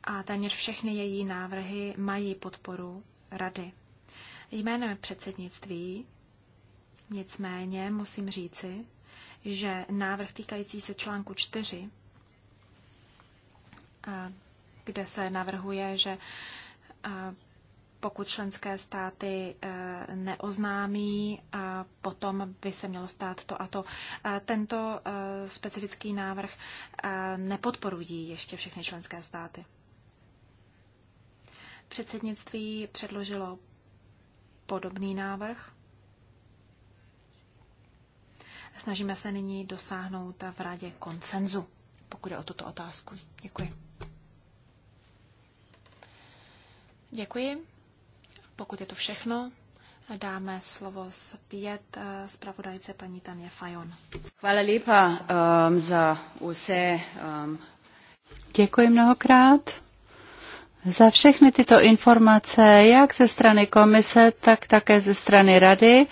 A téměř všechny její návrhy mají podporu Rady. Jménem předsednictví nicméně musím říci, že návrh týkající se článku 4, kde se navrhuje, že pokud členské státy eh, neoznámí, a potom by se mělo stát to a to. Eh, tento eh, specifický návrh nepodporují ještě všechny členské státy. Předsednictví předložilo podobný návrh. Snažíme se nyní dosáhnout v radě konsenzu, pokud je o tuto otázku. Děkuji. Děkuji. Pokud je to všechno, dáme slovo zpět eh, zpravodajce paní Tanje Fajon. Hvala lepa um, za vše. Um... Eh, Děkuji mnohokrát za všechny tyto informace, jak ze strany komise, tak také ze strany rady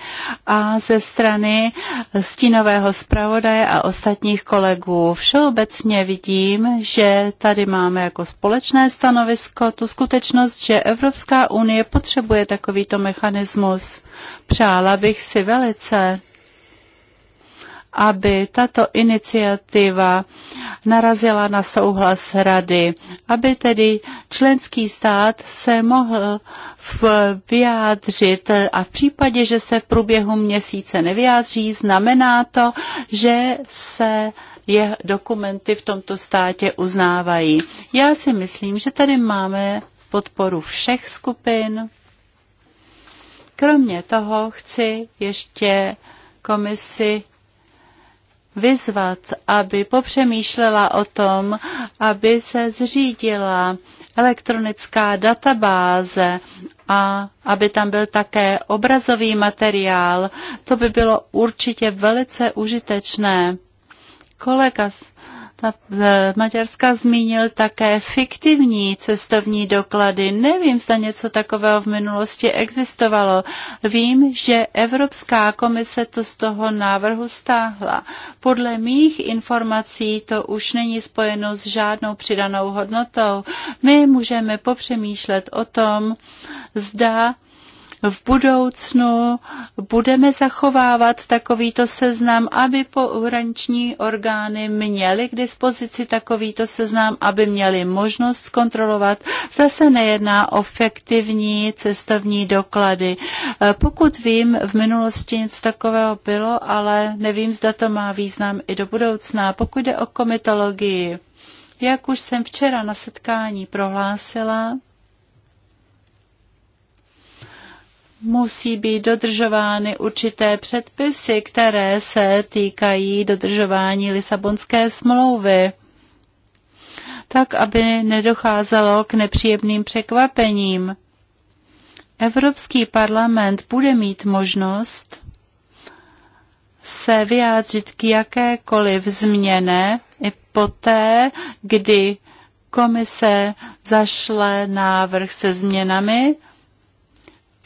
a ze strany stínového zpravodaje a ostatních kolegů. Všeobecně vidím, že tady máme jako společné stanovisko tu skutečnost, že Evropská unie potřebuje takovýto mechanismus. Přála bych si velice, aby tato iniciativa narazila na souhlas rady, aby tedy členský stát se mohl vyjádřit a v případě, že se v průběhu měsíce nevyjádří, znamená to, že se je dokumenty v tomto státě uznávají. Já si myslím, že tady máme podporu všech skupin. Kromě toho chci ještě komisi vyzvat, aby popřemýšlela o tom, aby se zřídila elektronická databáze a aby tam byl také obrazový materiál. To by bylo určitě velice užitečné. Kolega Eh, Maďarska zmínil také fiktivní cestovní doklady. Nevím, zda něco takového v minulosti existovalo. Vím, že Evropská komise to z toho návrhu stáhla. Podle mých informací to už není spojeno s žádnou přidanou hodnotou. My můžeme popřemýšlet o tom, zda v budoucnu budeme zachovávat takovýto seznam, aby pohraniční orgány měly k dispozici takovýto seznam, aby měly možnost zkontrolovat, zda se nejedná o fiktivní cestovní doklady. Eh, pokud vím, v minulosti něco takového bylo, ale nevím, zda to má význam i do budoucna. Pokud jde o komitologii, jak už jsem včera na setkání prohlásila, musí být dodržovány určité předpisy, které se týkají dodržování Lisabonské smlouvy, tak aby nedocházelo k nepříjemným překvapením. Evropský parlament bude mít možnost se vyjádřit k jakékoliv změně i poté, kdy komise zašle návrh se změnami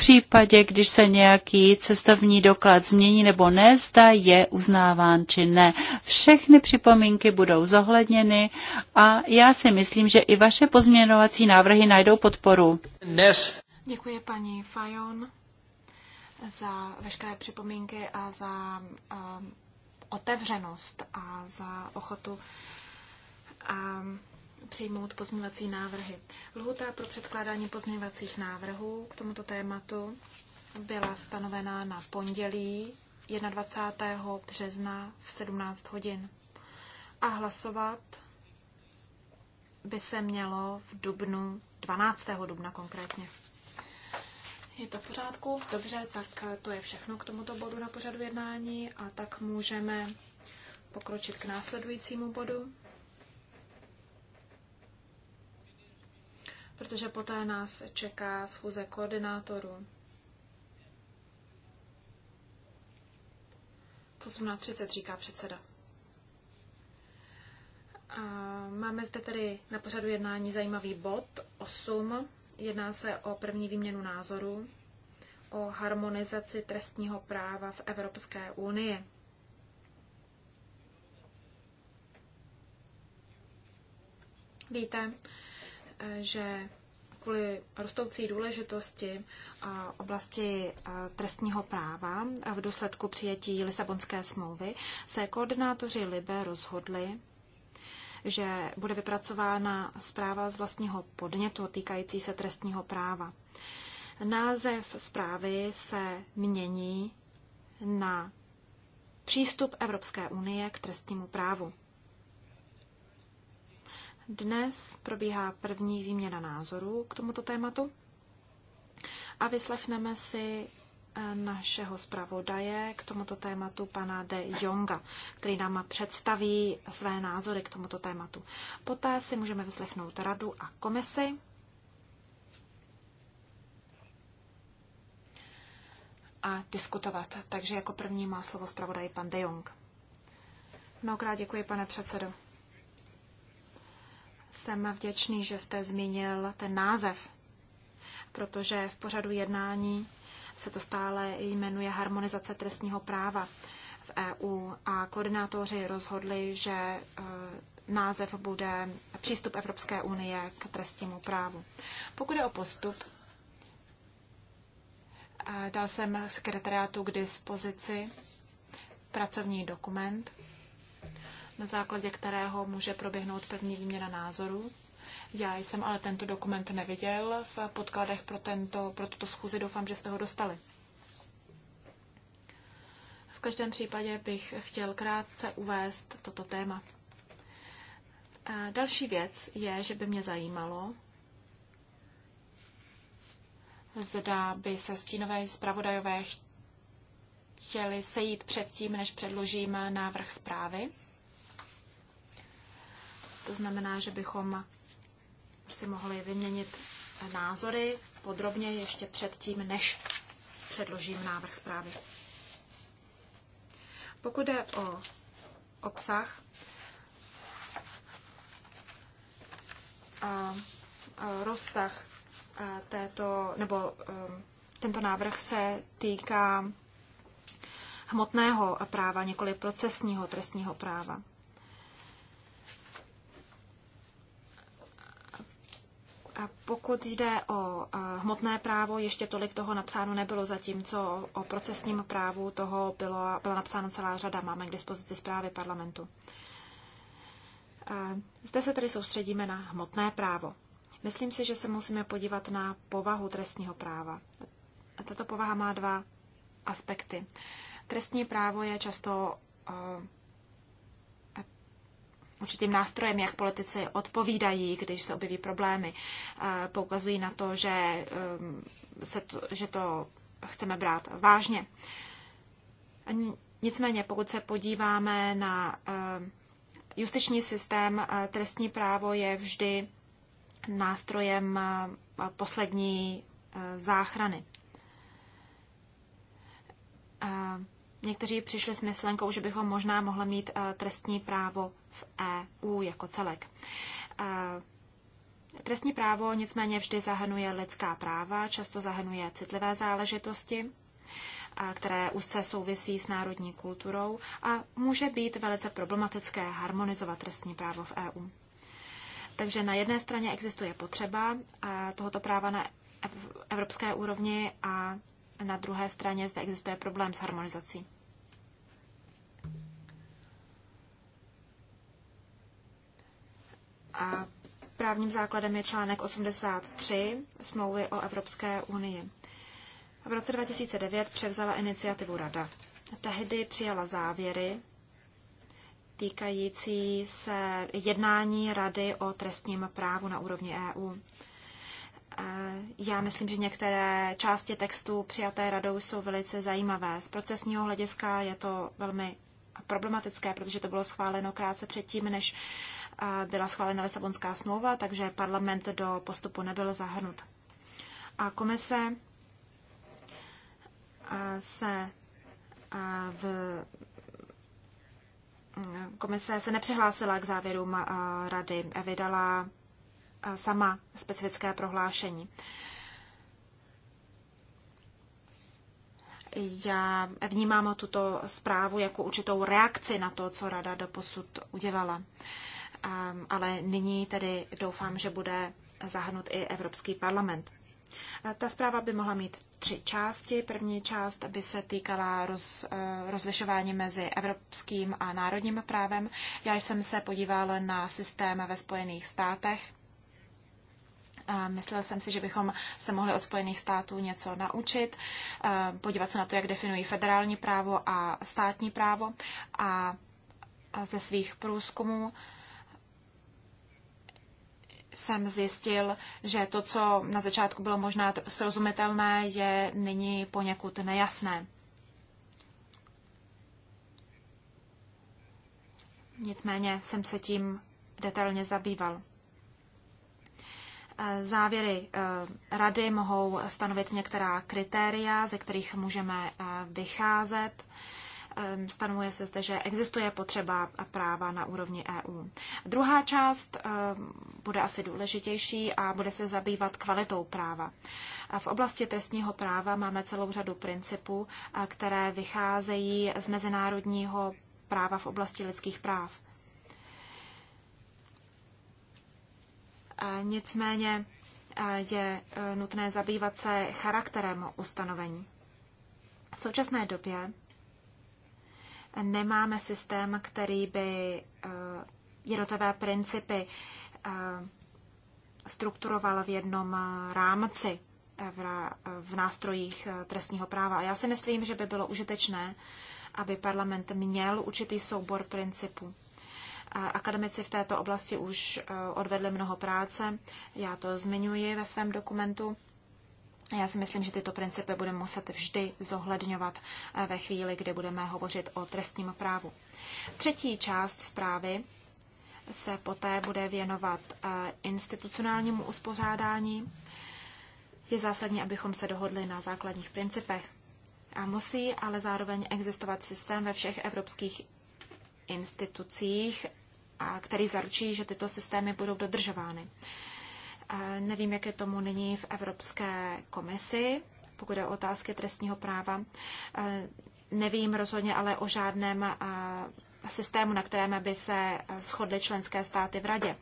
případě, když se nějaký cestovní doklad změní nebo ne, zda je uznáván či ne. Všechny připomínky budou zohledněny a já si myslím, že i vaše pozměňovací návrhy najdou podporu. Dnes. Děkuji paní Fajon za veškeré připomínky a za a, um, otevřenost a za ochotu a, um, přijmout pozměňovací návrhy. Lhuta pro předkládání pozměňovacích návrhů k tomuto tématu byla stanovena na pondělí 21. března v 17 hodin. A hlasovat by se mělo v dubnu, 12. dubna konkrétně. Je to v pořádku? Dobře, tak to je všechno k tomuto bodu na pořadu jednání a tak můžeme pokročit k následujícímu bodu. protože poté nás čeká schůze koordinátorů. Po 18.30 říká předseda. A máme zde tedy na pořadu jednání zajímavý bod 8. Jedná se o první výměnu názorů o harmonizaci trestního práva v Evropské unii. Víte, že kvůli rostoucí důležitosti eh, oblasti eh, trestního práva eh, v důsledku přijetí Lisabonské smlouvy se koordinátoři Libe rozhodli, že bude vypracována zpráva z vlastního podnětu týkající se trestního práva. Název zprávy se mění na přístup Evropské unie k trestnímu právu. Dnes probíhá první výměna názorů k tomuto tématu a vyslechneme si eh, našeho zpravodaje k tomuto tématu, pana De Jonga, který nám představí své názory k tomuto tématu. Poté si můžeme vyslechnout radu a komisi. a diskutovat. Takže jako první má slovo zpravodaj pan De Jong. Mnohokrát děkuji, pane předsedo. Jsem vděčný, že jste zmínil ten název, protože v pořadu jednání se to stále jmenuje harmonizace trestního práva v EU a koordinátoři rozhodli, že eh, název bude přístup Evropské unie k trestnímu právu. Pokud je o postup, eh, dal jsem sekretariátu k dispozici pracovní dokument, na základě kterého může proběhnout první výměna názorů. Já jsem ale tento dokument neviděl v podkladech pro, tento, pro tuto schůzi. Doufám, že jste ho dostali. V každém případě bych chtěl krátce uvést toto téma. A další věc je, že by mě zajímalo, zda by se stínové zpravodajové chtěli sejít předtím, než předložíme návrh zprávy. To znamená, že bychom si mohli vyměnit názory podrobně ještě předtím, než předložím návrh zprávy. Pokud jde o obsah, a rozsah této, nebo tento návrh se týká hmotného práva, nikoli procesního trestního práva. Pokud jde o eh, hmotné právo, ještě tolik toho napsáno nebylo, zatímco o procesním právu toho bylo, byla napsána celá řada. Máme k dispozici zprávy parlamentu. Eh, zde se tedy soustředíme na hmotné právo. Myslím si, že se musíme podívat na povahu trestního práva. Tato povaha má dva aspekty. Trestní právo je často eh, určitým nástrojem, jak politici odpovídají, když se objeví problémy. Poukazují na to, že, um, se to, že to chceme brát vážně. Nicméně, pokud se podíváme na um, justiční systém, trestní právo je vždy nástrojem poslední záchrany. Někteří přišli s myšlenkou, že bychom možná mohli mít eh, trestní právo v EU jako celek. Eh, trestní právo nicméně vždy zahrnuje lidská práva, často zahrnuje citlivé záležitosti, eh, které úzce souvisí s národní kulturou a může být velice problematické harmonizovat trestní právo v EU. Takže na jedné straně existuje potřeba tohoto práva na evropské úrovni a na druhé straně zde existuje problém s harmonizací. A právním základem je článek 83 smlouvy o Evropské unii. V roce 2009 převzala iniciativu Rada. Tehdy přijala závěry týkající se jednání Rady o trestním právu na úrovni EU. Já myslím, že některé části textu přijaté radou jsou velice zajímavé. Z procesního hlediska je to velmi problematické, protože to bylo schváleno krátce předtím, než byla schválena Lisabonská smlouva, takže parlament do postupu nebyl zahrnut. A komise se v komise se nepřihlásila k závěrům rady, vydala sama specifické prohlášení. Já vnímám tuto zprávu jako určitou reakci na to, co rada doposud udělala. Ehm, ale nyní tedy doufám, že bude zahrnut i Evropský parlament. Ta zpráva by mohla mít tři části. První část by se týkala roz, eh, rozlišování mezi evropským a národním právem. Já jsem se podívala na systém ve Spojených státech Myslel jsem si, že bychom se mohli od Spojených států něco naučit, podívat se na to, jak definují federální právo a státní právo. A ze svých průzkumů jsem zjistil, že to, co na začátku bylo možná srozumitelné, je nyní poněkud nejasné. Nicméně jsem se tím detailně zabýval. Eh, závěry eh, rady mohou stanovit některá kritéria, ze kterých můžeme eh, vycházet. Ehm, stanovuje se zde, že existuje potřeba práva na úrovni EU. Druhá část bude asi důležitější a bude se zabývat kvalitou práva. V oblasti trestního práva máme celou řadu principů, které vycházejí z mezinárodního práva v oblasti lidských práv. Nicméně je e, nutné zabývat se charakterem ustanovení. V současné době nemáme systém, který by e, jednotlivé principy e, strukturoval v jednom rámci v nástrojích trestního práva. A já si myslím, že by bylo užitečné, aby parlament měl určitý soubor principů. Akademici v této oblasti už eh, odvedli mnoho práce, já to zmiňuji ve svém dokumentu. Já si myslím, že tyto principy budeme muset vždy zohledňovat eh, ve chvíli, kdy budeme hovořit o trestním právu. Třetí část zprávy se poté bude věnovat eh, institucionálnímu uspořádání. Je zásadní, abychom se dohodli na základních principech. A musí ale zároveň existovat systém ve všech evropských institucích a který zaručí, že tyto systémy budou dodržovány. Nevím, jak je tomu nyní v Evropské komisi, pokud je o otázky trestního práva. Nevím rozhodně ale o žádném systému, na kterém by se shodly členské státy v radě.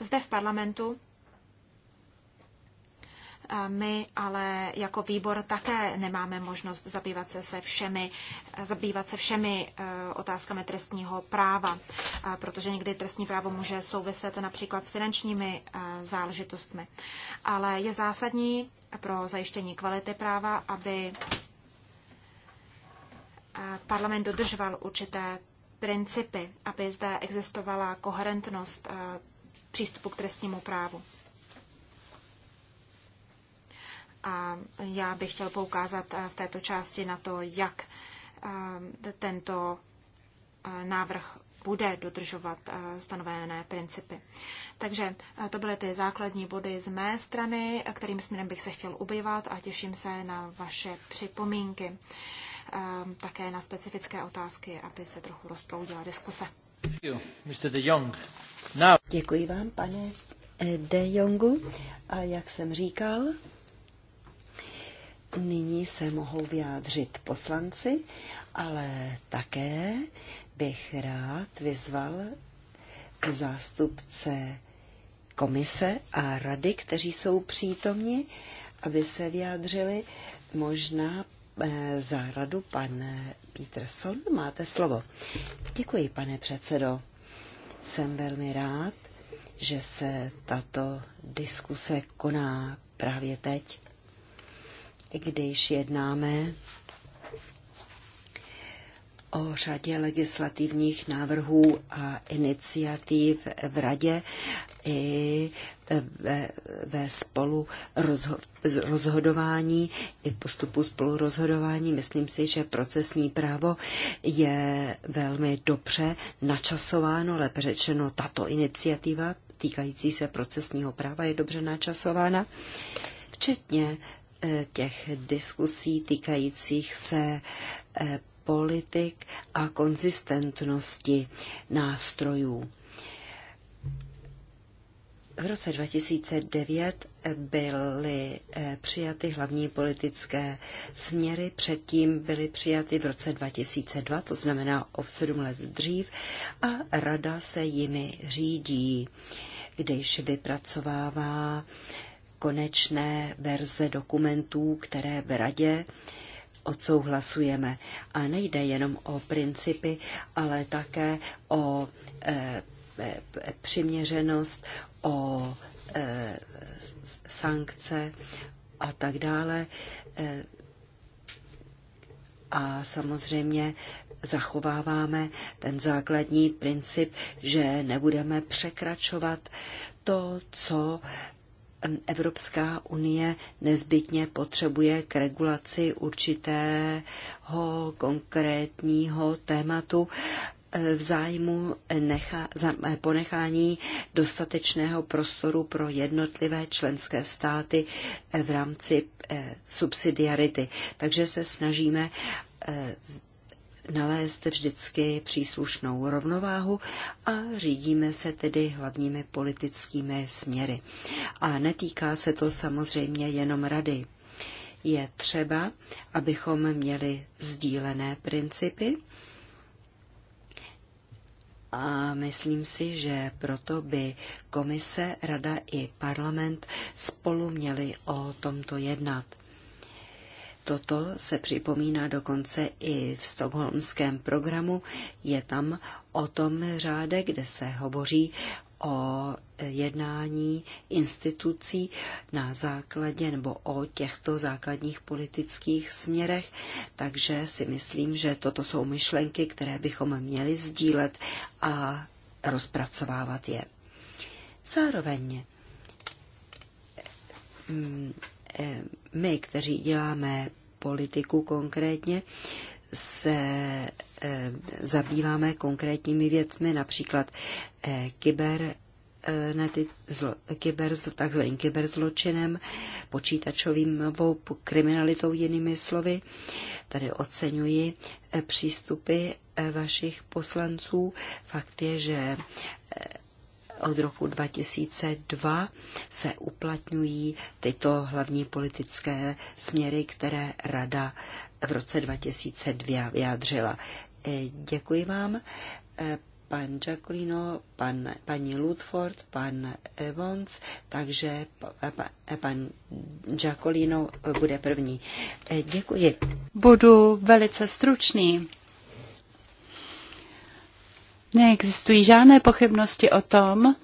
Zde v parlamentu my ale jako výbor také nemáme možnost zabývat se, se všemi, zabývat se všemi eh, otázkami trestního práva, eh, protože někdy trestní právo může souviset například s finančními eh, záležitostmi. Ale je zásadní pro zajištění kvality práva, aby parlament dodržoval určité principy, aby zde existovala koherentnost přístupu k trestnímu právu. A já bych chtěl poukázat eh, v této části na to, jak eh, tento eh, návrh bude dodržovat stanovené principy. Takže to byly ty základní body z mé strany, kterým směrem bych se chtěl ubývat a těším se na vaše připomínky, také na specifické otázky, aby se trochu rozproudila diskuse. Děkuji vám, pane De Jongu. A jak jsem říkal, Nyní se mohou vyjádřit poslanci, ale také bych rád vyzval zástupce komise a rady, kteří jsou přítomni, aby se vyjádřili možná eh, za radu pan Peterson. Máte slovo. Děkuji, pane předsedo. Jsem velmi rád, že se tato diskuse koná právě teď když jednáme o řadě legislativních návrhů a iniciativ v Radě i ve, ve spolu rozho, rozhodování, i postupu postupu spolurozhodování. Myslím si, že procesní právo je velmi dobře načasováno, lépe řečeno tato iniciativa týkající se procesního práva je dobře načasována, včetně Eh, těch diskusí týkajících se eh, politik a konzistentnosti nástrojů. V roce 2009 eh, byly přijaty hlavní politické směry, předtím byly přijaty v roce 2002, to znamená o sedm let dřív, a rada se jimi řídí, když vypracovává konečné verze dokumentů, které v radě odsouhlasujeme. A nejde jenom o principy, ale také o e, přiměřenost, o e, sankce a tak dále. E, a samozřejmě zachováváme ten základní princip, že nebudeme překračovat to, co Evropská unie nezbytně potřebuje k regulaci určitého konkrétního tématu eh, v zájmu necha, eh, ponechání dostatečného prostoru pro jednotlivé členské státy eh, v rámci subsidiarity. Takže se snažíme nalézt vždycky příslušnou rovnováhu a řídíme se tedy hlavními politickými směry. A netýká se to samozřejmě jenom rady. Je třeba, abychom měli sdílené principy, a myslím si, že proto by komise, rada i parlament spolu měli o tomto jednat. Toto se připomíná dokonce i v stokholmském programu. Je tam o tom řádek, kde se hovoří o jednání institucí na základě nebo o těchto základních politických směrech, takže si myslím, že toto jsou myšlenky, které bychom měli sdílet a rozpracovávat je. Zároveň mm, Eh, my, kteří děláme politiku konkrétně, se eh, zabýváme konkrétními věcmi, například eh, kyber kyber, takzvaným kyberzločinem, počítačovým kriminalitou, jinými slovy. Tady oceňuji přístupy vašich poslanců. Fakt je, že od roku 2002 se uplatňují tyto hlavní politické směry, které Rada v roce 2002 vyjádřila. E, děkuji vám, e, pan Jacqueline, pan, paní Ludford, pan Evans, takže e, pan, Jacqueline bude první. Děkuji. Budu velice stručný. Neexistují žádné pochybnosti o tom,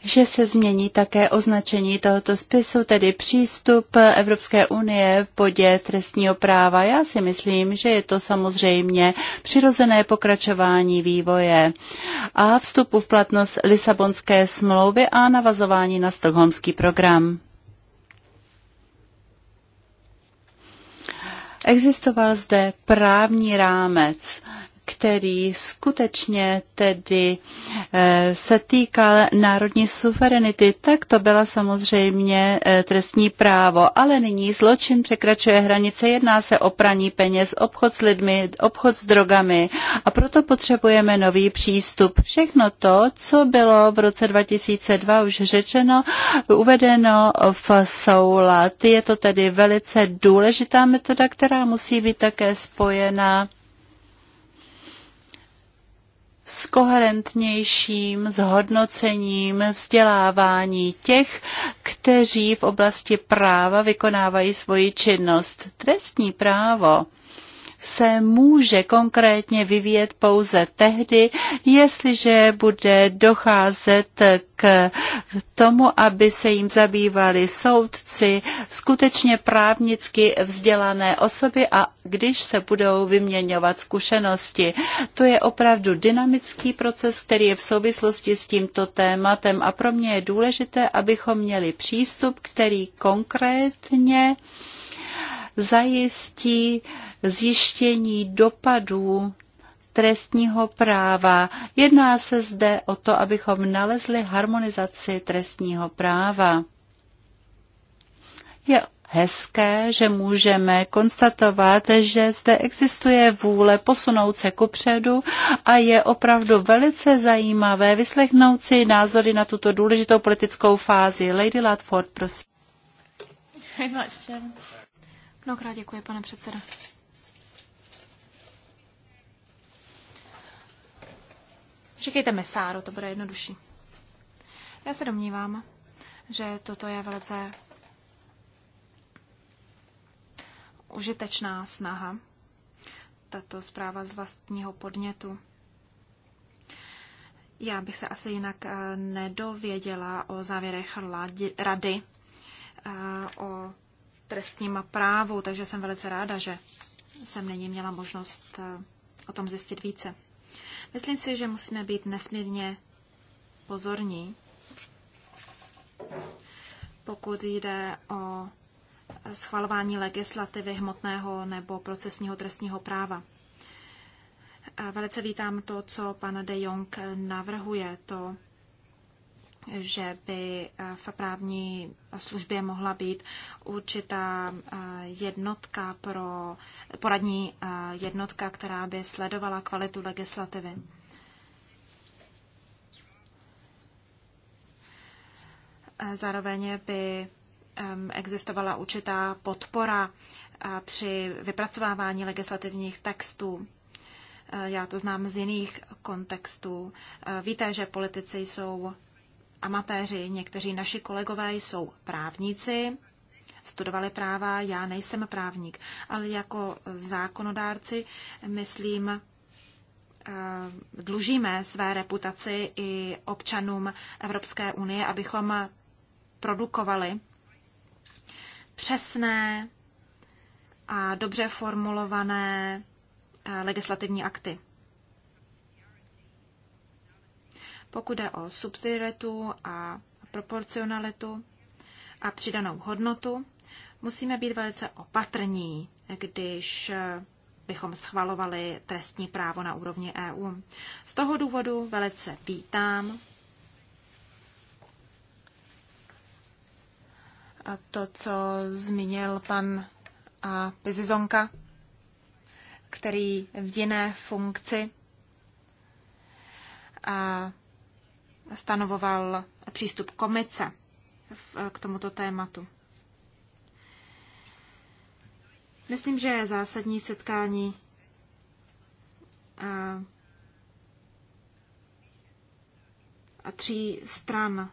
že se změní také označení tohoto spisu, tedy přístup Evropské unie v bodě trestního práva. Já si myslím, že je to samozřejmě přirozené pokračování vývoje a vstupu v platnost Lisabonské smlouvy a navazování na stokholmský program. Existoval zde právní rámec, který skutečně tedy eh, se týkal národní suverenity, tak to byla samozřejmě eh, trestní právo. Ale nyní zločin překračuje hranice, jedná se o praní peněz, obchod s lidmi, obchod s drogami a proto potřebujeme nový přístup. Všechno to, co bylo v roce 2002 už řečeno, uvedeno v soulad. Je to tedy velice důležitá metoda, která musí být také spojená s koherentnějším zhodnocením vzdělávání těch, kteří v oblasti práva vykonávají svoji činnost. Trestní právo se může konkrétně vyvíjet pouze tehdy, jestliže bude docházet k tomu, aby se jim zabývali soudci, skutečně právnicky vzdělané osoby a když se budou vyměňovat zkušenosti. To je opravdu dynamický proces, který je v souvislosti s tímto tématem a pro mě je důležité, abychom měli přístup, který konkrétně zajistí uh, zjištění dopadů trestního práva. Jedná se zde o to, abychom nalezli harmonizaci trestního práva. Je hezké, že můžeme konstatovat, že zde existuje vůle posunout se kupředu a je opravdu velice zajímavé vyslechnout si názory na tuto důležitou politickou fázi. Lady Ladford, prosím. Mnohokrát děkuji, pane předsedo. Říkejte mi Sáro, to bude jednodušší. Já se domnívám, že toto je velice užitečná snaha, tato zpráva z vlastního podnětu. Já bych se asi jinak eh, nedověděla o závěrech rady eh, o trestním právu, takže jsem velice ráda, že jsem není měla možnost eh, o tom zjistit více. Myslím si, že musíme být nesmírně pozorní, pokud jde o schvalování legislativy hmotného nebo procesního trestního práva. A velice vítám to, co pan de Jong navrhuje, to že by eh, v právní službě mohla být určitá eh, jednotka pro poradní eh, jednotka, která by sledovala kvalitu legislativy. Zároveň by existovala určitá podpora při vypracovávání legislativních textů. Já to znám z jiných kontextů. Víte, že politici jsou amatéři, někteří naši kolegové jsou právníci, studovali práva, já nejsem právník, ale jako zákonodárci, myslím, eh, dlužíme své reputaci i občanům Evropské unie, abychom produkovali přesné a dobře formulované eh, legislativní akty. pokud jde o subsidiaritu a proporcionalitu a přidanou hodnotu, musíme být velice opatrní, když bychom schvalovali trestní právo na úrovni EU. Z toho důvodu velice vítám a to, co zmínil pan a Pizizonka, který v jiné funkci a stanovoval přístup komice k tomuto tématu. Myslím, že je zásadní setkání eh, a tří stran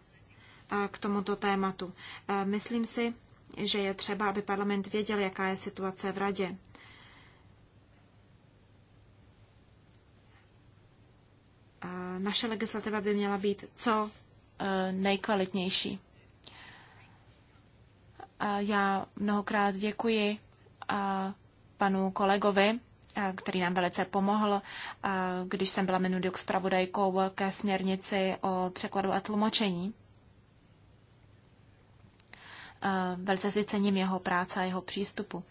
eh, k tomuto tématu. Eh, myslím si, že je třeba, aby parlament věděl, jaká je situace v radě. naše legislativa by měla být co eh, nejkvalitnější. Já mnohokrát děkuji eh, panu kolegovi, eh, který nám velice pomohl, když jsem byla minulý rok zpravodajkou ke směrnici o překladu a tlumočení. Velice si cením jeho práce a jeho přístupu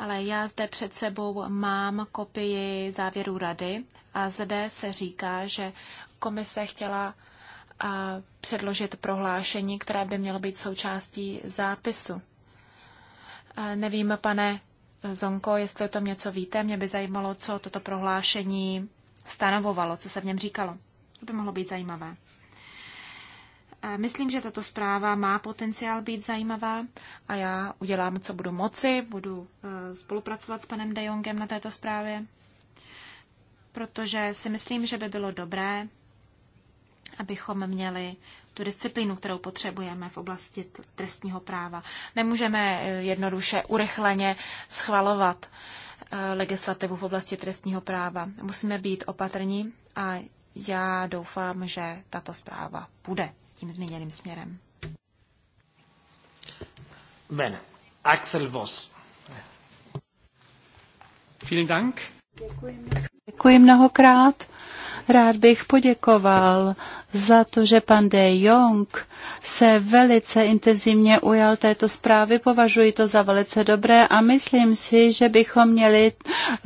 ale já zde před sebou mám kopii závěru rady a zde se říká, že komise chtěla a předložit prohlášení, které by mělo být součástí zápisu. Nevím, pane Zonko, jestli o tom něco víte, mě by zajímalo, co toto prohlášení stanovovalo, co se v něm říkalo. To by mohlo být zajímavé. Myslím, že tato zpráva má potenciál být zajímavá a já udělám, co budu moci. Budu eh, spolupracovat s panem De Jongem na této zprávě, protože si myslím, že by bylo dobré, abychom měli tu disciplínu, kterou potřebujeme v oblasti trestního práva. Nemůžeme eh, jednoduše urychleně schvalovat eh, legislativu v oblasti trestního práva. Musíme být opatrní a já doufám, že tato zpráva bude tím změněným směrem. Ben, Axel Voss. Vielen Dank. Děkuji mnohokrát. Rád bych poděkoval za to, že pan De Jong se velice intenzivně ujal této zprávy. Považuji to za velice dobré a myslím si, že bychom měli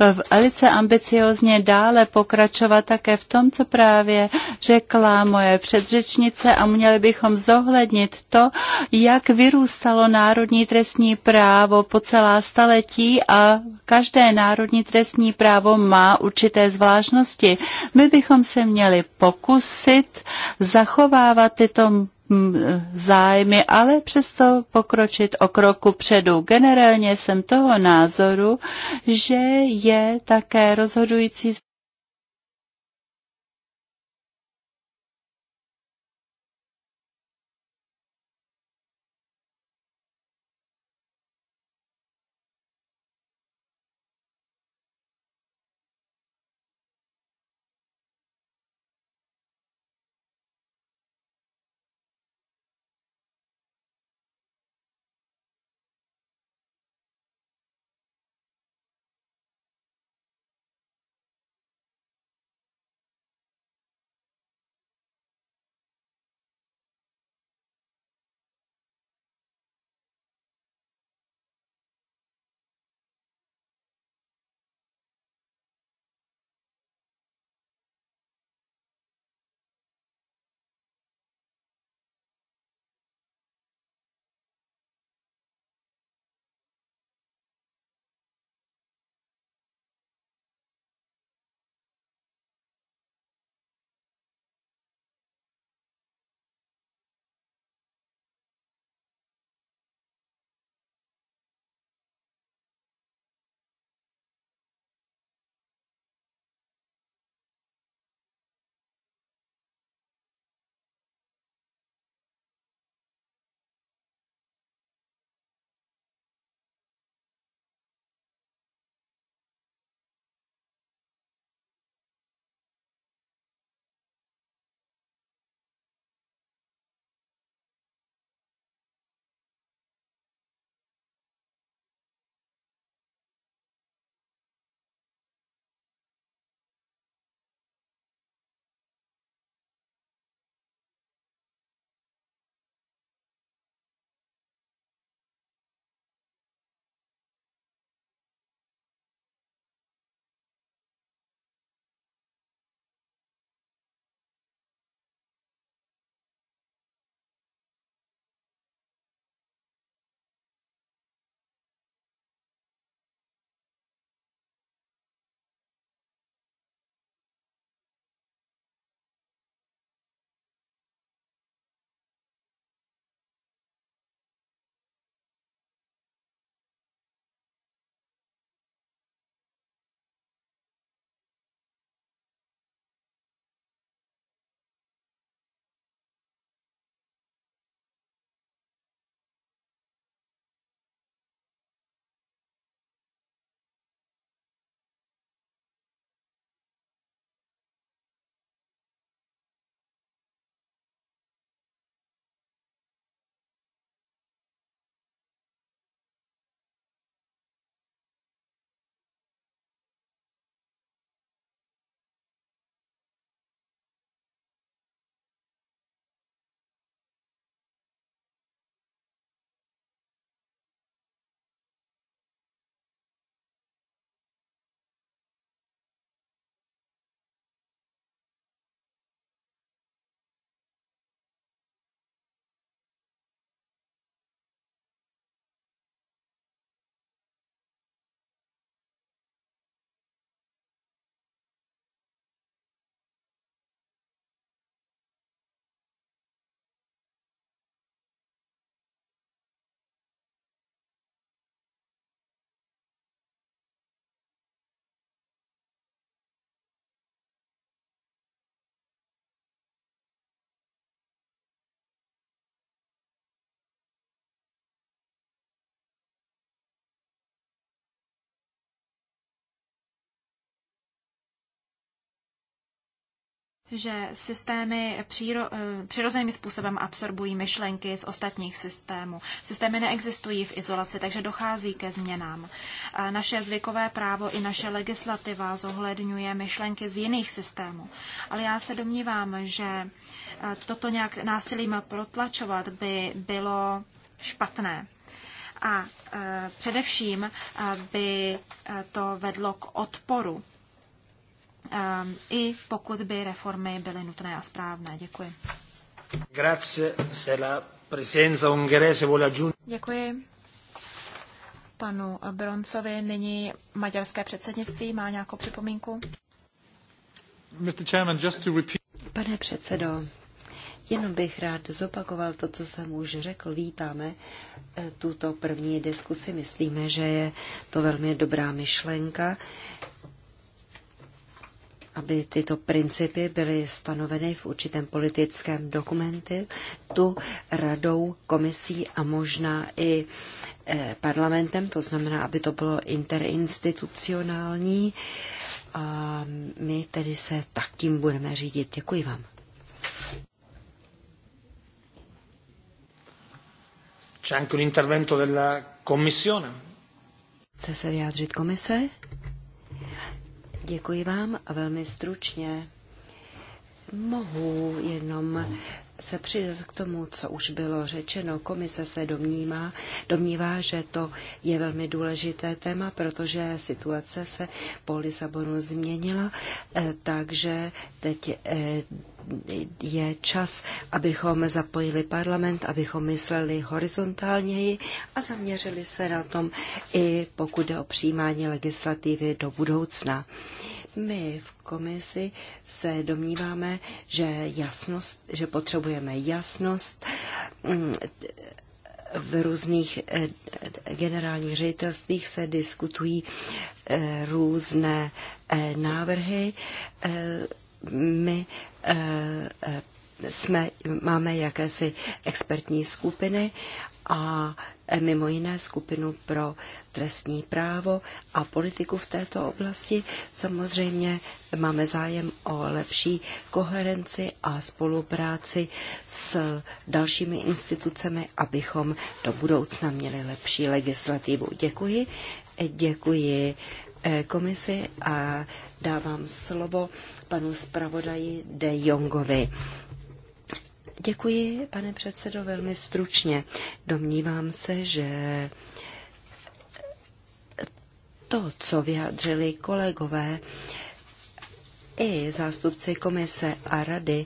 eh, velice ambiciozně dále pokračovat také v tom, co právě řekla moje předřečnice a měli bychom zohlednit to, jak vyrůstalo národní trestní právo po celá staletí a každé národní trestní právo má určité zvláštnosti. My bychom se měli pokusit zachovávat tyto mm, zájmy, ale přesto pokročit o kroku předu. Generálně jsem toho názoru, že je také rozhodující že systémy příro, eh, přirozeným způsobem absorbují myšlenky z ostatních systémů. Systémy neexistují v izolaci, takže dochází ke změnám. Naše zvykové právo i naše legislativa zohledňuje myšlenky z jiných systémů. Ale já se domnívám, že eh, toto nějak násilím protlačovat by bylo špatné. A eh, především by to vedlo k odporu Ehm, i pokud by reformy byly nutné a správné. Děkuji. Grazie, se la presenza ungherese vuole aggiungere. Děkuji. Panu Broncovi nyní maďarské předsednictví má nějakou připomínku? Mr. Chairman, just to repeat... Pane předsedo, Jenom bych rád zopakoval to, co jsem už řekl. Vítáme eh, tuto první diskusi. Myslíme, že je to velmi dobrá myšlenka, aby tyto principy byly stanoveny v určitém politickém dokumentu, tu radou, komisí a možná i eh, parlamentem, to znamená, aby to bylo interinstitucionální a my tedy se tak tím budeme řídit. Děkuji vám. C'è anche un intervento della Commissione. Chce se vyjádřit komise? Děkuji vám a velmi stručně mohu jenom se přidat k tomu, co už bylo řečeno. Komise se domnívá, domnívá, že to je velmi důležité téma, protože situace se po Lisabonu změnila, eh, takže teď eh, je čas, abychom zapojili parlament, abychom mysleli horizontálněji a zaměřili se na tom i pokud jde o přijímání legislativy do budoucna. My v komisi se domníváme, že, jasnost, že potřebujeme jasnost mm, v různých eh, generálních ředitelstvích se diskutují eh, různé eh, návrhy. My Eh, eh, jsme, máme jakési expertní skupiny a eh, mimo jiné skupinu pro trestní právo a politiku v této oblasti. Samozřejmě máme zájem o lepší koherenci a spolupráci s dalšími institucemi, abychom do budoucna měli lepší legislativu. Děkuji. Děkuji komisi a dávám slovo panu zpravodaji De Jongovi. Děkuji, pane předsedo, velmi stručně. Domnívám se, že to, co vyjádřili kolegové i zástupci komise a rady,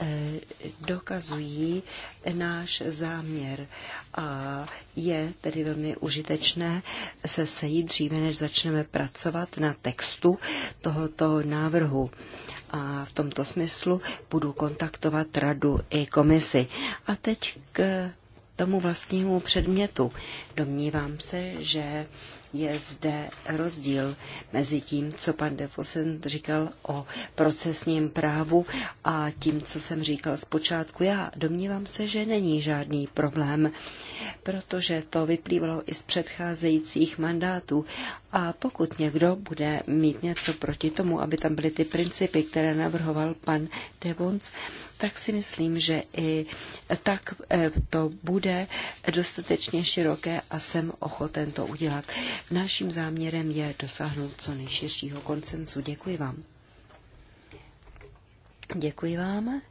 Eh, dokazují náš záměr. A je tedy velmi užitečné se sejít dříve, než začneme pracovat na textu tohoto návrhu. A v tomto smyslu budu kontaktovat radu i komisi. A teď k tomu vlastnímu předmětu. Domnívám se, že je zde rozdíl mezi tím, co pan Defosen říkal o procesním právu a tím, co jsem říkal zpočátku. Já domnívám se, že není žádný problém, protože to vyplývalo i z předcházejících mandátů. A pokud někdo bude mít něco proti tomu, aby tam byly ty principy, které navrhoval pan Devons, tak si myslím, že i tak eh, to bude dostatečně široké a jsem ochoten to udělat. Naším záměrem je dosáhnout co nejširšího koncensu. Děkuji vám. Děkuji vám.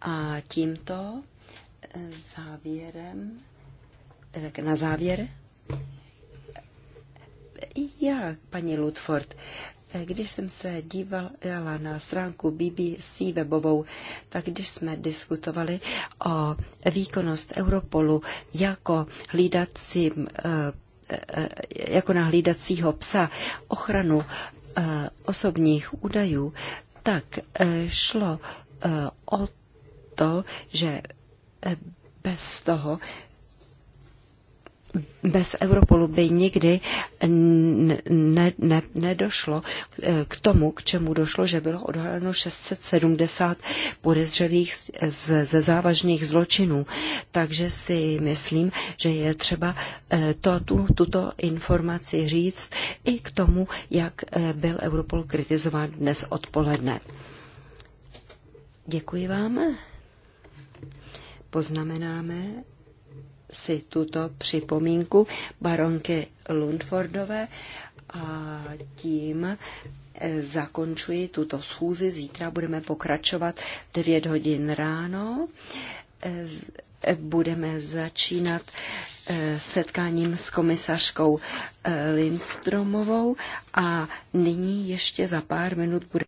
A tímto eh, závěrem, tak na závěr, já, paní Ludford, když jsem se dívala na stránku BBC webovou, tak když jsme diskutovali o výkonnost Europolu jako hlídacím e, e, e, jako nahlídacího psa ochranu osobních údajů, tak šlo o to, že bez toho bez Europolu by nikdy ne, ne, nedošlo eh, k tomu, k čemu došlo, že bylo odhaleno 670 podezřelých z, ze závažných zločinů. Takže si myslím, že je třeba eh, to, tu, tuto informaci říct i k tomu, jak eh, byl Europol kritizován dnes odpoledne. Děkuji vám. Poznamenáme si tuto připomínku baronky Lundfordové a tím eh, zakončuji tuto schůzi. Zítra budeme pokračovat v 9 hodin ráno. Eh, budeme začínat eh, setkáním s komisařkou Lindstromovou a nyní ještě za pár minut bude